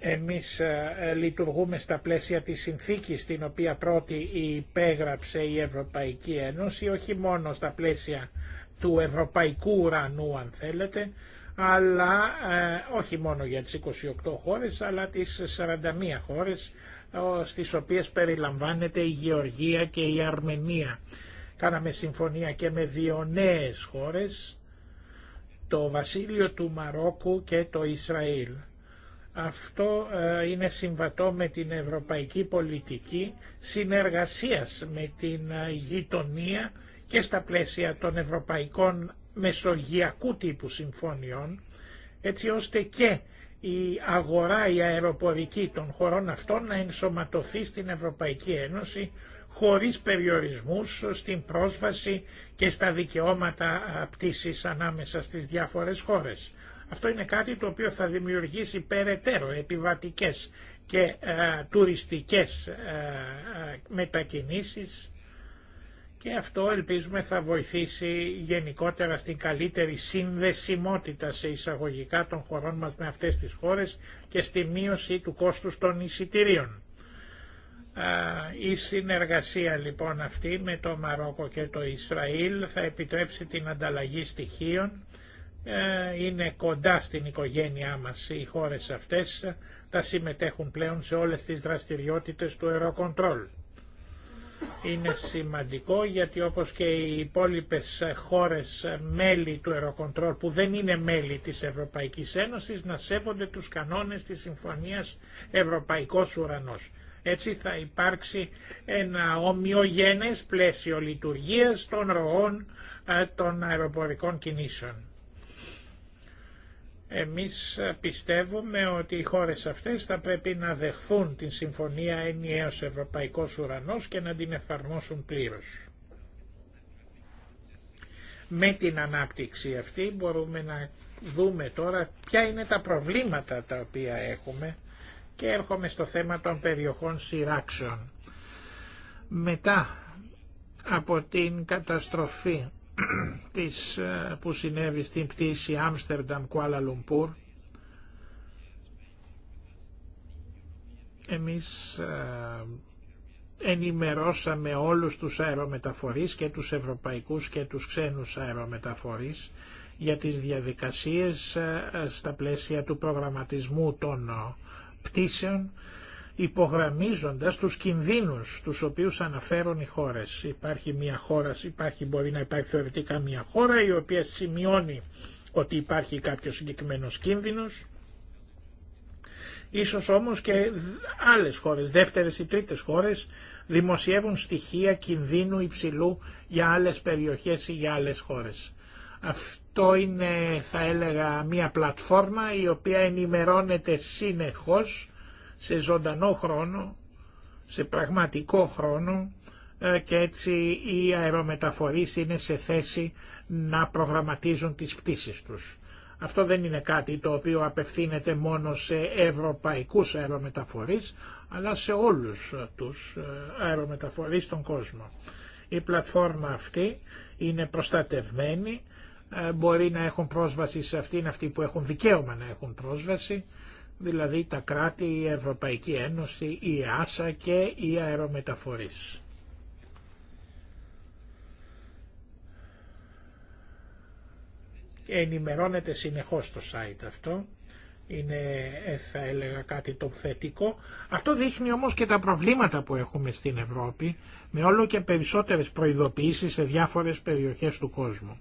Εμείς ε, λειτουργούμε στα πλαίσια της συνθήκης την οποία πρώτη υπέγραψε η Ευρωπαϊκή Ένωση, όχι μόνο στα πλαίσια του ευρωπαϊκού ουρανού αν θέλετε, αλλά ε, όχι μόνο για τις 28 χώρες, αλλά τις 41 χώρες ε, στις οποίες περιλαμβάνεται η Γεωργία και η Αρμενία. Κάναμε συμφωνία και με δύο νέες χώρες, το Βασίλειο του Μαρόκου και το Ισραήλ. Αυτό ε, είναι συμβατό με την ευρωπαϊκή πολιτική συνεργασίας με την γειτονία και στα πλαίσια των ευρωπαϊκών μεσογειακού τύπου συμφωνιών, έτσι ώστε και η αγορά η αεροπορική των χωρών αυτών να ενσωματωθεί στην Ευρωπαϊκή Ένωση χωρίς περιορισμούς στην πρόσβαση και στα δικαιώματα πτήσης ανάμεσα στις διάφορες χώρες. Αυτό είναι κάτι το οποίο θα δημιουργήσει περαιτέρω επιβατικές και α, τουριστικές μετακινήσεις και αυτό ελπίζουμε θα βοηθήσει γενικότερα στην καλύτερη συνδεσιμότητα σε εισαγωγικά των χωρών μας με αυτές τις χώρες και στη μείωση του κόστους των εισιτηρίων. Η συνεργασία λοιπόν αυτή με το Μαρόκο και το Ισραήλ θα επιτρέψει την ανταλλαγή στοιχείων. Ε, είναι κοντά στην οικογένειά μας οι χώρες αυτές, τα συμμετέχουν πλέον σε όλες τις δραστηριότητες του Aerocontrol είναι σημαντικό γιατί όπως και οι υπόλοιπες χώρες μέλη του Eurocontrol που δεν είναι μέλη της Ευρωπαϊκής Ένωσης να σέβονται τους κανόνες της Συμφωνίας Ευρωπαϊκός Ουρανός. Έτσι θα υπάρξει ένα ομοιογενές πλαίσιο λειτουργίας των ροών ε, των αεροπορικών κινήσεων. Εμείς πιστεύουμε ότι οι χώρες αυτές θα πρέπει να δεχθούν την Συμφωνία Ενιαίος Ευρωπαϊκός Ουρανός και να την εφαρμόσουν πλήρως. Με την ανάπτυξη αυτή μπορούμε να δούμε τώρα ποια είναι τα προβλήματα τα οποία έχουμε και έρχομαι στο θέμα των περιοχών σειράξεων. Μετά από την καταστροφή της, ε, που συνέβη στην πτήση Άμστερνταμ Κουάλα Λουμπούρ εμείς ε, ενημερώσαμε όλους τους αερομεταφορείς και τους ευρωπαϊκούς και τους ξένους αερομεταφορείς για τις διαδικασίες ε, στα πλαίσια του προγραμματισμού των πτήσεων υπογραμμίζοντας τους κινδύνους τους οποίους αναφέρουν οι χώρες. Υπάρχει μια χώρα, υπάρχει, μπορεί να υπάρχει θεωρητικά μια χώρα η οποία σημειώνει ότι υπάρχει κάποιος συγκεκριμένος κίνδυνος, ίσως όμως και άλλες χώρες, δεύτερες ή τρίτες χώρες, δημοσιεύουν στοιχεία κινδύνου υψηλού για άλλες περιοχές ή για άλλες χώρες. Αυτό είναι θα έλεγα μια πλατφόρμα η οποία ενημερώνεται συνεχώς σε ζωντανό χρόνο, σε πραγματικό χρόνο ε, και έτσι οι αερομεταφορείς είναι σε θέση να προγραμματίζουν τις πτήσεις τους. Αυτό δεν είναι κάτι το οποίο απευθύνεται μόνο σε ευρωπαϊκούς αερομεταφορείς, αλλά σε όλους τους ε, αερομεταφορείς στον κόσμο. Η πλατφόρμα αυτή είναι προστατευμένη, ε, μπορεί να έχουν πρόσβαση σε αυτήν αυτοί που έχουν δικαίωμα να έχουν πρόσβαση δηλαδή τα κράτη, η Ευρωπαϊκή Ένωση, η ΆΣΑ και οι αερομεταφορείς. Ενημερώνεται συνεχώς το site αυτό, είναι ε, θα έλεγα κάτι το θετικό. Αυτό δείχνει όμως και τα προβλήματα που έχουμε στην Ευρώπη με όλο και περισσότερες προειδοποιήσεις σε διάφορες περιοχές του κόσμου.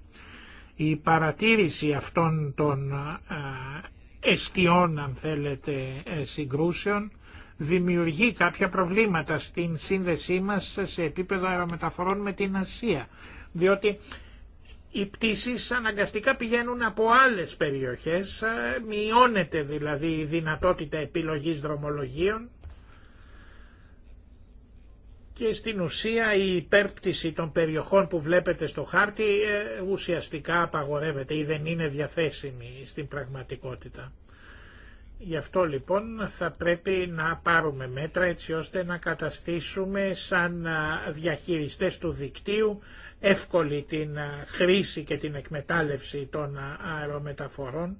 Η παρατήρηση αυτών των ε, εστιών αν θέλετε ε, συγκρούσεων δημιουργεί κάποια προβλήματα στην σύνδεσή μας σε επίπεδο αερομεταφορών με την Ασία. Διότι οι πτήσεις αναγκαστικά πηγαίνουν από άλλες περιοχές, ε, μειώνεται δηλαδή η δυνατότητα επιλογής δρομολογίων και στην ουσία η υπέρπτυση των περιοχών που βλέπετε στο χάρτη ε, ουσιαστικά απαγορεύεται ή δεν είναι διαθέσιμη στην πραγματικότητα. Γι' αυτό λοιπόν θα πρέπει να πάρουμε μέτρα έτσι ώστε να καταστήσουμε σαν διαχειριστές του δικτύου εύκολη την χρήση και την εκμετάλλευση των αερομεταφορών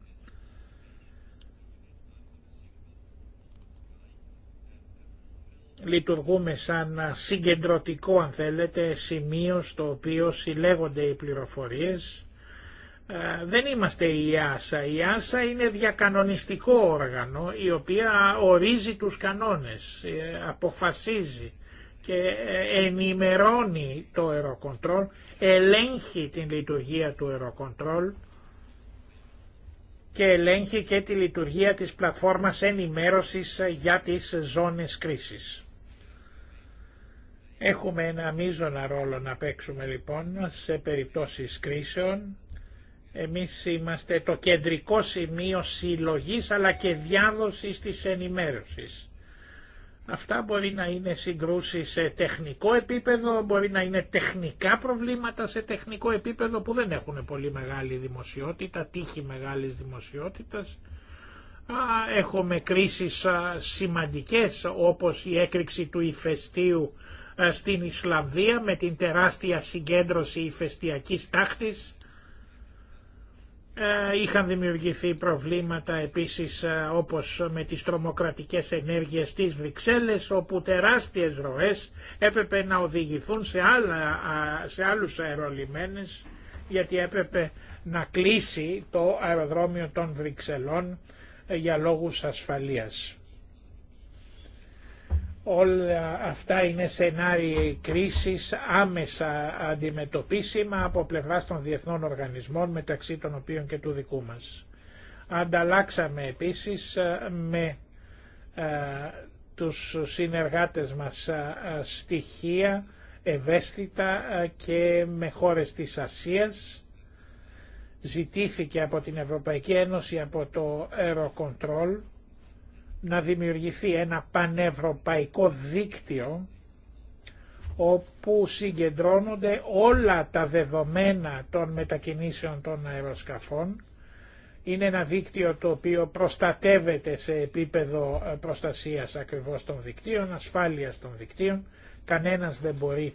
λειτουργούμε σαν συγκεντρωτικό αν θέλετε σημείο στο οποίο συλλέγονται οι πληροφορίες. Ε, δεν είμαστε η ΆΣΑ. Η ΆΣΑ είναι διακανονιστικό όργανο η οποία ορίζει τους κανόνες, ε, αποφασίζει και ε, ενημερώνει το αεροκοντρόλ, ελέγχει την λειτουργία του αεροκοντρόλ και ελέγχει και τη λειτουργία της πλατφόρμας ενημέρωσης για τις ζώνες κρίσης. Έχουμε ένα μείζωνα ρόλο να παίξουμε λοιπόν σε περιπτώσεις κρίσεων. Εμείς είμαστε το κεντρικό σημείο συλλογής αλλά και διάδοσης της ενημέρωσης. Αυτά μπορεί να είναι συγκρούσει σε τεχνικό επίπεδο, μπορεί να είναι τεχνικά προβλήματα σε τεχνικό επίπεδο που δεν έχουν πολύ μεγάλη δημοσιότητα, τύχη μεγάλης δημοσιότητας. Έχουμε κρίσεις σημαντικές όπως η έκρηξη του ηφαιστείου ε, στην Ισλανδία με την τεράστια συγκέντρωση ηφαιστιακής τάχτης. Ε, είχαν δημιουργηθεί προβλήματα επίσης ε, όπως με τις τρομοκρατικές ενέργειες της Βρυξέλλες όπου τεράστιες ροές έπρεπε να οδηγηθούν σε, άλλα, σε άλλους αερολιμένες γιατί έπρεπε να κλείσει το αεροδρόμιο των Βρυξελών για λόγους ασφαλείας. Όλα αυτά είναι σενάρια κρίσης άμεσα αντιμετωπίσιμα από πλευράς των διεθνών οργανισμών μεταξύ των οποίων και του δικού μας. Ανταλλάξαμε επίσης ε, με ε, τους συνεργάτες μας ε, στοιχεία ευαίσθητα και με χώρες της Ασίας. Ζητήθηκε από την Ευρωπαϊκή Ένωση από το Aerocontrol να δημιουργηθεί ένα πανευρωπαϊκό δίκτυο όπου συγκεντρώνονται όλα τα δεδομένα των μετακινήσεων των αεροσκαφών. Είναι ένα δίκτυο το οποίο προστατεύεται σε επίπεδο ε, προστασίας ακριβώς των δικτύων, ασφάλειας των δικτύων. Κανένας δεν μπορεί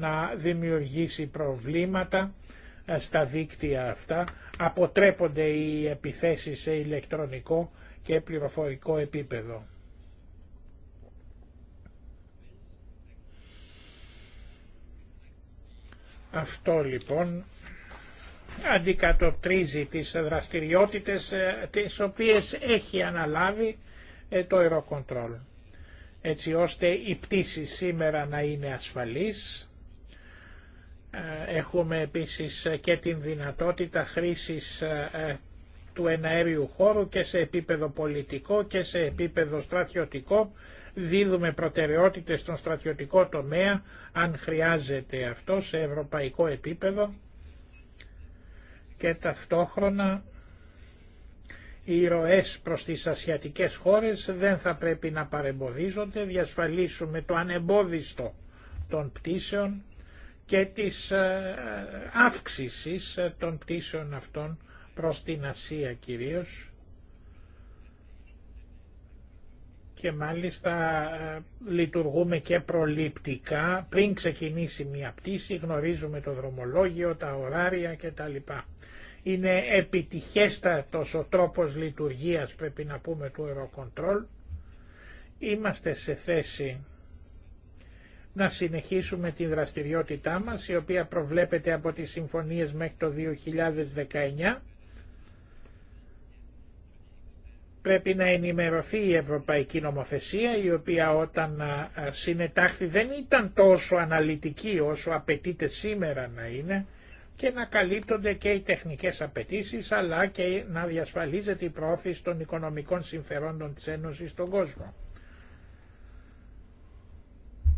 να δημιουργήσει προβλήματα ε, στα δίκτυα αυτά. Αποτρέπονται οι επιθέσεις σε ηλεκτρονικό και πληροφορικό επίπεδο. Αυτό λοιπόν αντικατοπτρίζει τις δραστηριότητες ε, τις οποίες έχει αναλάβει ε, το αεροκοντρόλ έτσι ώστε η πτήση σήμερα να είναι ασφαλής. Ε, έχουμε επίσης και την δυνατότητα χρήσης του εναέριου χώρου και σε επίπεδο πολιτικό και σε επίπεδο στρατιωτικό. Δίδουμε προτεραιότητες στον στρατιωτικό τομέα, αν χρειάζεται αυτό, σε ευρωπαϊκό επίπεδο και ταυτόχρονα οι ροές προς τις ασιατικές χώρες δεν θα πρέπει να παρεμποδίζονται, διασφαλίσουμε το ανεμπόδιστο των πτήσεων και της ε, ε, αύξησης των πτήσεων αυτών προς την Ασία κυρίως και μάλιστα ε, λειτουργούμε και προληπτικά. Πριν ξεκινήσει μια πτήση γνωρίζουμε το δρομολόγιο, τα ωράρια κτλ. Είναι επιτυχέστατος ο τρόπος λειτουργίας πρέπει να πούμε του Eurocontrol. Είμαστε σε θέση να συνεχίσουμε τη δραστηριότητά μας η οποία προβλέπεται από τις συμφωνίες μέχρι το 2019 Πρέπει να ενημερωθεί η Ευρωπαϊκή Νομοθεσία η οποία όταν συνετάχθη δεν ήταν τόσο αναλυτική όσο απαιτείται σήμερα να είναι και να καλύπτονται και οι τεχνικές απαιτήσεις αλλά και να διασφαλίζεται η πρόθεση των οικονομικών συμφερόντων της Ένωσης στον κόσμο.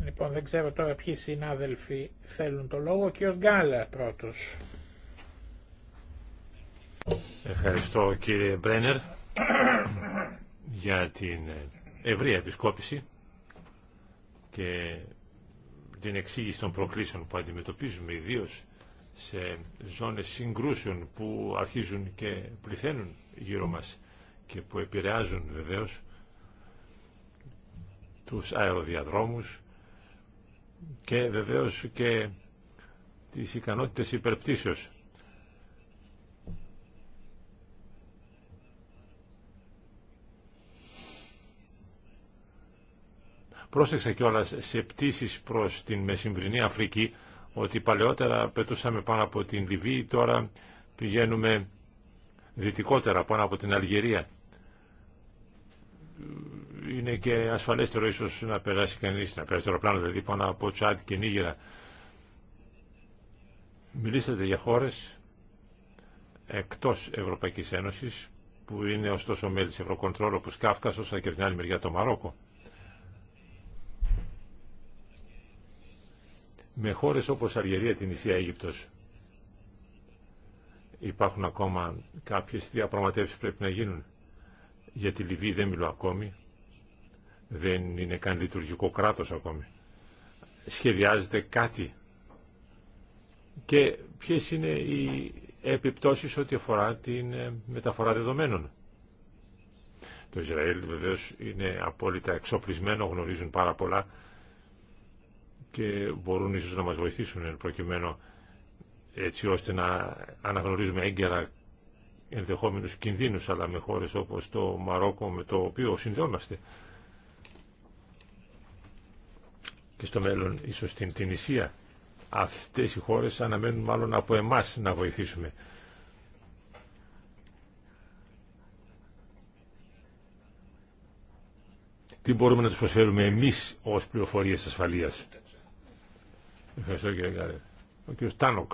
Λοιπόν, δεν ξέρω τώρα ποιοι συνάδελφοι θέλουν το λόγο. Και ο Γκάλα πρώτος. Ευχαριστώ κύριε Μπρένερ για την ευρεία επισκόπηση και την εξήγηση των προκλήσεων που αντιμετωπίζουμε ιδίω σε ζώνες συγκρούσεων που αρχίζουν και πληθαίνουν γύρω μας και που επηρεάζουν βεβαίως τους αεροδιαδρόμους και βεβαίως και τις ικανότητες υπερπτήσεως. Πρόσεξα κιόλας σε πτήσει προς την Μεσημβρινή Αφρική ότι παλαιότερα πετούσαμε πάνω από την Λιβύη, τώρα πηγαίνουμε δυτικότερα πάνω από την Αλγερία. Είναι και ασφαλέστερο ίσως να περάσει κανεί, να περάσει το αεροπλάνο δηλαδή πάνω από Τσάντ και Νίγηρα. Μιλήσατε για χώρες εκτός Ευρωπαϊκής Ένωση, που είναι ωστόσο μέλη τη Ευρωκοντρόλ όπως Κάφκασο, αλλά και από την άλλη μεριά το Μαρόκο. με χώρες όπως Αργερία, την Ισία, Αίγυπτος. Υπάρχουν ακόμα κάποιες διαπραγματεύσεις που πρέπει να γίνουν. Για τη Λιβύη δεν μιλώ ακόμη. Δεν είναι καν λειτουργικό κράτος ακόμη. Σχεδιάζεται κάτι. Και ποιες είναι οι επιπτώσεις ό,τι αφορά την ε, μεταφορά δεδομένων. Το Ισραήλ βεβαίως είναι απόλυτα εξοπλισμένο, γνωρίζουν πάρα πολλά και μπορούν ίσως να μας βοηθήσουν προκειμένου έτσι ώστε να αναγνωρίζουμε έγκαιρα ενδεχόμενους κινδύνους αλλά με χώρες όπως το Μαρόκο με το οποίο συνδεόμαστε και στο μέλλον ίσως στην Τινησία αυτές οι χώρες αναμένουν μάλλον από εμάς να βοηθήσουμε τι μπορούμε να τους προσφέρουμε εμείς ως πληροφορίες ασφαλείας Ευχαριστώ κύριε Γκάρε. Ο κύριος Τάνοκ.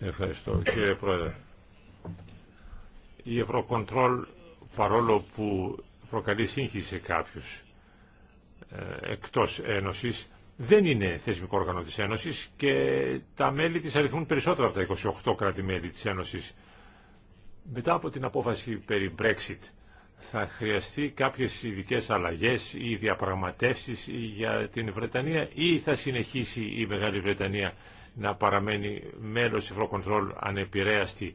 Ευχαριστώ κύριε Πρόεδρε. Η Ευρωκοντρόλ παρόλο που προκαλεί σύγχυση σε κάποιους ε, εκτός Ένωσης δεν είναι θεσμικό όργανο της Ένωσης και τα μέλη της αριθμούν περισσότερα από τα 28 κράτη-μέλη της Ένωσης. Μετά από την απόφαση περί Brexit θα χρειαστεί κάποιες ειδικέ αλλαγές ή διαπραγματεύσεις για την Βρετανία ή θα συνεχίσει η Μεγάλη Βρετανία να παραμένει μέλος Ευρωκοντρόλ ανεπηρέαστη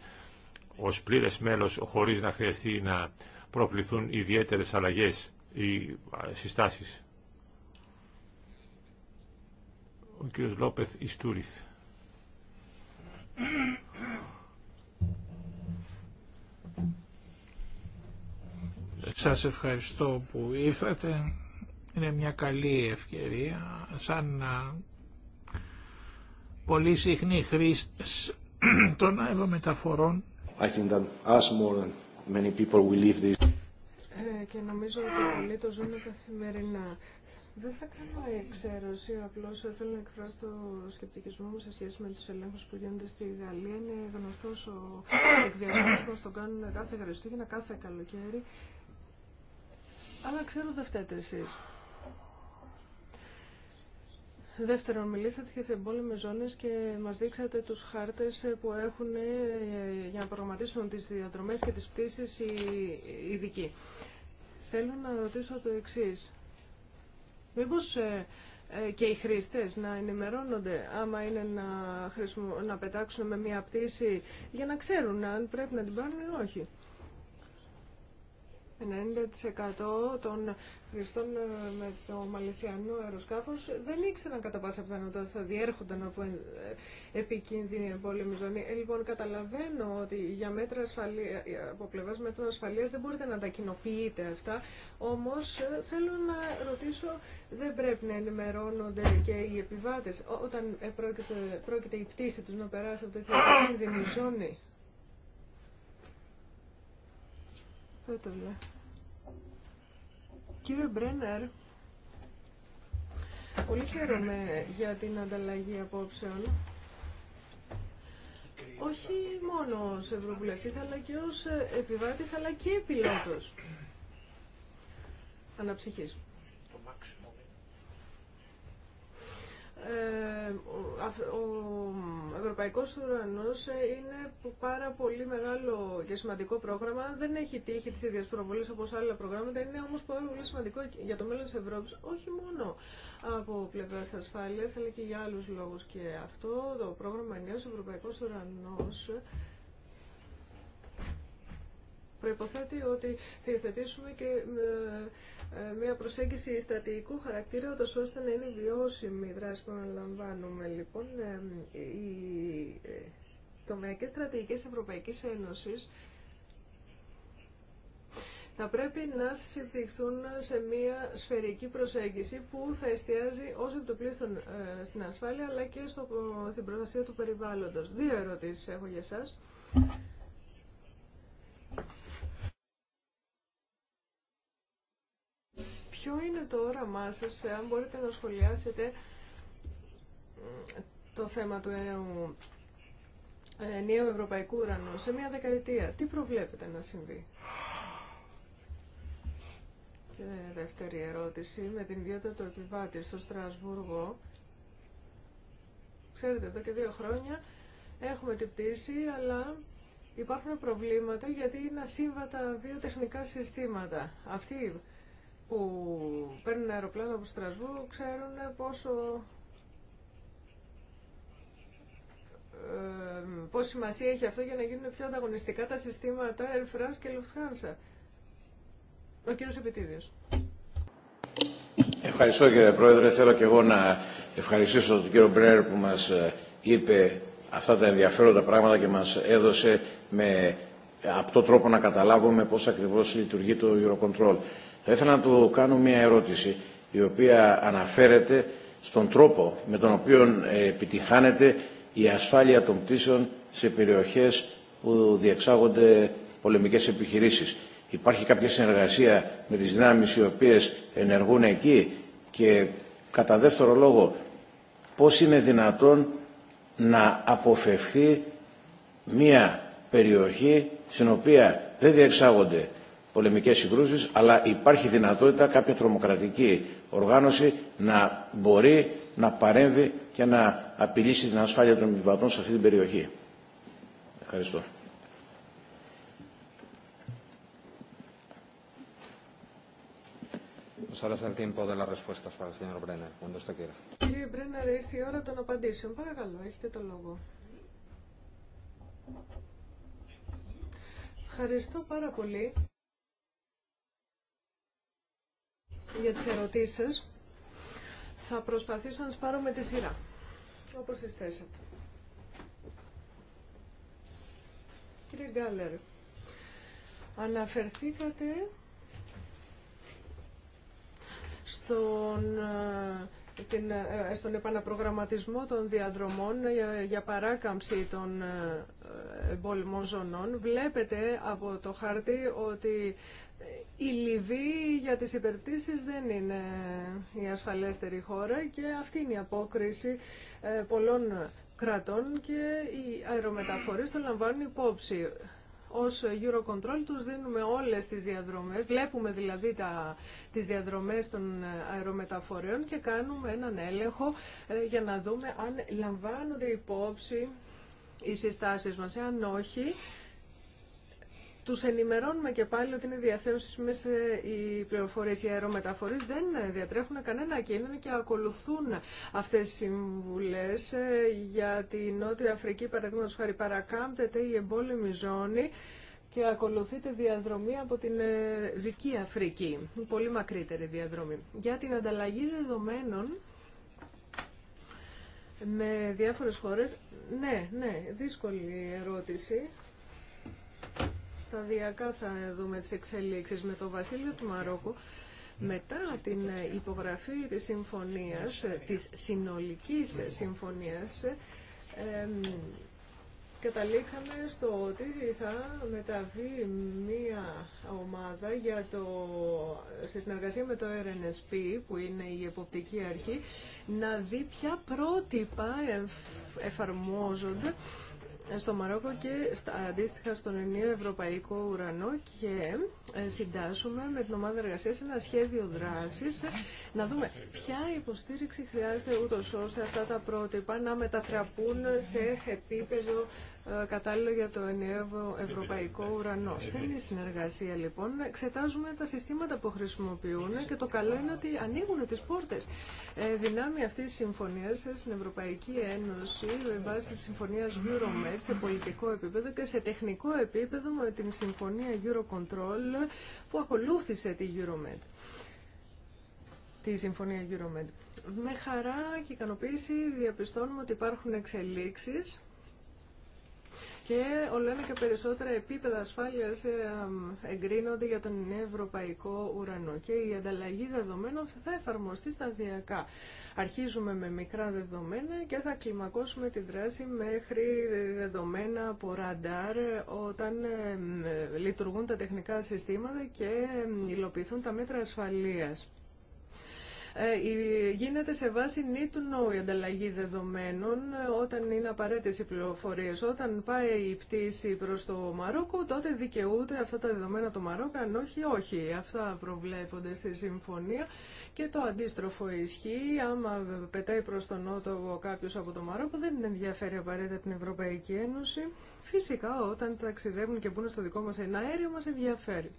ως πλήρες μέλος χωρίς να χρειαστεί να προκληθούν ιδιαίτερες αλλαγές ή συστάσεις. Ο κ. Λόπεθ Ιστούριθ. Σας ευχαριστώ που ήρθατε. Είναι μια καλή ευκαιρία σαν πολύ συχνή χρήστη των αερομεταφορών. I και νομίζω ότι πολλοί το ζουν καθημερινά. Δεν θα κάνω εξαίρεση, απλώ θέλω να εκφράσω το σκεπτικισμό μου σε σχέση με του ελέγχου που γίνονται στη Γαλλία. Είναι γνωστό ο εκβιασμό που τον κάνουν κάθε Χριστούγεννα, κάθε καλοκαίρι. Αλλά ξέρω δεν φταίτε εσεί. Δεύτερον, μιλήσατε για τι εμπόλεμε ζώνε και μα δείξατε του χάρτε που έχουν ε, για να προγραμματίσουν τι διαδρομέ και τι πτήσει οι ειδικοί. Θέλω να ρωτήσω το εξή. Μήπω ε, ε, και οι χρήστε να ενημερώνονται άμα είναι να, χρησιμο... να πετάξουν με μια πτήση για να ξέρουν αν πρέπει να την πάρουν ή όχι. 90% των χρηστών ε, με το μαλαισιανό αεροσκάφο δεν ήξεραν κατά πάσα πιθανότητα ότι θα διέρχονταν από ε, επικίνδυνη εμπόλεμη ζώνη. Ε, λοιπόν, καταλαβαίνω ότι για μέτρα ασφαλεία, από πλευρά μέτρων ασφαλεία δεν μπορείτε να τα κοινοποιείτε αυτά. Όμω ε, θέλω να ρωτήσω, δεν πρέπει να ενημερώνονται και οι επιβάτε όταν πρόκειται, πρόκειται η πτήση του να περάσει από τέτοια επικίνδυνη ζώνη. Κύριε Μπρένερ, πολύ χαίρομαι για την ανταλλαγή απόψεων. Όχι μόνο ως Ευρωβουλευτής, αλλά και ως επιβάτης, αλλά και πιλότος. Αναψυχής. Ε, ο, ο, Ευρωπαϊκός Ουρανό είναι πάρα πολύ μεγάλο και σημαντικό πρόγραμμα. Δεν έχει τύχει τις ίδιες προβολές όπως άλλα προγράμματα. Είναι όμως πάρα πολύ σημαντικό για το μέλλον της Ευρώπης, όχι μόνο από πλευράς ασφάλειας, αλλά και για άλλους λόγους. Και αυτό το πρόγραμμα Νέος Ευρωπαϊκός Ουρανό προϋποθέτει ότι θα υιοθετήσουμε και ε, ε, μια προσέγγιση στρατηγικού χαρακτήρα, ώστε να είναι βιώσιμη η δράση που αναλαμβάνουμε. Λοιπόν, ε, οι τομεακές στρατηγικές Ευρωπαϊκής Ένωσης θα πρέπει να συμπτυχθούν σε μια σφαιρική προσέγγιση που θα εστιάζει όσο επί το πλήθον στην ασφάλεια αλλά και στην προστασία του περιβάλλοντος. Δύο ερωτήσεις έχω για σας. Ποιο είναι το όραμά σας, αν μπορείτε να σχολιάσετε το θέμα του ε, ε, νέου ευρωπαϊκού ουρανού σε μια δεκαετία. Τι προβλέπετε να συμβεί. Και δεύτερη ερώτηση, με την ιδιότητα του επιβάτη στο Στρασβούργο, ξέρετε εδώ και δύο χρόνια έχουμε την πτήση, αλλά υπάρχουν προβλήματα γιατί είναι ασύμβατα δύο τεχνικά συστήματα. Αυτή που παίρνουν αεροπλάνο από στρασβού ξέρουν πόσο ε, πόση σημασία έχει αυτό για να γίνουν πιο ανταγωνιστικά τα συστήματα Air France και Lufthansa. Ο κύριος Επιτήδιος Ευχαριστώ κύριε Πρόεδρε. Θέλω και εγώ να ευχαριστήσω τον κύριο Μπρέρ που μας ε, είπε αυτά τα ενδιαφέροντα πράγματα και μας έδωσε με αυτό τρόπο να καταλάβουμε πώς ακριβώς λειτουργεί το Eurocontrol. Θα ήθελα να του κάνω μια ερώτηση η οποία αναφέρεται στον τρόπο με τον οποίο ε, επιτυχάνεται η ασφάλεια των πτήσεων σε περιοχές που διεξάγονται πολεμικές επιχειρήσεις. Υπάρχει κάποια συνεργασία με τις δυνάμεις οι οποίες ενεργούν εκεί και κατά δεύτερο λόγο πώς είναι δυνατόν να αποφευθεί μία περιοχή στην οποία δεν διεξάγονται πολεμικές συγκρούσεις, αλλά υπάρχει δυνατότητα κάποια τρομοκρατική οργάνωση να μπορεί να παρέμβει και να απειλήσει την ασφάλεια των επιβατών σε αυτή την περιοχή. Ευχαριστώ. Solo es el tiempo de las respuestas para el señor Brenner, cuando usted quiera. Κύριε Μπρένερ, ήρθε η ώρα των απαντήσεων. Παρακαλώ, έχετε το λόγο. Ευχαριστώ πάρα πολύ. για τις ερωτήσεις Θα προσπαθήσω να σπάρω πάρω με τη σειρά, όπως εσείς θέσατε. Κύριε Γκάλερ, αναφερθήκατε στον ε, στην, ε, στον επαναπρογραμματισμό των διαδρομών για, παράκαμψη των ε, εμπόλεμων ζωνών. Βλέπετε από το χάρτη ότι ε, η Λιβύη για τις υπερπτήσεις δεν είναι η ασφαλέστερη χώρα και αυτή είναι η απόκριση πολλών κρατών και οι αερομεταφορείς το λαμβάνουν υπόψη ως Eurocontrol τους δίνουμε όλες τις διαδρομές, βλέπουμε δηλαδή τα, τις διαδρομές των αερομεταφορέων και κάνουμε έναν έλεγχο ε, για να δούμε αν λαμβάνονται υπόψη οι συστάσεις μας. Εάν όχι, του ενημερώνουμε και πάλι ότι είναι διαθέσιμε οι πληροφορίε Οι αερομεταφορεί δεν διατρέχουν κανένα κίνδυνο και ακολουθούν αυτέ τι συμβουλές για τη Νότια Αφρική, παραδείγματο χάρη παρακάμπτεται η εμπόλεμη ζώνη και ακολουθείται διαδρομή από την ε, Δική Αφρική, πολύ μακρύτερη διαδρομή. Για την ανταλλαγή δεδομένων με διάφορες χώρες, ναι, ναι, δύσκολη ερώτηση σταδιακά θα δούμε τις εξελίξεις με το Βασίλειο του Μαρόκου. Μετά την υπογραφή της συμφωνίας, της συνολικής συμφωνίας, καταλήξαμε στο ότι θα μεταβεί μία ομάδα για το, σε συνεργασία με το RNSP, που είναι η εποπτική αρχή, να δει ποια πρότυπα εφαρμόζονται στο Μαρόκο και αντίστοιχα στον ενίο Ευρωπαϊκό Ουρανό και ε, συντάσσουμε με την ομάδα εργασία ένα σχέδιο δράση ε, να δούμε ποια υποστήριξη χρειάζεται ούτω ώστε αυτά τα πρότυπα να μετατραπούν σε επίπεδο ε, κατάλληλο για το ενιαίο ευρωπαϊκό ουρανό. Στην συνεργασία λοιπόν εξετάζουμε τα συστήματα που χρησιμοποιούν και το καλό είναι ότι ανοίγουν τις πόρτες. Ε, δυνάμει αυτής της συμφωνία στην Ευρωπαϊκή Ένωση με βάση τη συμφωνία Euromed σε πολιτικό επίπεδο και σε τεχνικό επίπεδο με την συμφωνία Eurocontrol που ακολούθησε τη Euromed τη συμφωνία Euromed. Με χαρά και ικανοποίηση διαπιστώνουμε ότι υπάρχουν εξελίξεις και όλο και περισσότερα επίπεδα ασφάλειας ε, εγκρίνονται για τον ευρωπαϊκό ουρανό και η ανταλλαγή δεδομένων θα εφαρμοστεί σταδιακά. Αρχίζουμε με μικρά δεδομένα και θα κλιμακώσουμε τη δράση μέχρι δεδομένα από ραντάρ όταν ε, λειτουργούν τα τεχνικά συστήματα και υλοποιηθούν τα μέτρα ασφαλείας. Ε, γίνεται σε βάση need to η ανταλλαγή δεδομένων ε, όταν είναι απαραίτητε οι πληροφορίες. Όταν πάει η πτήση προ το Μαρόκο, τότε δικαιούται αυτά τα δεδομένα το Μαρόκο, αν όχι, όχι. Αυτά προβλέπονται στη συμφωνία και το αντίστροφο ισχύει. Άμα πετάει προς τον Νότο κάποιο από το Μαρόκο, δεν ενδιαφέρει απαραίτητα την Ευρωπαϊκή Ένωση. Φυσικά, όταν ταξιδεύουν και μπουν στο δικό μα ένα αέριο, μα ενδιαφέρει.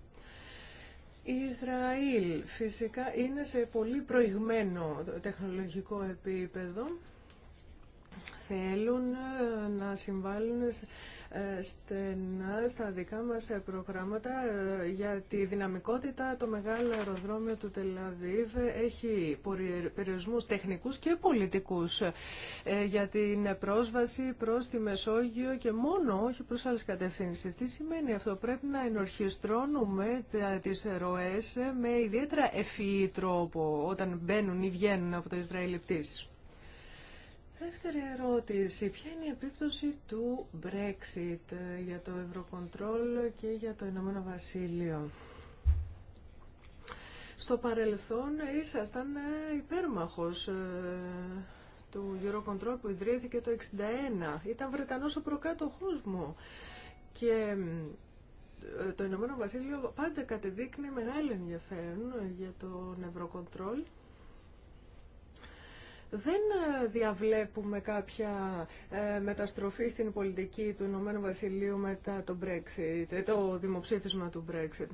Ισραήλ φυσικά είναι σε πολύ προηγμένο τεχνολογικό επίπεδο. Θέλουν ε, να συμβάλλουν ε, στενά στα δικά μας ε, προγράμματα ε, για τη δυναμικότητα. Το μεγάλο αεροδρόμιο του Τελαβίβ έχει περιορισμούς τεχνικούς και πολιτικούς για την πρόσβαση προς τη Μεσόγειο και μόνο, όχι προς άλλες κατευθύνσεις. Τι σημαίνει αυτό, πρέπει να ενορχιστρώνουμε τις ροές με ιδιαίτερα ευφυή τρόπο όταν μπαίνουν ή βγαίνουν από το Ισραήλ Δεύτερη ερώτηση. Ποια είναι η επίπτωση του Brexit ε, για το Ευρωκοντρόλ και για το Ηνωμένο Βασίλειο. Στο παρελθόν ήσασταν ε, υπέρμαχος ε, του Eurocontrol που ιδρύθηκε το 1961. Ήταν Βρετανός ο προκάτοχός μου. Και το Ηνωμένο Βασίλειο πάντα κατεδείκνει μεγάλο ενδιαφέρον για τον Ευρωκοντρόλ δεν ε, διαβλέπουμε κάποια ε, μεταστροφή στην πολιτική του Ηνωμένου Βασιλείου μετά το, Brexit, ε, το δημοψήφισμα του Brexit.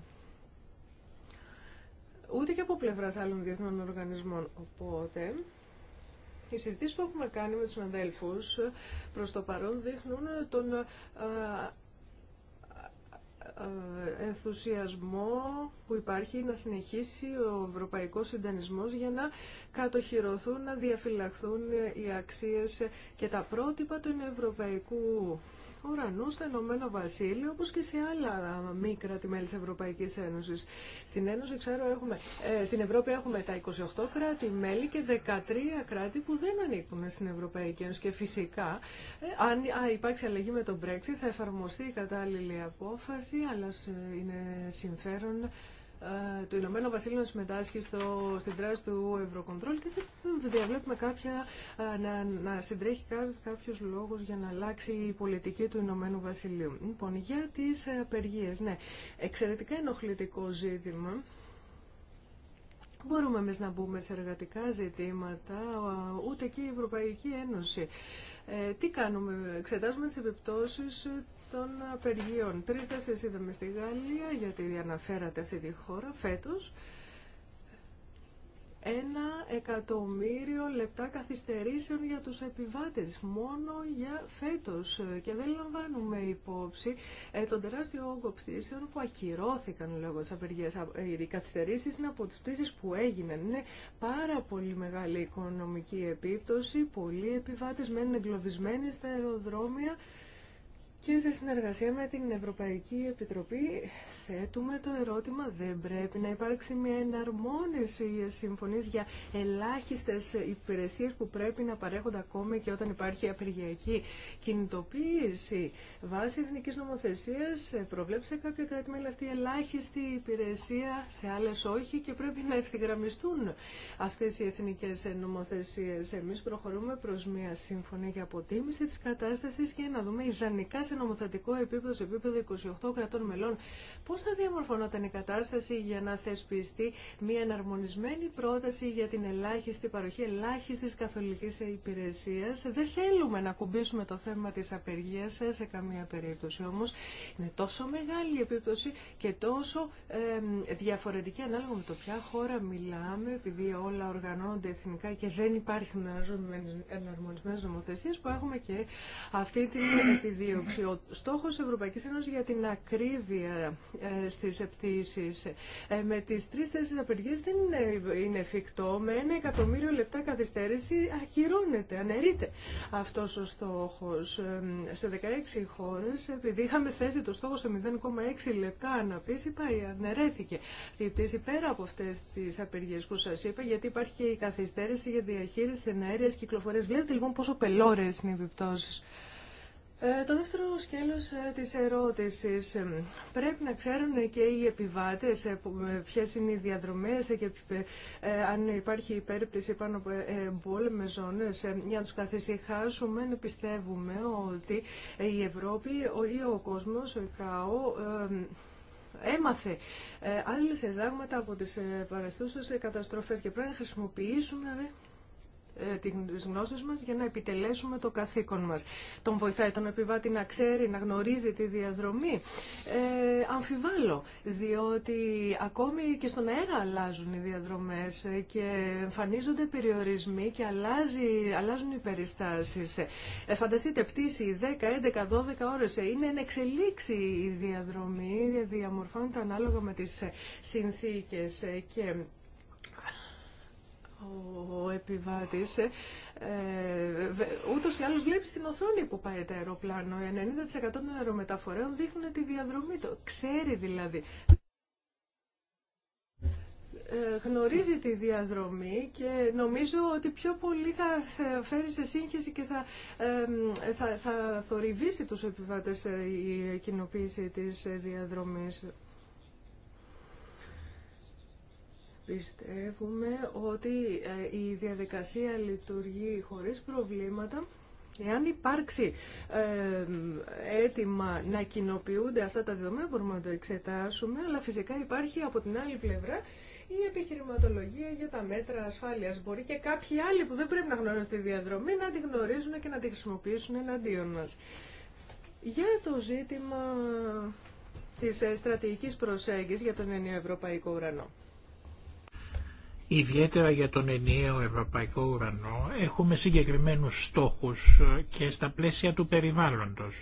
Ούτε και από πλευράς άλλων διεθνών οργανισμών. Οπότε, οι συζητήσει που έχουμε κάνει με του προς το παρόν δείχνουν τον ενθουσιασμό που υπάρχει να συνεχίσει ο ευρωπαϊκός συντανισμός για να κατοχυρωθούν, να διαφυλαχθούν οι αξίες και τα πρότυπα του ευρωπαϊκού ουρανού στο Ενωμένο Βασίλειο, όπως και σε άλλα μη κράτη-μέλη της Ευρωπαϊκής Ένωσης. Στην, Ένωση, ξέρω, έχουμε, ε, στην Ευρώπη έχουμε τα 28 κράτη-μέλη και 13 κράτη που δεν ανήκουν στην Ευρωπαϊκή Ένωση. Και φυσικά, ε, αν α, υπάρξει αλλαγή με τον Brexit, θα εφαρμοστεί η κατάλληλη απόφαση, αλλά ε, είναι συμφέρον ε, το Ηνωμένο Βασίλειο να συμμετάσχει στο, στην δράση του Ευρωκοντρόλ και δεν διαβλέπουμε κάποια, ε, να, να συντρέχει κάποιο λόγο για να αλλάξει η πολιτική του Ηνωμένου Βασιλείου. Λοιπόν, για τι απεργίε. Ναι, εξαιρετικά ενοχλητικό ζήτημα. Μπορούμε εμεί να μπούμε σε εργατικά ζητήματα, ούτε και η Ευρωπαϊκή Ένωση. Ε, τι κάνουμε, εξετάζουμε τι επιπτώσει των απεργιών. Τρεις τέσσερις είδαμε στη Γαλλία, γιατί αναφέρατε αυτή τη χώρα φέτος. Ένα εκατομμύριο λεπτά καθυστερήσεων για τους επιβάτες, μόνο για φέτος. Και δεν λαμβάνουμε υπόψη ε, τον τεράστιο όγκο πτήσεων που ακυρώθηκαν λόγω της απεργίας. Ε, οι καθυστερήσεις είναι από τις πτήσεις που έγιναν. Είναι πάρα πολύ μεγάλη οικονομική επίπτωση. Πολλοί επιβάτες μένουν εγκλωβισμένοι στα αεροδρόμια. Και σε συνεργασία με την Ευρωπαϊκή Επιτροπή θέτουμε το ερώτημα δεν πρέπει να υπάρξει μια εναρμόνιση συμφωνής για ελάχιστες υπηρεσίες που πρέπει να παρέχονται ακόμη και όταν υπάρχει απεργιακή κινητοποίηση. Βάσει εθνικής νομοθεσίας ε, προβλέψε κάποια κράτη μέλη αυτή ελάχιστη υπηρεσία, σε άλλες όχι και πρέπει να ευθυγραμμιστούν αυτές οι εθνικές νομοθεσίες. Εμείς προχωρούμε προς μια σύμφωνη για αποτίμηση της κατάστασης και να δούμε ιδανικά σε νομοθετικό επίπεδο, σε επίπεδο 28 κρατών μελών. Πώ θα διαμορφωνόταν η κατάσταση για να θεσπιστεί μια εναρμονισμένη πρόταση για την ελάχιστη παροχή ελάχιστη καθολική υπηρεσία. Δεν θέλουμε να κουμπίσουμε το θέμα τη απεργία σε καμία περίπτωση. Όμω είναι τόσο μεγάλη η επίπτωση και τόσο ε, διαφορετική ανάλογα με το ποια χώρα μιλάμε, επειδή όλα οργανώνονται εθνικά και δεν υπάρχουν εναρμονισμένε νομοθεσίε, που έχουμε και αυτή την επιδίωξη. Ο στόχος Ευρωπαϊκής Ένωσης για την ακρίβεια ε, στις επτήσεις ε, με τις τρεις θέσεις απεργίες δεν είναι εφικτό. Με ένα εκατομμύριο λεπτά καθυστέρηση ακυρώνεται, αναιρείται αυτός ο στόχος. Ε, σε 16 χώρες, επειδή είχαμε θέσει το στόχο σε 0,6 λεπτά αναπτύσσει, πάει, αναιρέθηκε αυτή η πτήση πέρα από αυτές τις απεργίες που σας είπα, γιατί υπάρχει και η καθυστέρηση για διαχείριση εναέρειας κυκλοφορίας. Βλέπετε λοιπόν πόσο πελώρες είναι οι επιπτώσεις. Ε, το δεύτερο σκέλος ε, της ερώτησης. Ε, πρέπει να ξέρουν και οι επιβάτες ποιες είναι οι διαδρομές και αν υπάρχει υπέρπτυση πάνω από πόλεμες ζώνες για να τους καθησυχάσουμε πιστεύουμε ότι η Ευρώπη ή ο κόσμος, ο Καό, έμαθε άλλες εδάγματα από τις ε, καταστροφές και πρέπει να χρησιμοποιήσουμε ε, τις γνώσεις μας για να επιτελέσουμε το καθήκον μας. Τον βοηθάει τον επιβάτη να ξέρει, να γνωρίζει τη διαδρομή. Ε, αμφιβάλλω, διότι ακόμη και στον αέρα αλλάζουν οι διαδρομές ε, και εμφανίζονται περιορισμοί και αλλάζει, αλλάζουν οι περιστάσεις. Ε, ε φανταστείτε, πτήση 10, 11, 12 ώρες. Είναι εν εξελίξη η διαδρομή, διαμορφώνεται ανάλογα με τις συνθήκες και ο επιβάτης ε, ε ούτως ή άλλω βλέπει στην οθόνη που πάει το αεροπλάνο. 90% των αερομεταφορέων δείχνουν τη διαδρομή του. Ξέρει δηλαδή. Ε, γνωρίζει τη διαδρομή και νομίζω ότι πιο πολύ θα φέρει σε σύγχυση και θα, ε, θα, θα θορυβήσει τους επιβάτες ε, η κοινοποίηση της ε, διαδρομής. Πιστεύουμε ότι ε, η διαδικασία λειτουργεί χωρίς προβλήματα. Εάν υπάρξει αίτημα ε, να κοινοποιούνται αυτά τα δεδομένα, μπορούμε να το εξετάσουμε, αλλά φυσικά υπάρχει από την άλλη πλευρά η επιχειρηματολογία για τα μέτρα ασφάλειας. Μπορεί και κάποιοι άλλοι που δεν πρέπει να γνωρίζουν τη διαδρομή να τη γνωρίζουν και να τη χρησιμοποιήσουν εναντίον μας. Για το ζήτημα τη ε, στρατηγικής προσέγγιση για τον ενιαίο ευρωπαϊκό ουρανό. Ιδιαίτερα για τον ενιαίο ευρωπαϊκό ουρανό έχουμε συγκεκριμένους στόχους ε, και στα πλαίσια του περιβάλλοντος.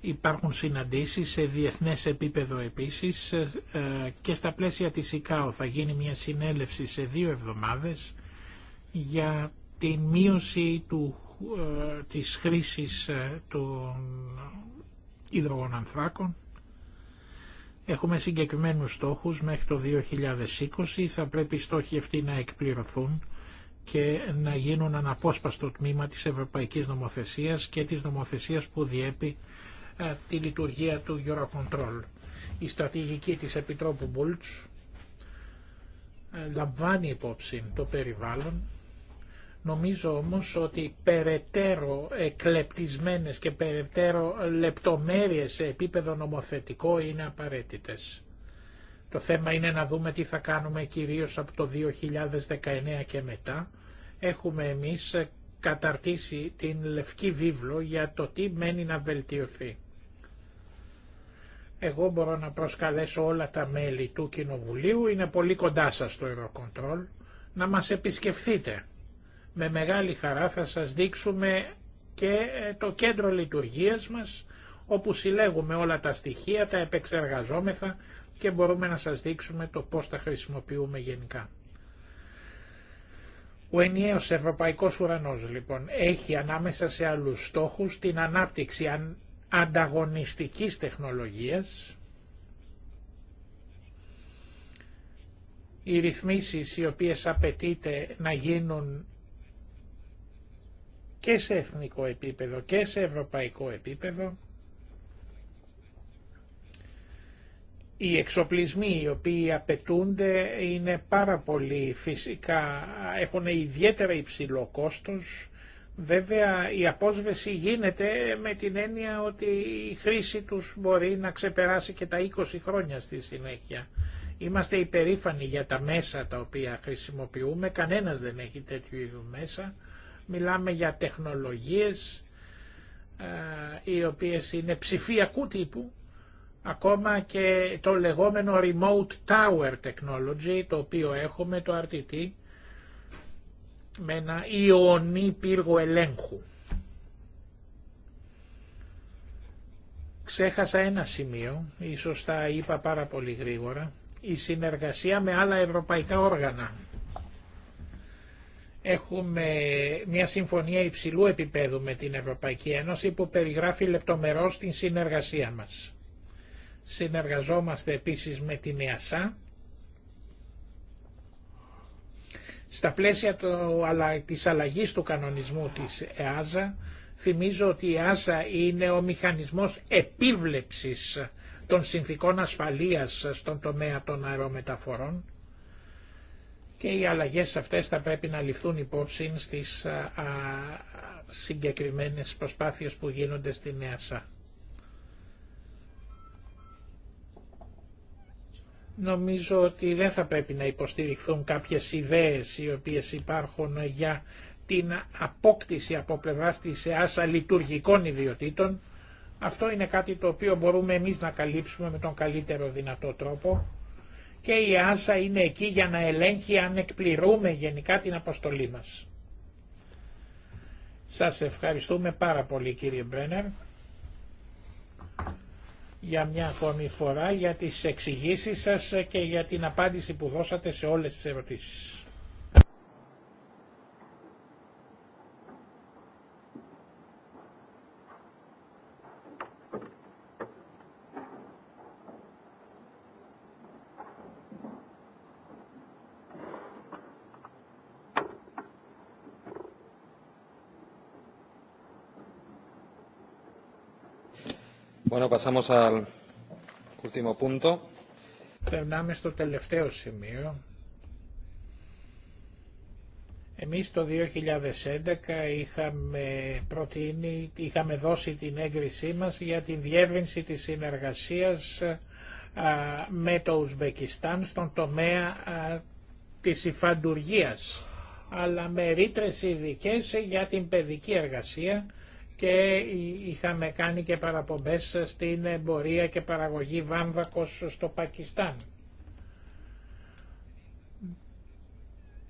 Υπάρχουν συναντήσεις σε διεθνές επίπεδο επίσης ε, ε, και στα πλαίσια της ΙΚΑΟ θα γίνει μια συνέλευση σε δύο εβδομάδες για τη μείωση του, της χρήσης των υδρογονανθράκων Έχουμε συγκεκριμένους στόχους μέχρι το 2020, θα πρέπει οι στόχοι αυτοί να εκπληρωθούν και να γίνουν αναπόσπαστο τμήμα της Ευρωπαϊκής Νομοθεσίας και της νομοθεσίας που διέπει ε, τη λειτουργία του Eurocontrol. Η στρατηγική της Επιτρόπου Μπούλτς ε, λαμβάνει υπόψη το περιβάλλον, Νομίζω όμως ότι περαιτέρω εκλεπτισμένες και περαιτέρω λεπτομέρειες σε επίπεδο νομοθετικό είναι απαραίτητες. Το θέμα είναι να δούμε τι θα κάνουμε κυρίως από το 2019 και μετά. Έχουμε εμείς καταρτήσει την λευκή βίβλο για το τι μένει να βελτιωθεί. Εγώ μπορώ να προσκαλέσω όλα τα μέλη του Κοινοβουλίου, είναι πολύ κοντά σας το Eurocontrol, να μας επισκεφθείτε με μεγάλη χαρά θα σας δείξουμε και ε, το κέντρο λειτουργίας μας, όπου συλλέγουμε όλα τα στοιχεία, τα επεξεργαζόμεθα και μπορούμε να σας δείξουμε το πώς τα χρησιμοποιούμε γενικά. Ο ενιαίος ευρωπαϊκός ουρανός λοιπόν έχει ανάμεσα σε άλλους στόχους την ανάπτυξη ανταγωνιστικής τεχνολογίας, οι ρυθμίσεις οι οποίες απαιτείται να γίνουν και σε εθνικό επίπεδο και σε ευρωπαϊκό επίπεδο οι εξοπλισμοί οι οποίοι απαιτούνται είναι πάρα πολύ φυσικά, έχουν ιδιαίτερα υψηλό κόστος. Βέβαια η απόσβεση γίνεται με την έννοια ότι η χρήση τους μπορεί να ξεπεράσει και τα 20 χρόνια στη συνέχεια. Είμαστε υπερήφανοι για τα μέσα τα οποία χρησιμοποιούμε, κανένας δεν έχει τέτοιου είδου μέσα Μιλάμε για τεχνολογίες ε, οι οποίες είναι ψηφιακού τύπου, ακόμα και το λεγόμενο Remote Tower Technology, το οποίο έχουμε το RTT, με ένα ιονή πύργο ελέγχου. Ξέχασα ένα σημείο, ίσως τα είπα πάρα πολύ γρήγορα, η συνεργασία με άλλα ευρωπαϊκά όργανα. Έχουμε μια συμφωνία υψηλού επίπεδου με την Ευρωπαϊκή Ένωση που περιγράφει λεπτομερώς την συνεργασία μας. Συνεργαζόμαστε επίσης με την ΕΑΣΑ Στα πλαίσια του, αλλά, της αλλαγής του κανονισμού της ΕΑΖΑ, θυμίζω ότι η ΕΑΣΑ είναι ο μηχανισμός επίβλεψης των συνθήκων ασφαλείας στον τομέα των αερομεταφορών και οι αλλαγές αυτές θα πρέπει να ληφθούν υπόψη στις συγκεκριμένες προσπάθειες που γίνονται στην ΕΑΣΑ. Νομίζω ότι δεν θα πρέπει να υποστηριχθούν κάποιες ιδέες οι οποίες υπάρχουν για την απόκτηση από πλευρά της ΕΑΣΑ λειτουργικών ιδιωτήτων. Αυτό είναι κάτι το οποίο μπορούμε εμείς να καλύψουμε με τον καλύτερο δυνατό τρόπο και η Άσα είναι εκεί για να ελέγχει αν εκπληρούμε γενικά την αποστολή μας. Σας ευχαριστούμε πάρα πολύ κύριε Μπρένερ για μια ακόμη φορά για τις εξηγήσεις σας και για την απάντηση που δώσατε σε όλες τις ερωτήσεις. Bueno, Περνάμε στο τελευταίο σημείο. Εμείς το 2011 είχαμε, προτείνει, είχαμε δώσει την έγκρισή μας για την διεύρυνση της συνεργασίας με το Ουσβεκιστάν στον τομέα της υφαντουργίας αλλά με ρήτρες ειδικέ για την παιδική εργασία και είχαμε κάνει και παραπομπές στην εμπορία και παραγωγή βάμβακος στο Πακιστάν.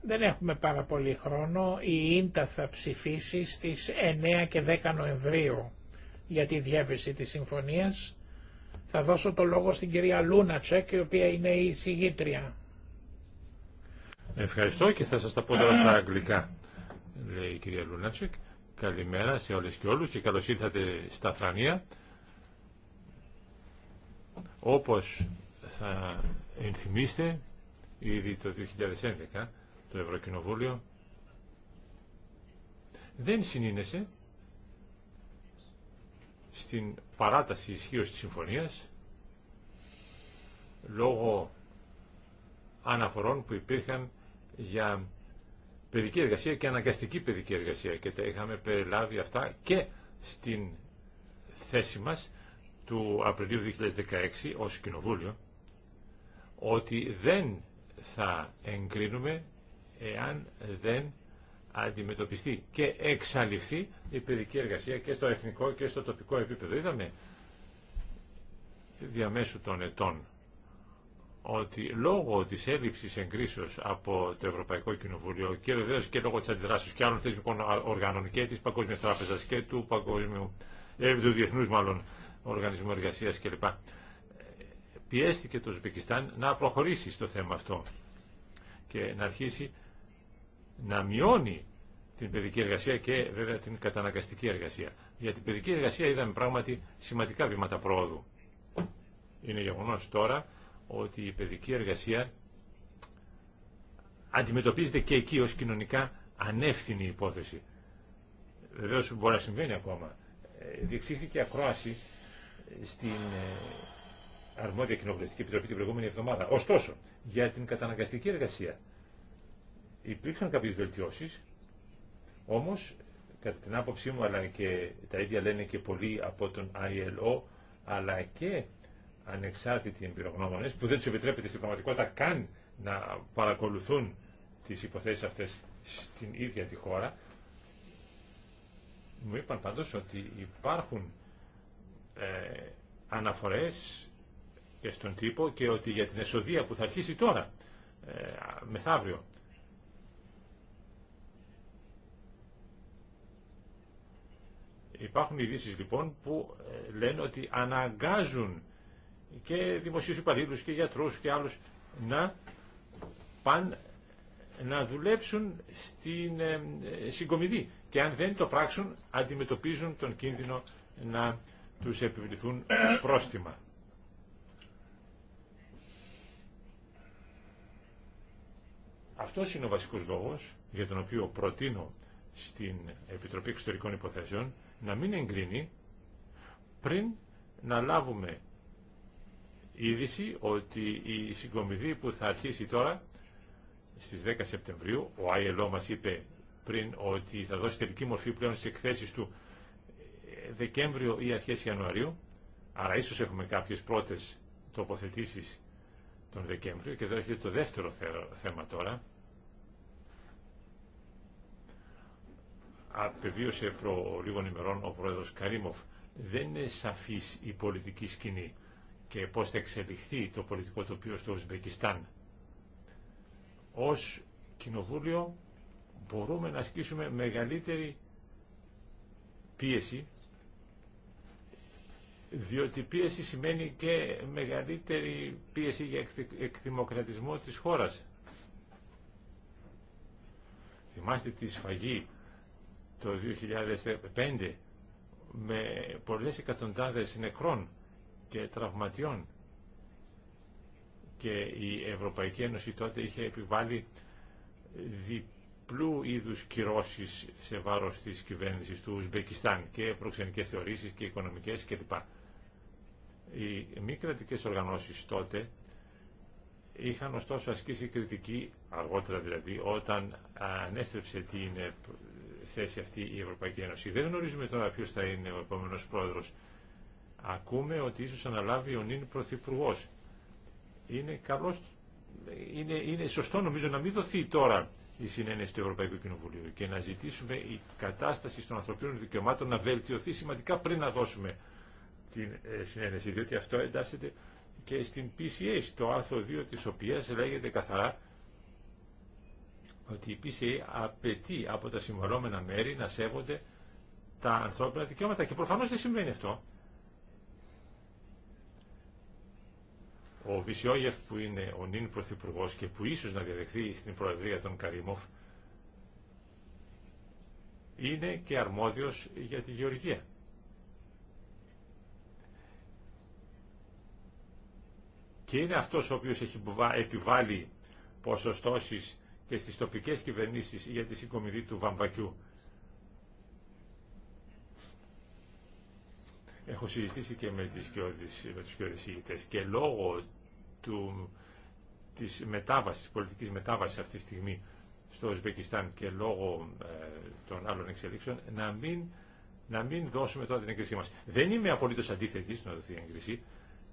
Δεν έχουμε πάρα πολύ χρόνο. Η ίντα θα ψηφίσει στις 9 και 10 Νοεμβρίου για τη διεύρυνση της συμφωνίας. Θα δώσω το λόγο στην κυρία Λούνατσεκ, η οποία είναι η συγγήτρια. Ευχαριστώ και θα σας τα πω τώρα στα αγγλικά, λέει η κυρία Λούνατσεκ. Καλημέρα σε όλες και όλους και καλώς ήρθατε στα Φρανία. Όπως θα ενθυμίστε, ήδη το 2011 το Ευρωκοινοβούλιο δεν συνήνεσε στην παράταση ισχύω της συμφωνίας λόγω αναφορών που υπήρχαν για παιδική εργασία και αναγκαστική παιδική εργασία και τα είχαμε περιλάβει αυτά και στην θέση μας του Απριλίου 2016 ως Κοινοβούλιο ότι δεν θα εγκρίνουμε εάν δεν αντιμετωπιστεί και εξαλειφθεί η παιδική εργασία και στο εθνικό και στο τοπικό επίπεδο. Είδαμε διαμέσου των ετών ότι λόγω τη έλλειψη εγκρίσεω από το Ευρωπαϊκό Κοινοβούλιο και βεβαίω και λόγω τη αντιδράσεως και άλλων θεσμικών οργάνων και τη Παγκόσμια Τράπεζα και του, Παγκόσμιου, ε, του μάλλον Οργανισμού εργασία κλπ. Πιέστηκε το Ζουμπικιστάν να προχωρήσει στο θέμα αυτό και να αρχίσει να μειώνει την παιδική εργασία και βέβαια την καταναγκαστική εργασία. Για την παιδική εργασία είδαμε πράγματι σημαντικά βήματα πρόοδου. Είναι γεγονό τώρα ότι η παιδική εργασία αντιμετωπίζεται και εκεί ως κοινωνικά ανεύθυνη υπόθεση. Βεβαίως μπορεί να συμβαίνει ακόμα. Ε, διεξήχθηκε ακρόαση στην ε, αρμόδια κοινοβουλευτική επιτροπή την προηγούμενη εβδομάδα. Ωστόσο, για την καταναγκαστική εργασία υπήρξαν κάποιες βελτιώσεις, όμως κατά την άποψή μου, αλλά και τα ίδια λένε και πολλοί από τον ILO, αλλά και ανεξάρτητοι εμπειρογνώμονες που δεν του επιτρέπεται στην πραγματικότητα καν να παρακολουθούν τις υποθέσεις αυτές στην ίδια τη χώρα. Μου είπαν πάντως ότι υπάρχουν ε, αναφορές και στον τύπο και ότι για την εσοδεία που θα αρχίσει τώρα, ε, μεθαύριο, Υπάρχουν ειδήσει λοιπόν που ε, λένε ότι αναγκάζουν και δημοσίους υπαλλήλου και γιατρούς και άλλους να πάνε να δουλέψουν στην ε, συγκομιδή και αν δεν το πράξουν αντιμετωπίζουν τον κίνδυνο να τους επιβληθούν πρόστιμα. Αυτός είναι ο βασικός λόγος για τον οποίο προτείνω στην Επιτροπή Εξωτερικών Υποθέσεων να μην εγκρίνει πριν να λάβουμε είδηση ότι η συγκομιδή που θα αρχίσει τώρα στις 10 Σεπτεμβρίου, ο Άιελό μας είπε πριν ότι θα δώσει τελική μορφή πλέον στις εκθέσεις του ε, Δεκέμβριο ή αρχές Ιανουαρίου, άρα ίσως έχουμε κάποιες πρώτες τοποθετήσεις τον Δεκέμβριο και εδώ έρχεται το δεύτερο θέμα τώρα. Απεβίωσε προ λίγων ημερών ο πρόεδρος Καρίμοφ. Δεν είναι σαφής η πολιτική σκηνή και πώς θα εξελιχθεί το πολιτικό τοπίο στο Ουσμπεκιστάν. Ως κοινοβούλιο μπορούμε να ασκήσουμε μεγαλύτερη πίεση διότι πίεση σημαίνει και μεγαλύτερη πίεση για εκδημοκρατισμό της χώρας. Θυμάστε τη σφαγή το 2005 με πολλές εκατοντάδες νεκρών και τραυματιών. Και η Ευρωπαϊκή Ένωση τότε είχε επιβάλει διπλού είδους κυρώσεις σε βάρος της κυβέρνησης του Ουσμπεκιστάν και προξενικές θεωρήσεις και οικονομικές κλπ. Οι μη κρατικέ οργανώσεις τότε είχαν ωστόσο ασκήσει κριτική, αργότερα δηλαδή, όταν ανέστρεψε την θέση αυτή η Ευρωπαϊκή Ένωση. Δεν γνωρίζουμε τώρα ποιος θα είναι ο επόμενος πρόεδρος Ακούμε ότι ίσως αναλάβει ο νυν πρωθυπουργός. Είναι είναι, είναι σωστό νομίζω να μην δοθεί τώρα η συνένεση του Ευρωπαϊκού Κοινοβουλίου και να ζητήσουμε η κατάσταση των ανθρωπίνων δικαιωμάτων να βελτιωθεί σημαντικά πριν να δώσουμε την ε, συνένεση, διότι αυτό εντάσσεται και στην PCA, στο άρθρο 2 της οποίας λέγεται καθαρά ότι η PCA απαιτεί από τα συμβαλόμενα μέρη να σέβονται τα ανθρώπινα δικαιώματα και προφανώς δεν σημαίνει αυτό. Ο Βυσιόγεφ που είναι ο νυν Πρωθυπουργό και που ίσως να διαδεχθεί στην Προεδρία των Καρίμοφ είναι και αρμόδιος για τη Γεωργία. Και είναι αυτός ο οποίος έχει επιβάλει ποσοστώσεις και στις τοπικές κυβερνήσεις για τη συγκομιδή του βαμβακιού. Έχω συζητήσει και με, τις κοιόδης, με τους και λόγω του, της μετάβασης, πολιτικής μετάβασης αυτή τη στιγμή στο Ουσβεκιστάν και λόγω ε, των άλλων εξελίξεων να μην, να μην δώσουμε τώρα την έγκρισή μας. Δεν είμαι απολύτως αντίθετη να δοθεί έγκριση.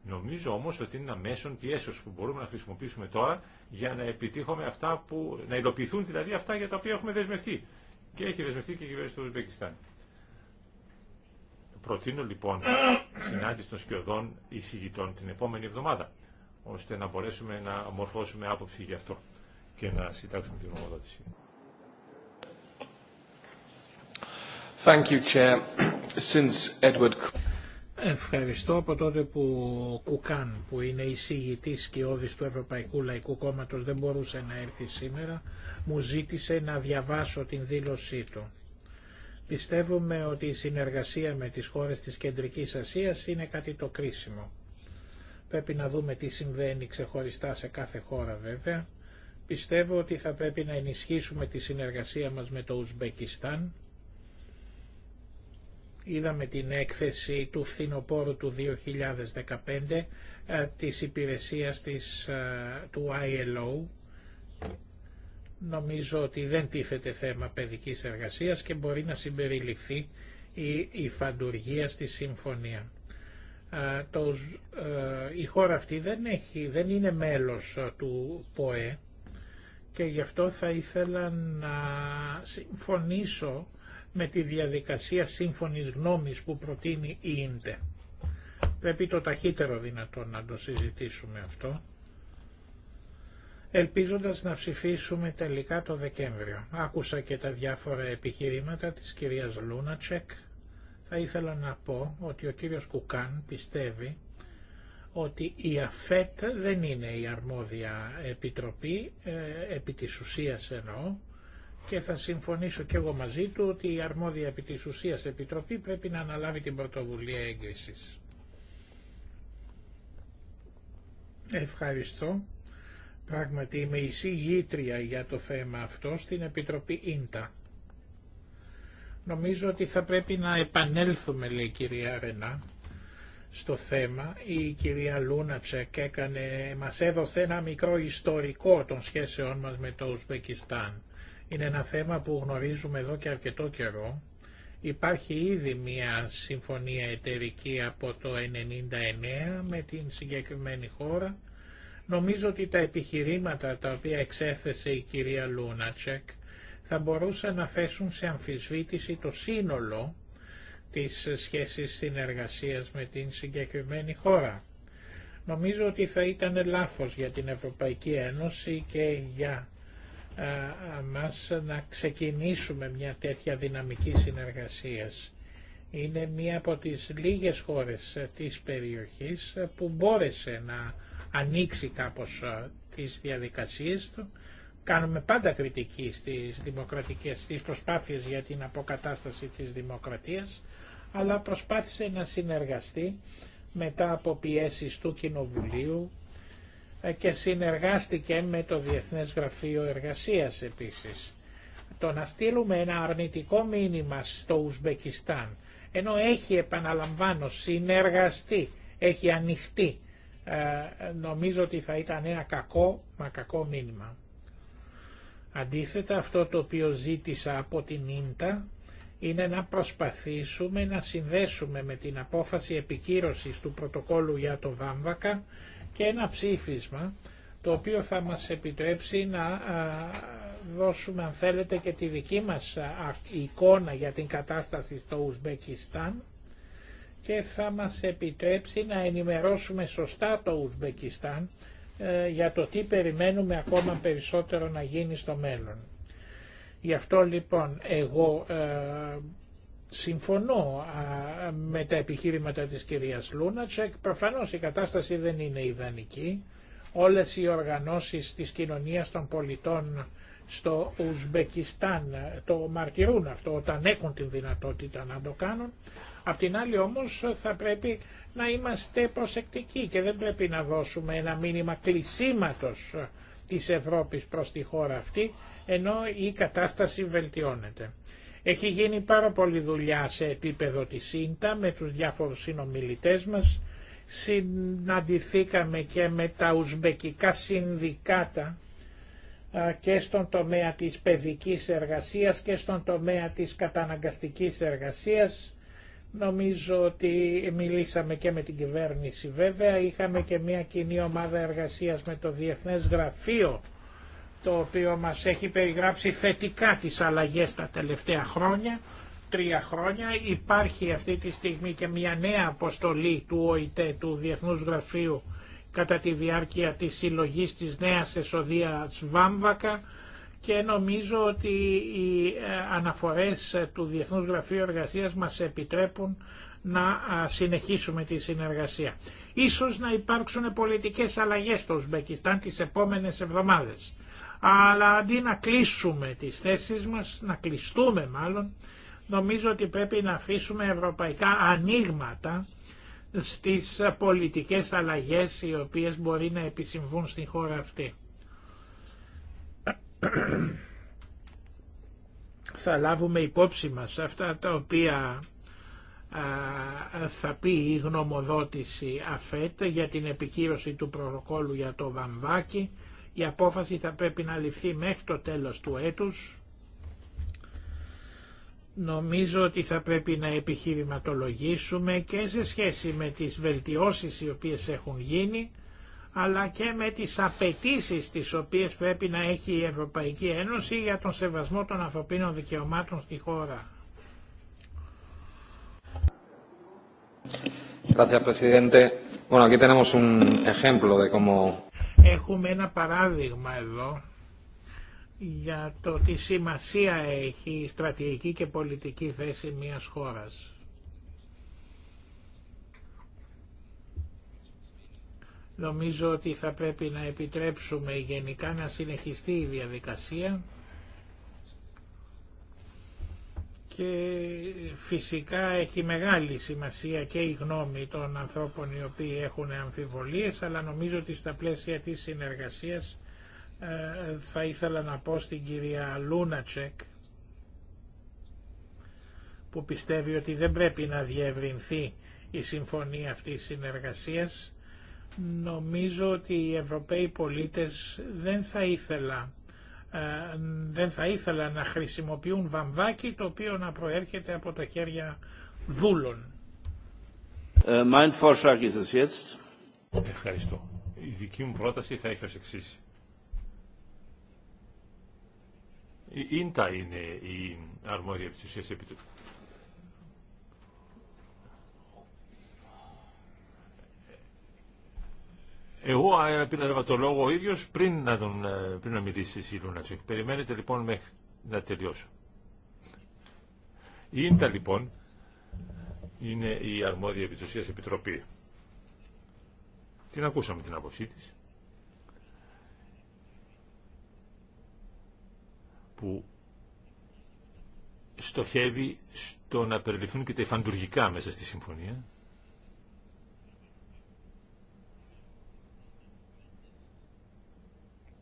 Νομίζω όμως ότι είναι ένα μέσον πιέσος που μπορούμε να χρησιμοποιήσουμε τώρα για να επιτύχουμε αυτά που, να υλοποιηθούν δηλαδή αυτά για τα οποία έχουμε δεσμευτεί. Και έχει δεσμευτεί και η κυβέρνηση του Ουσβεκιστάν. Προτείνω λοιπόν συνάντηση των σκιωδών εισηγητών την επόμενη εβδομάδα, ώστε να μπορέσουμε να μορφώσουμε άποψη γι' αυτό και να συντάξουμε την ομοδότηση. Ευχαριστώ από τότε που ο Κουκάν, που είναι εισηγητή και του Ευρωπαϊκού Λαϊκού Κόμματο, δεν μπορούσε να έρθει σήμερα, μου ζήτησε να διαβάσω την δήλωσή του. Πιστεύουμε ότι η συνεργασία με τις χώρες της Κεντρικής Ασίας είναι κάτι το κρίσιμο. Πρέπει να δούμε τι συμβαίνει ξεχωριστά σε κάθε χώρα βέβαια. Πιστεύω ότι θα πρέπει να ενισχύσουμε τη συνεργασία μας με το Ουσμπεκιστάν. Είδαμε την έκθεση του φθινοπόρου του 2015 ε, της υπηρεσίας της, ε, του ILO Νομίζω ότι δεν τίθεται θέμα παιδικής εργασίας και μπορεί να συμπεριληφθεί η, η φαντουργία στη συμφωνία. Α, το, ε, η χώρα αυτή δεν, έχει, δεν είναι μέλος ε, του ΠΟΕ και γι' αυτό θα ήθελα να συμφωνήσω με τη διαδικασία σύμφωνης γνώμης που προτείνει η ΙΝΤΕ. Πρέπει το ταχύτερο δυνατόν να το συζητήσουμε αυτό ελπίζοντας να ψηφίσουμε τελικά το Δεκέμβριο. Άκουσα και τα διάφορα επιχειρήματα της κυρίας Λούνατσεκ. Θα ήθελα να πω ότι ο κύριος Κουκάν πιστεύει ότι η ΑΦΕΤ δεν είναι η αρμόδια επιτροπή, ε, επί της ουσίας εννοώ, και θα συμφωνήσω και εγώ μαζί του ότι η αρμόδια επί της ουσίας επιτροπή πρέπει να αναλάβει την πρωτοβουλία έγκρισης. Ευχαριστώ. Πράγματι είμαι εισηγήτρια για το θέμα αυτό στην Επιτροπή Ίντα. Νομίζω ότι θα πρέπει να επανέλθουμε, λέει η κυρία Ρενά, στο θέμα. Η κυρία Λούνατσεκ έκανε, μας έδωσε ένα μικρό ιστορικό των σχέσεών μας με το Ουσβεκιστάν. Είναι ένα θέμα που γνωρίζουμε εδώ και αρκετό καιρό. Υπάρχει ήδη μια συμφωνία εταιρική από το 1999 με την συγκεκριμένη χώρα Νομίζω ότι τα επιχειρήματα τα οποία εξέθεσε η κυρία Λούνατσεκ θα μπορούσαν να θέσουν σε αμφισβήτηση το σύνολο της σχέσης συνεργασίας με την συγκεκριμένη χώρα. Νομίζω ότι θα ήταν λάθος για την Ευρωπαϊκή Ένωση και για μας να ξεκινήσουμε μια τέτοια δυναμική συνεργασίας. Είναι μία από τις λίγες χώρες της περιοχής που μπόρεσε να ανοίξει κάπως ε, τις διαδικασίες του. Κάνουμε πάντα κριτική στις, δημοκρατικές, στις προσπάθειες για την αποκατάσταση της δημοκρατίας, αλλά προσπάθησε να συνεργαστεί μετά από πιέσεις του Κοινοβουλίου ε, και συνεργάστηκε με το Διεθνές Γραφείο Εργασίας επίσης. Το να στείλουμε ένα αρνητικό μήνυμα στο Ουσμπεκιστάν, ενώ έχει επαναλαμβάνω συνεργαστεί, έχει ανοιχτεί ε, νομίζω ότι θα ήταν ένα κακό, μα κακό μήνυμα. Αντίθετα αυτό το οποίο ζήτησα από την ίντα είναι να προσπαθήσουμε να συνδέσουμε με την απόφαση επικύρωσης του πρωτοκόλου για το Βάμβακα και ένα ψήφισμα το οποίο θα μας επιτρέψει να δώσουμε αν θέλετε και τη δική μας εικόνα για την κατάσταση στο Ουσμπεκιστάν και θα μας επιτρέψει να ενημερώσουμε σωστά το Ουσμπεκιστάν ε, για το τι περιμένουμε ακόμα περισσότερο να γίνει στο μέλλον. Γι' αυτό λοιπόν εγώ ε, συμφωνώ με τα επιχείρηματα της κυρίας Λούνατσεκ. Προφανώς η κατάσταση δεν είναι ιδανική. Όλες οι οργανώσεις της κοινωνίας των πολιτών στο Ουσμπεκιστάν το μαρτυρούν αυτό όταν έχουν την δυνατότητα να το κάνουν Απ' την άλλη όμως θα πρέπει να είμαστε προσεκτικοί και δεν πρέπει να δώσουμε ένα μήνυμα κλεισίματος της Ευρώπης προς τη χώρα αυτή, ενώ η κατάσταση βελτιώνεται. Έχει γίνει πάρα πολλή δουλειά σε επίπεδο της ΣΥΝΤΑ με τους διάφορους συνομιλητές μας. Συναντηθήκαμε και με τα ουσμπεκικά συνδικάτα και στον τομέα της παιδικής εργασίας και στον τομέα της καταναγκαστικής εργασίας Νομίζω ότι μιλήσαμε και με την κυβέρνηση βέβαια, είχαμε και μια κοινή ομάδα εργασίας με το Διεθνές Γραφείο, το οποίο μας έχει περιγράψει θετικά τις αλλαγές τα τελευταία χρόνια, τρία χρόνια. Υπάρχει αυτή τη στιγμή και μια νέα αποστολή του ΟΗΤΕ, του Διεθνούς Γραφείου, κατά τη διάρκεια της συλλογής της νέας εσοδείας Βάμβακα, και νομίζω ότι οι ε, αναφορές ε, του Διεθνούς Γραφείου Εργασίας μας επιτρέπουν να συνεχίσουμε τη συνεργασία. Ίσως να υπάρξουν πολιτικές αλλαγές στο Ουσμπεκιστάν τις επόμενες εβδομάδες. Αλλά αντί να κλείσουμε τις θέσεις μας, να κλειστούμε μάλλον, νομίζω ότι πρέπει να αφήσουμε ευρωπαϊκά ανοίγματα στις πολιτικές αλλαγές οι οποίες μπορεί να επισυμβούν στην χώρα αυτή. θα λάβουμε υπόψη μας αυτά τα οποία θα πει η γνωμοδότηση ΑΦΕΤ για την επικύρωση του προκόλου για το βαμβάκι. Η απόφαση θα πρέπει να ληφθεί μέχρι το τέλος του έτους. Νομίζω ότι θα πρέπει να επιχειρηματολογήσουμε και σε σχέση με τις βελτιώσεις οι οποίες έχουν γίνει αλλά και με τις απαιτήσεις τις οποίες πρέπει να έχει η Ευρωπαϊκή Ένωση για τον σεβασμό των ανθρωπίνων δικαιωμάτων στη χώρα. Έχουμε ένα παράδειγμα εδώ για το τι σημασία έχει η στρατηγική και πολιτική θέση μιας χώρας. Νομίζω ότι θα πρέπει να επιτρέψουμε γενικά να συνεχιστεί η διαδικασία και φυσικά έχει μεγάλη σημασία και η γνώμη των ανθρώπων οι οποίοι έχουν αμφιβολίες αλλά νομίζω ότι στα πλαίσια της συνεργασίας ε, θα ήθελα να πω στην κυρία Λούνατσεκ που πιστεύει ότι δεν πρέπει να διευρυνθεί η συμφωνία αυτής της συνεργασίας Νομίζω ότι οι Ευρωπαίοι πολίτες δεν θα ήθελα ε, δεν θα ήθελα να χρησιμοποιούν βαμβάκι το οποίο να προέρχεται από τα χέρια δούλων. Ε, Ευχαριστώ. Η δική μου πρόταση θα έχει ως εξής. Η είναι η αρμόδια της Εγώ πήρα το λόγο ο ίδιος πριν να, τον, ε, πριν να μιλήσει η Λούνατσο. Περιμένετε λοιπόν μέχρι να τελειώσω. Η ΙΝΤΑ λοιπόν είναι η αρμόδια επιστοσίας επιτροπή. Την ακούσαμε την άποψή της. Που στοχεύει στο να περιληφθούν και τα υφαντουργικά μέσα στη συμφωνία.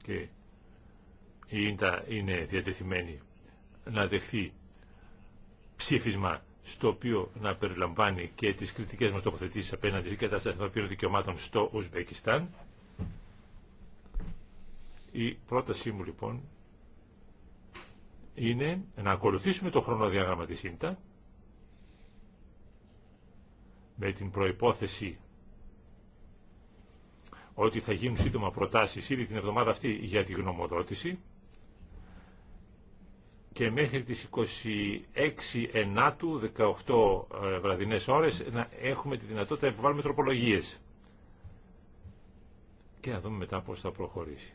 και η ίντα είναι διατεθειμένη να δεχθεί ψήφισμα στο οποίο να περιλαμβάνει και τις κριτικές μας τοποθετήσεις απέναντι στην κατάσταση των δικαιωμάτων στο Ουσβεκιστάν. Η πρότασή μου λοιπόν είναι να ακολουθήσουμε το χρονοδιάγραμμα της ίντα με την προϋπόθεση ότι θα γίνουν σύντομα προτάσει ήδη την εβδομάδα αυτή για τη γνωμοδότηση και μέχρι τις 26 ενάτου, 18 ε, βραδινές ώρες, να έχουμε τη δυνατότητα να επιβάλλουμε τροπολογίες. Και να δούμε μετά πώς θα προχωρήσει.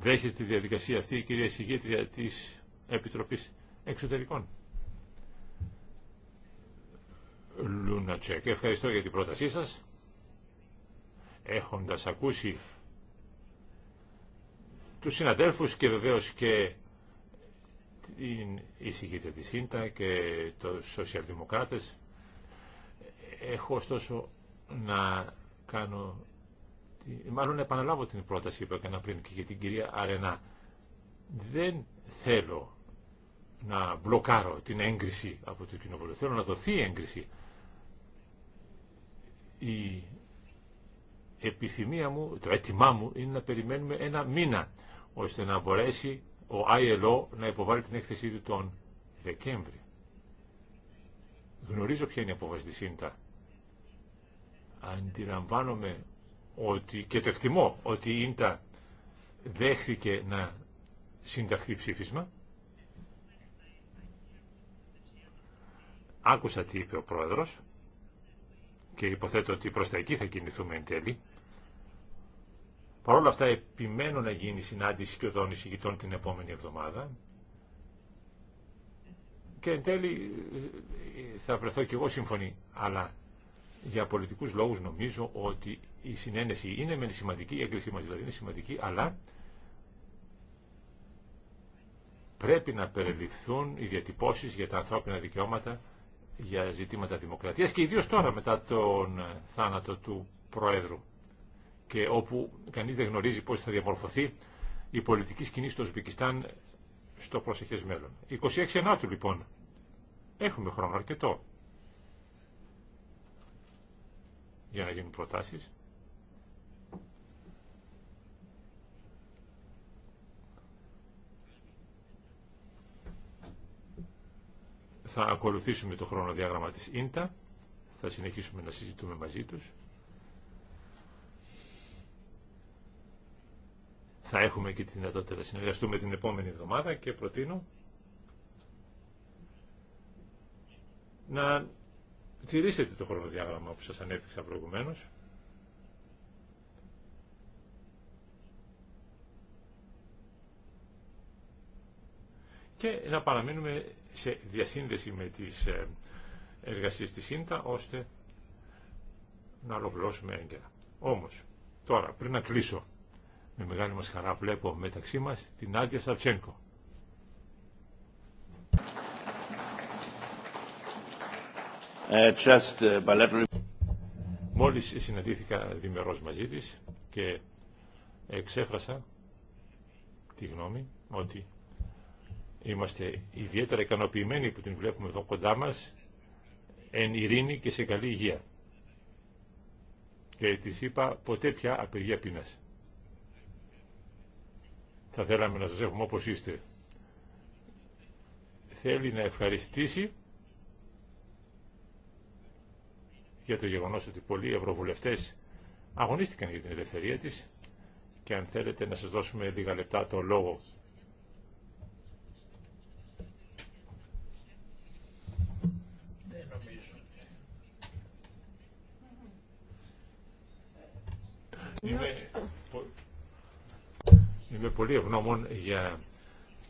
Δέχεστε τη διαδικασία αυτή η κυρία Συγγήτρια της Επιτροπής Εξωτερικών. Λούνατσεκ. Ευχαριστώ για την πρότασή σας. Έχοντας ακούσει τους συναδέλφους και βεβαίως και την εισηγήτρια της ΣΥΝΤΑ και τους σοσιαλδημοκράτες, έχω ωστόσο να κάνω, μάλλον να επαναλάβω την πρόταση που έκανα πριν και για την κυρία Αρενά. Δεν θέλω να μπλοκάρω την έγκριση από το Κοινοβούλιο. Θέλω να δοθεί η έγκριση. Η επιθυμία μου, το αίτημά μου είναι να περιμένουμε ένα μήνα ώστε να μπορέσει ο ILO να υποβάλει την έκθεσή του τον Δεκέμβρη. Γνωρίζω ποια είναι η απόφαση της ΣΥΝΤΑ. Αντιλαμβάνομαι ότι, και το εκτιμώ ότι η ΙΝΤΑ δέχθηκε να συνταχθεί ψήφισμα Άκουσα τι είπε ο Πρόεδρος και υποθέτω ότι προς τα εκεί θα κινηθούμε εν τέλει. Παρ' όλα αυτά επιμένω να γίνει συνάντηση και οδόν εισηγητών την επόμενη εβδομάδα και εν τέλει ε, θα βρεθώ και εγώ σύμφωνη, αλλά για πολιτικούς λόγους νομίζω ότι η συνένεση είναι μεν σημαντική, η έγκρισή μας δηλαδή είναι σημαντική, αλλά πρέπει να περιληφθούν οι διατυπώσεις για τα ανθρώπινα δικαιώματα για ζητήματα δημοκρατίας και ιδίως τώρα μετά τον θάνατο του Προέδρου και όπου κανείς δεν γνωρίζει πώς θα διαμορφωθεί η πολιτική σκηνή στο Ουσβικιστάν στο προσεχές μέλλον. 26 Ιανουαρίου λοιπόν. Έχουμε χρόνο αρκετό για να γίνουν προτάσεις. θα ακολουθήσουμε το χρονοδιάγραμμα της ίντα, θα συνεχίσουμε να συζητούμε μαζί τους. Θα έχουμε και τη δυνατότητα να συνεργαστούμε την επόμενη εβδομάδα και προτείνω να θυρίσετε το χρονοδιάγραμμα που σας ανέπτυξα προηγουμένως. και να παραμείνουμε σε διασύνδεση με τις ε, εργασίες της ΣΥΝΤΑ ώστε να ολοκληρώσουμε έγκαιρα. Όμως, τώρα, πριν να κλείσω, με μεγάλη μας χαρά βλέπω μεταξύ μας την Άντια Σαρτσένκο. Ε, just ε, Μόλις συναντήθηκα δίμερος μαζί της και εξέφρασα τη γνώμη ότι Είμαστε ιδιαίτερα ικανοποιημένοι που την βλέπουμε εδώ κοντά μας, εν ειρήνη και σε καλή υγεία. Και τη είπα ποτέ πια απεργία πείνας. Θα θέλαμε να σας έχουμε όπως είστε. Θέλει να ευχαριστήσει για το γεγονός ότι πολλοί ευρωβουλευτές αγωνίστηκαν για την ελευθερία της και αν θέλετε να σας δώσουμε λίγα λεπτά το λόγο Είμαι, είμαι πολύ ευγνώμων για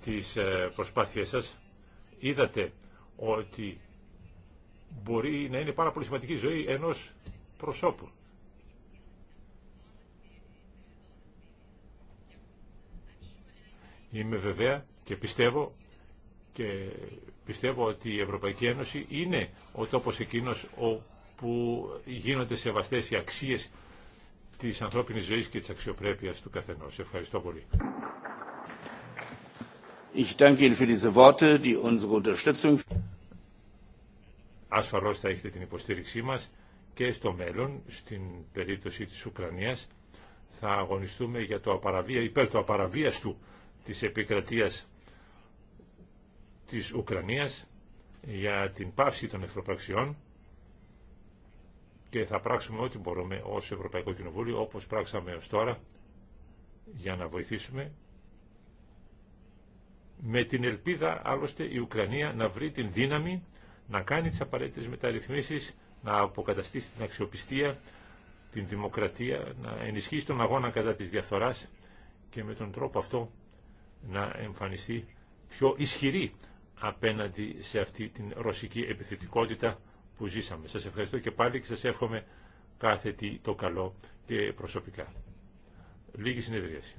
τις ε, προσπάθειές σας. Είδατε ότι μπορεί να είναι πάρα πολύ σημαντική ζωή ενός προσώπου. Είμαι βεβαία και πιστεύω και πιστεύω ότι η Ευρωπαϊκή Ένωση είναι ο τόπος εκείνος όπου γίνονται σεβαστές οι αξίες της ανθρώπινης ζωής και της αξιοπρέπειας του καθενός. Ευχαριστώ πολύ. Ich danke Ihnen Ασφαλώς θα έχετε την υποστήριξή μας και στο μέλλον, στην περίπτωση της Ουκρανίας, θα αγωνιστούμε για το απαραβία, υπέρ του απαραβίαστου της επικρατείας της Ουκρανίας για την πάυση των εχθροπραξιών και θα πράξουμε ό,τι μπορούμε ως Ευρωπαϊκό Κοινοβούλιο, όπως πράξαμε ως τώρα, για να βοηθήσουμε με την ελπίδα άλλωστε η Ουκρανία να βρει την δύναμη να κάνει τις απαραίτητες μεταρρυθμίσεις, να αποκαταστήσει την αξιοπιστία, την δημοκρατία, να ενισχύσει τον αγώνα κατά της διαφθοράς και με τον τρόπο αυτό να εμφανιστεί πιο ισχυρή απέναντι σε αυτή την ρωσική επιθετικότητα που ζήσαμε. Σας ευχαριστώ και πάλι και σας εύχομαι κάθε τι το καλό και προσωπικά. Λίγη συνεδρίαση.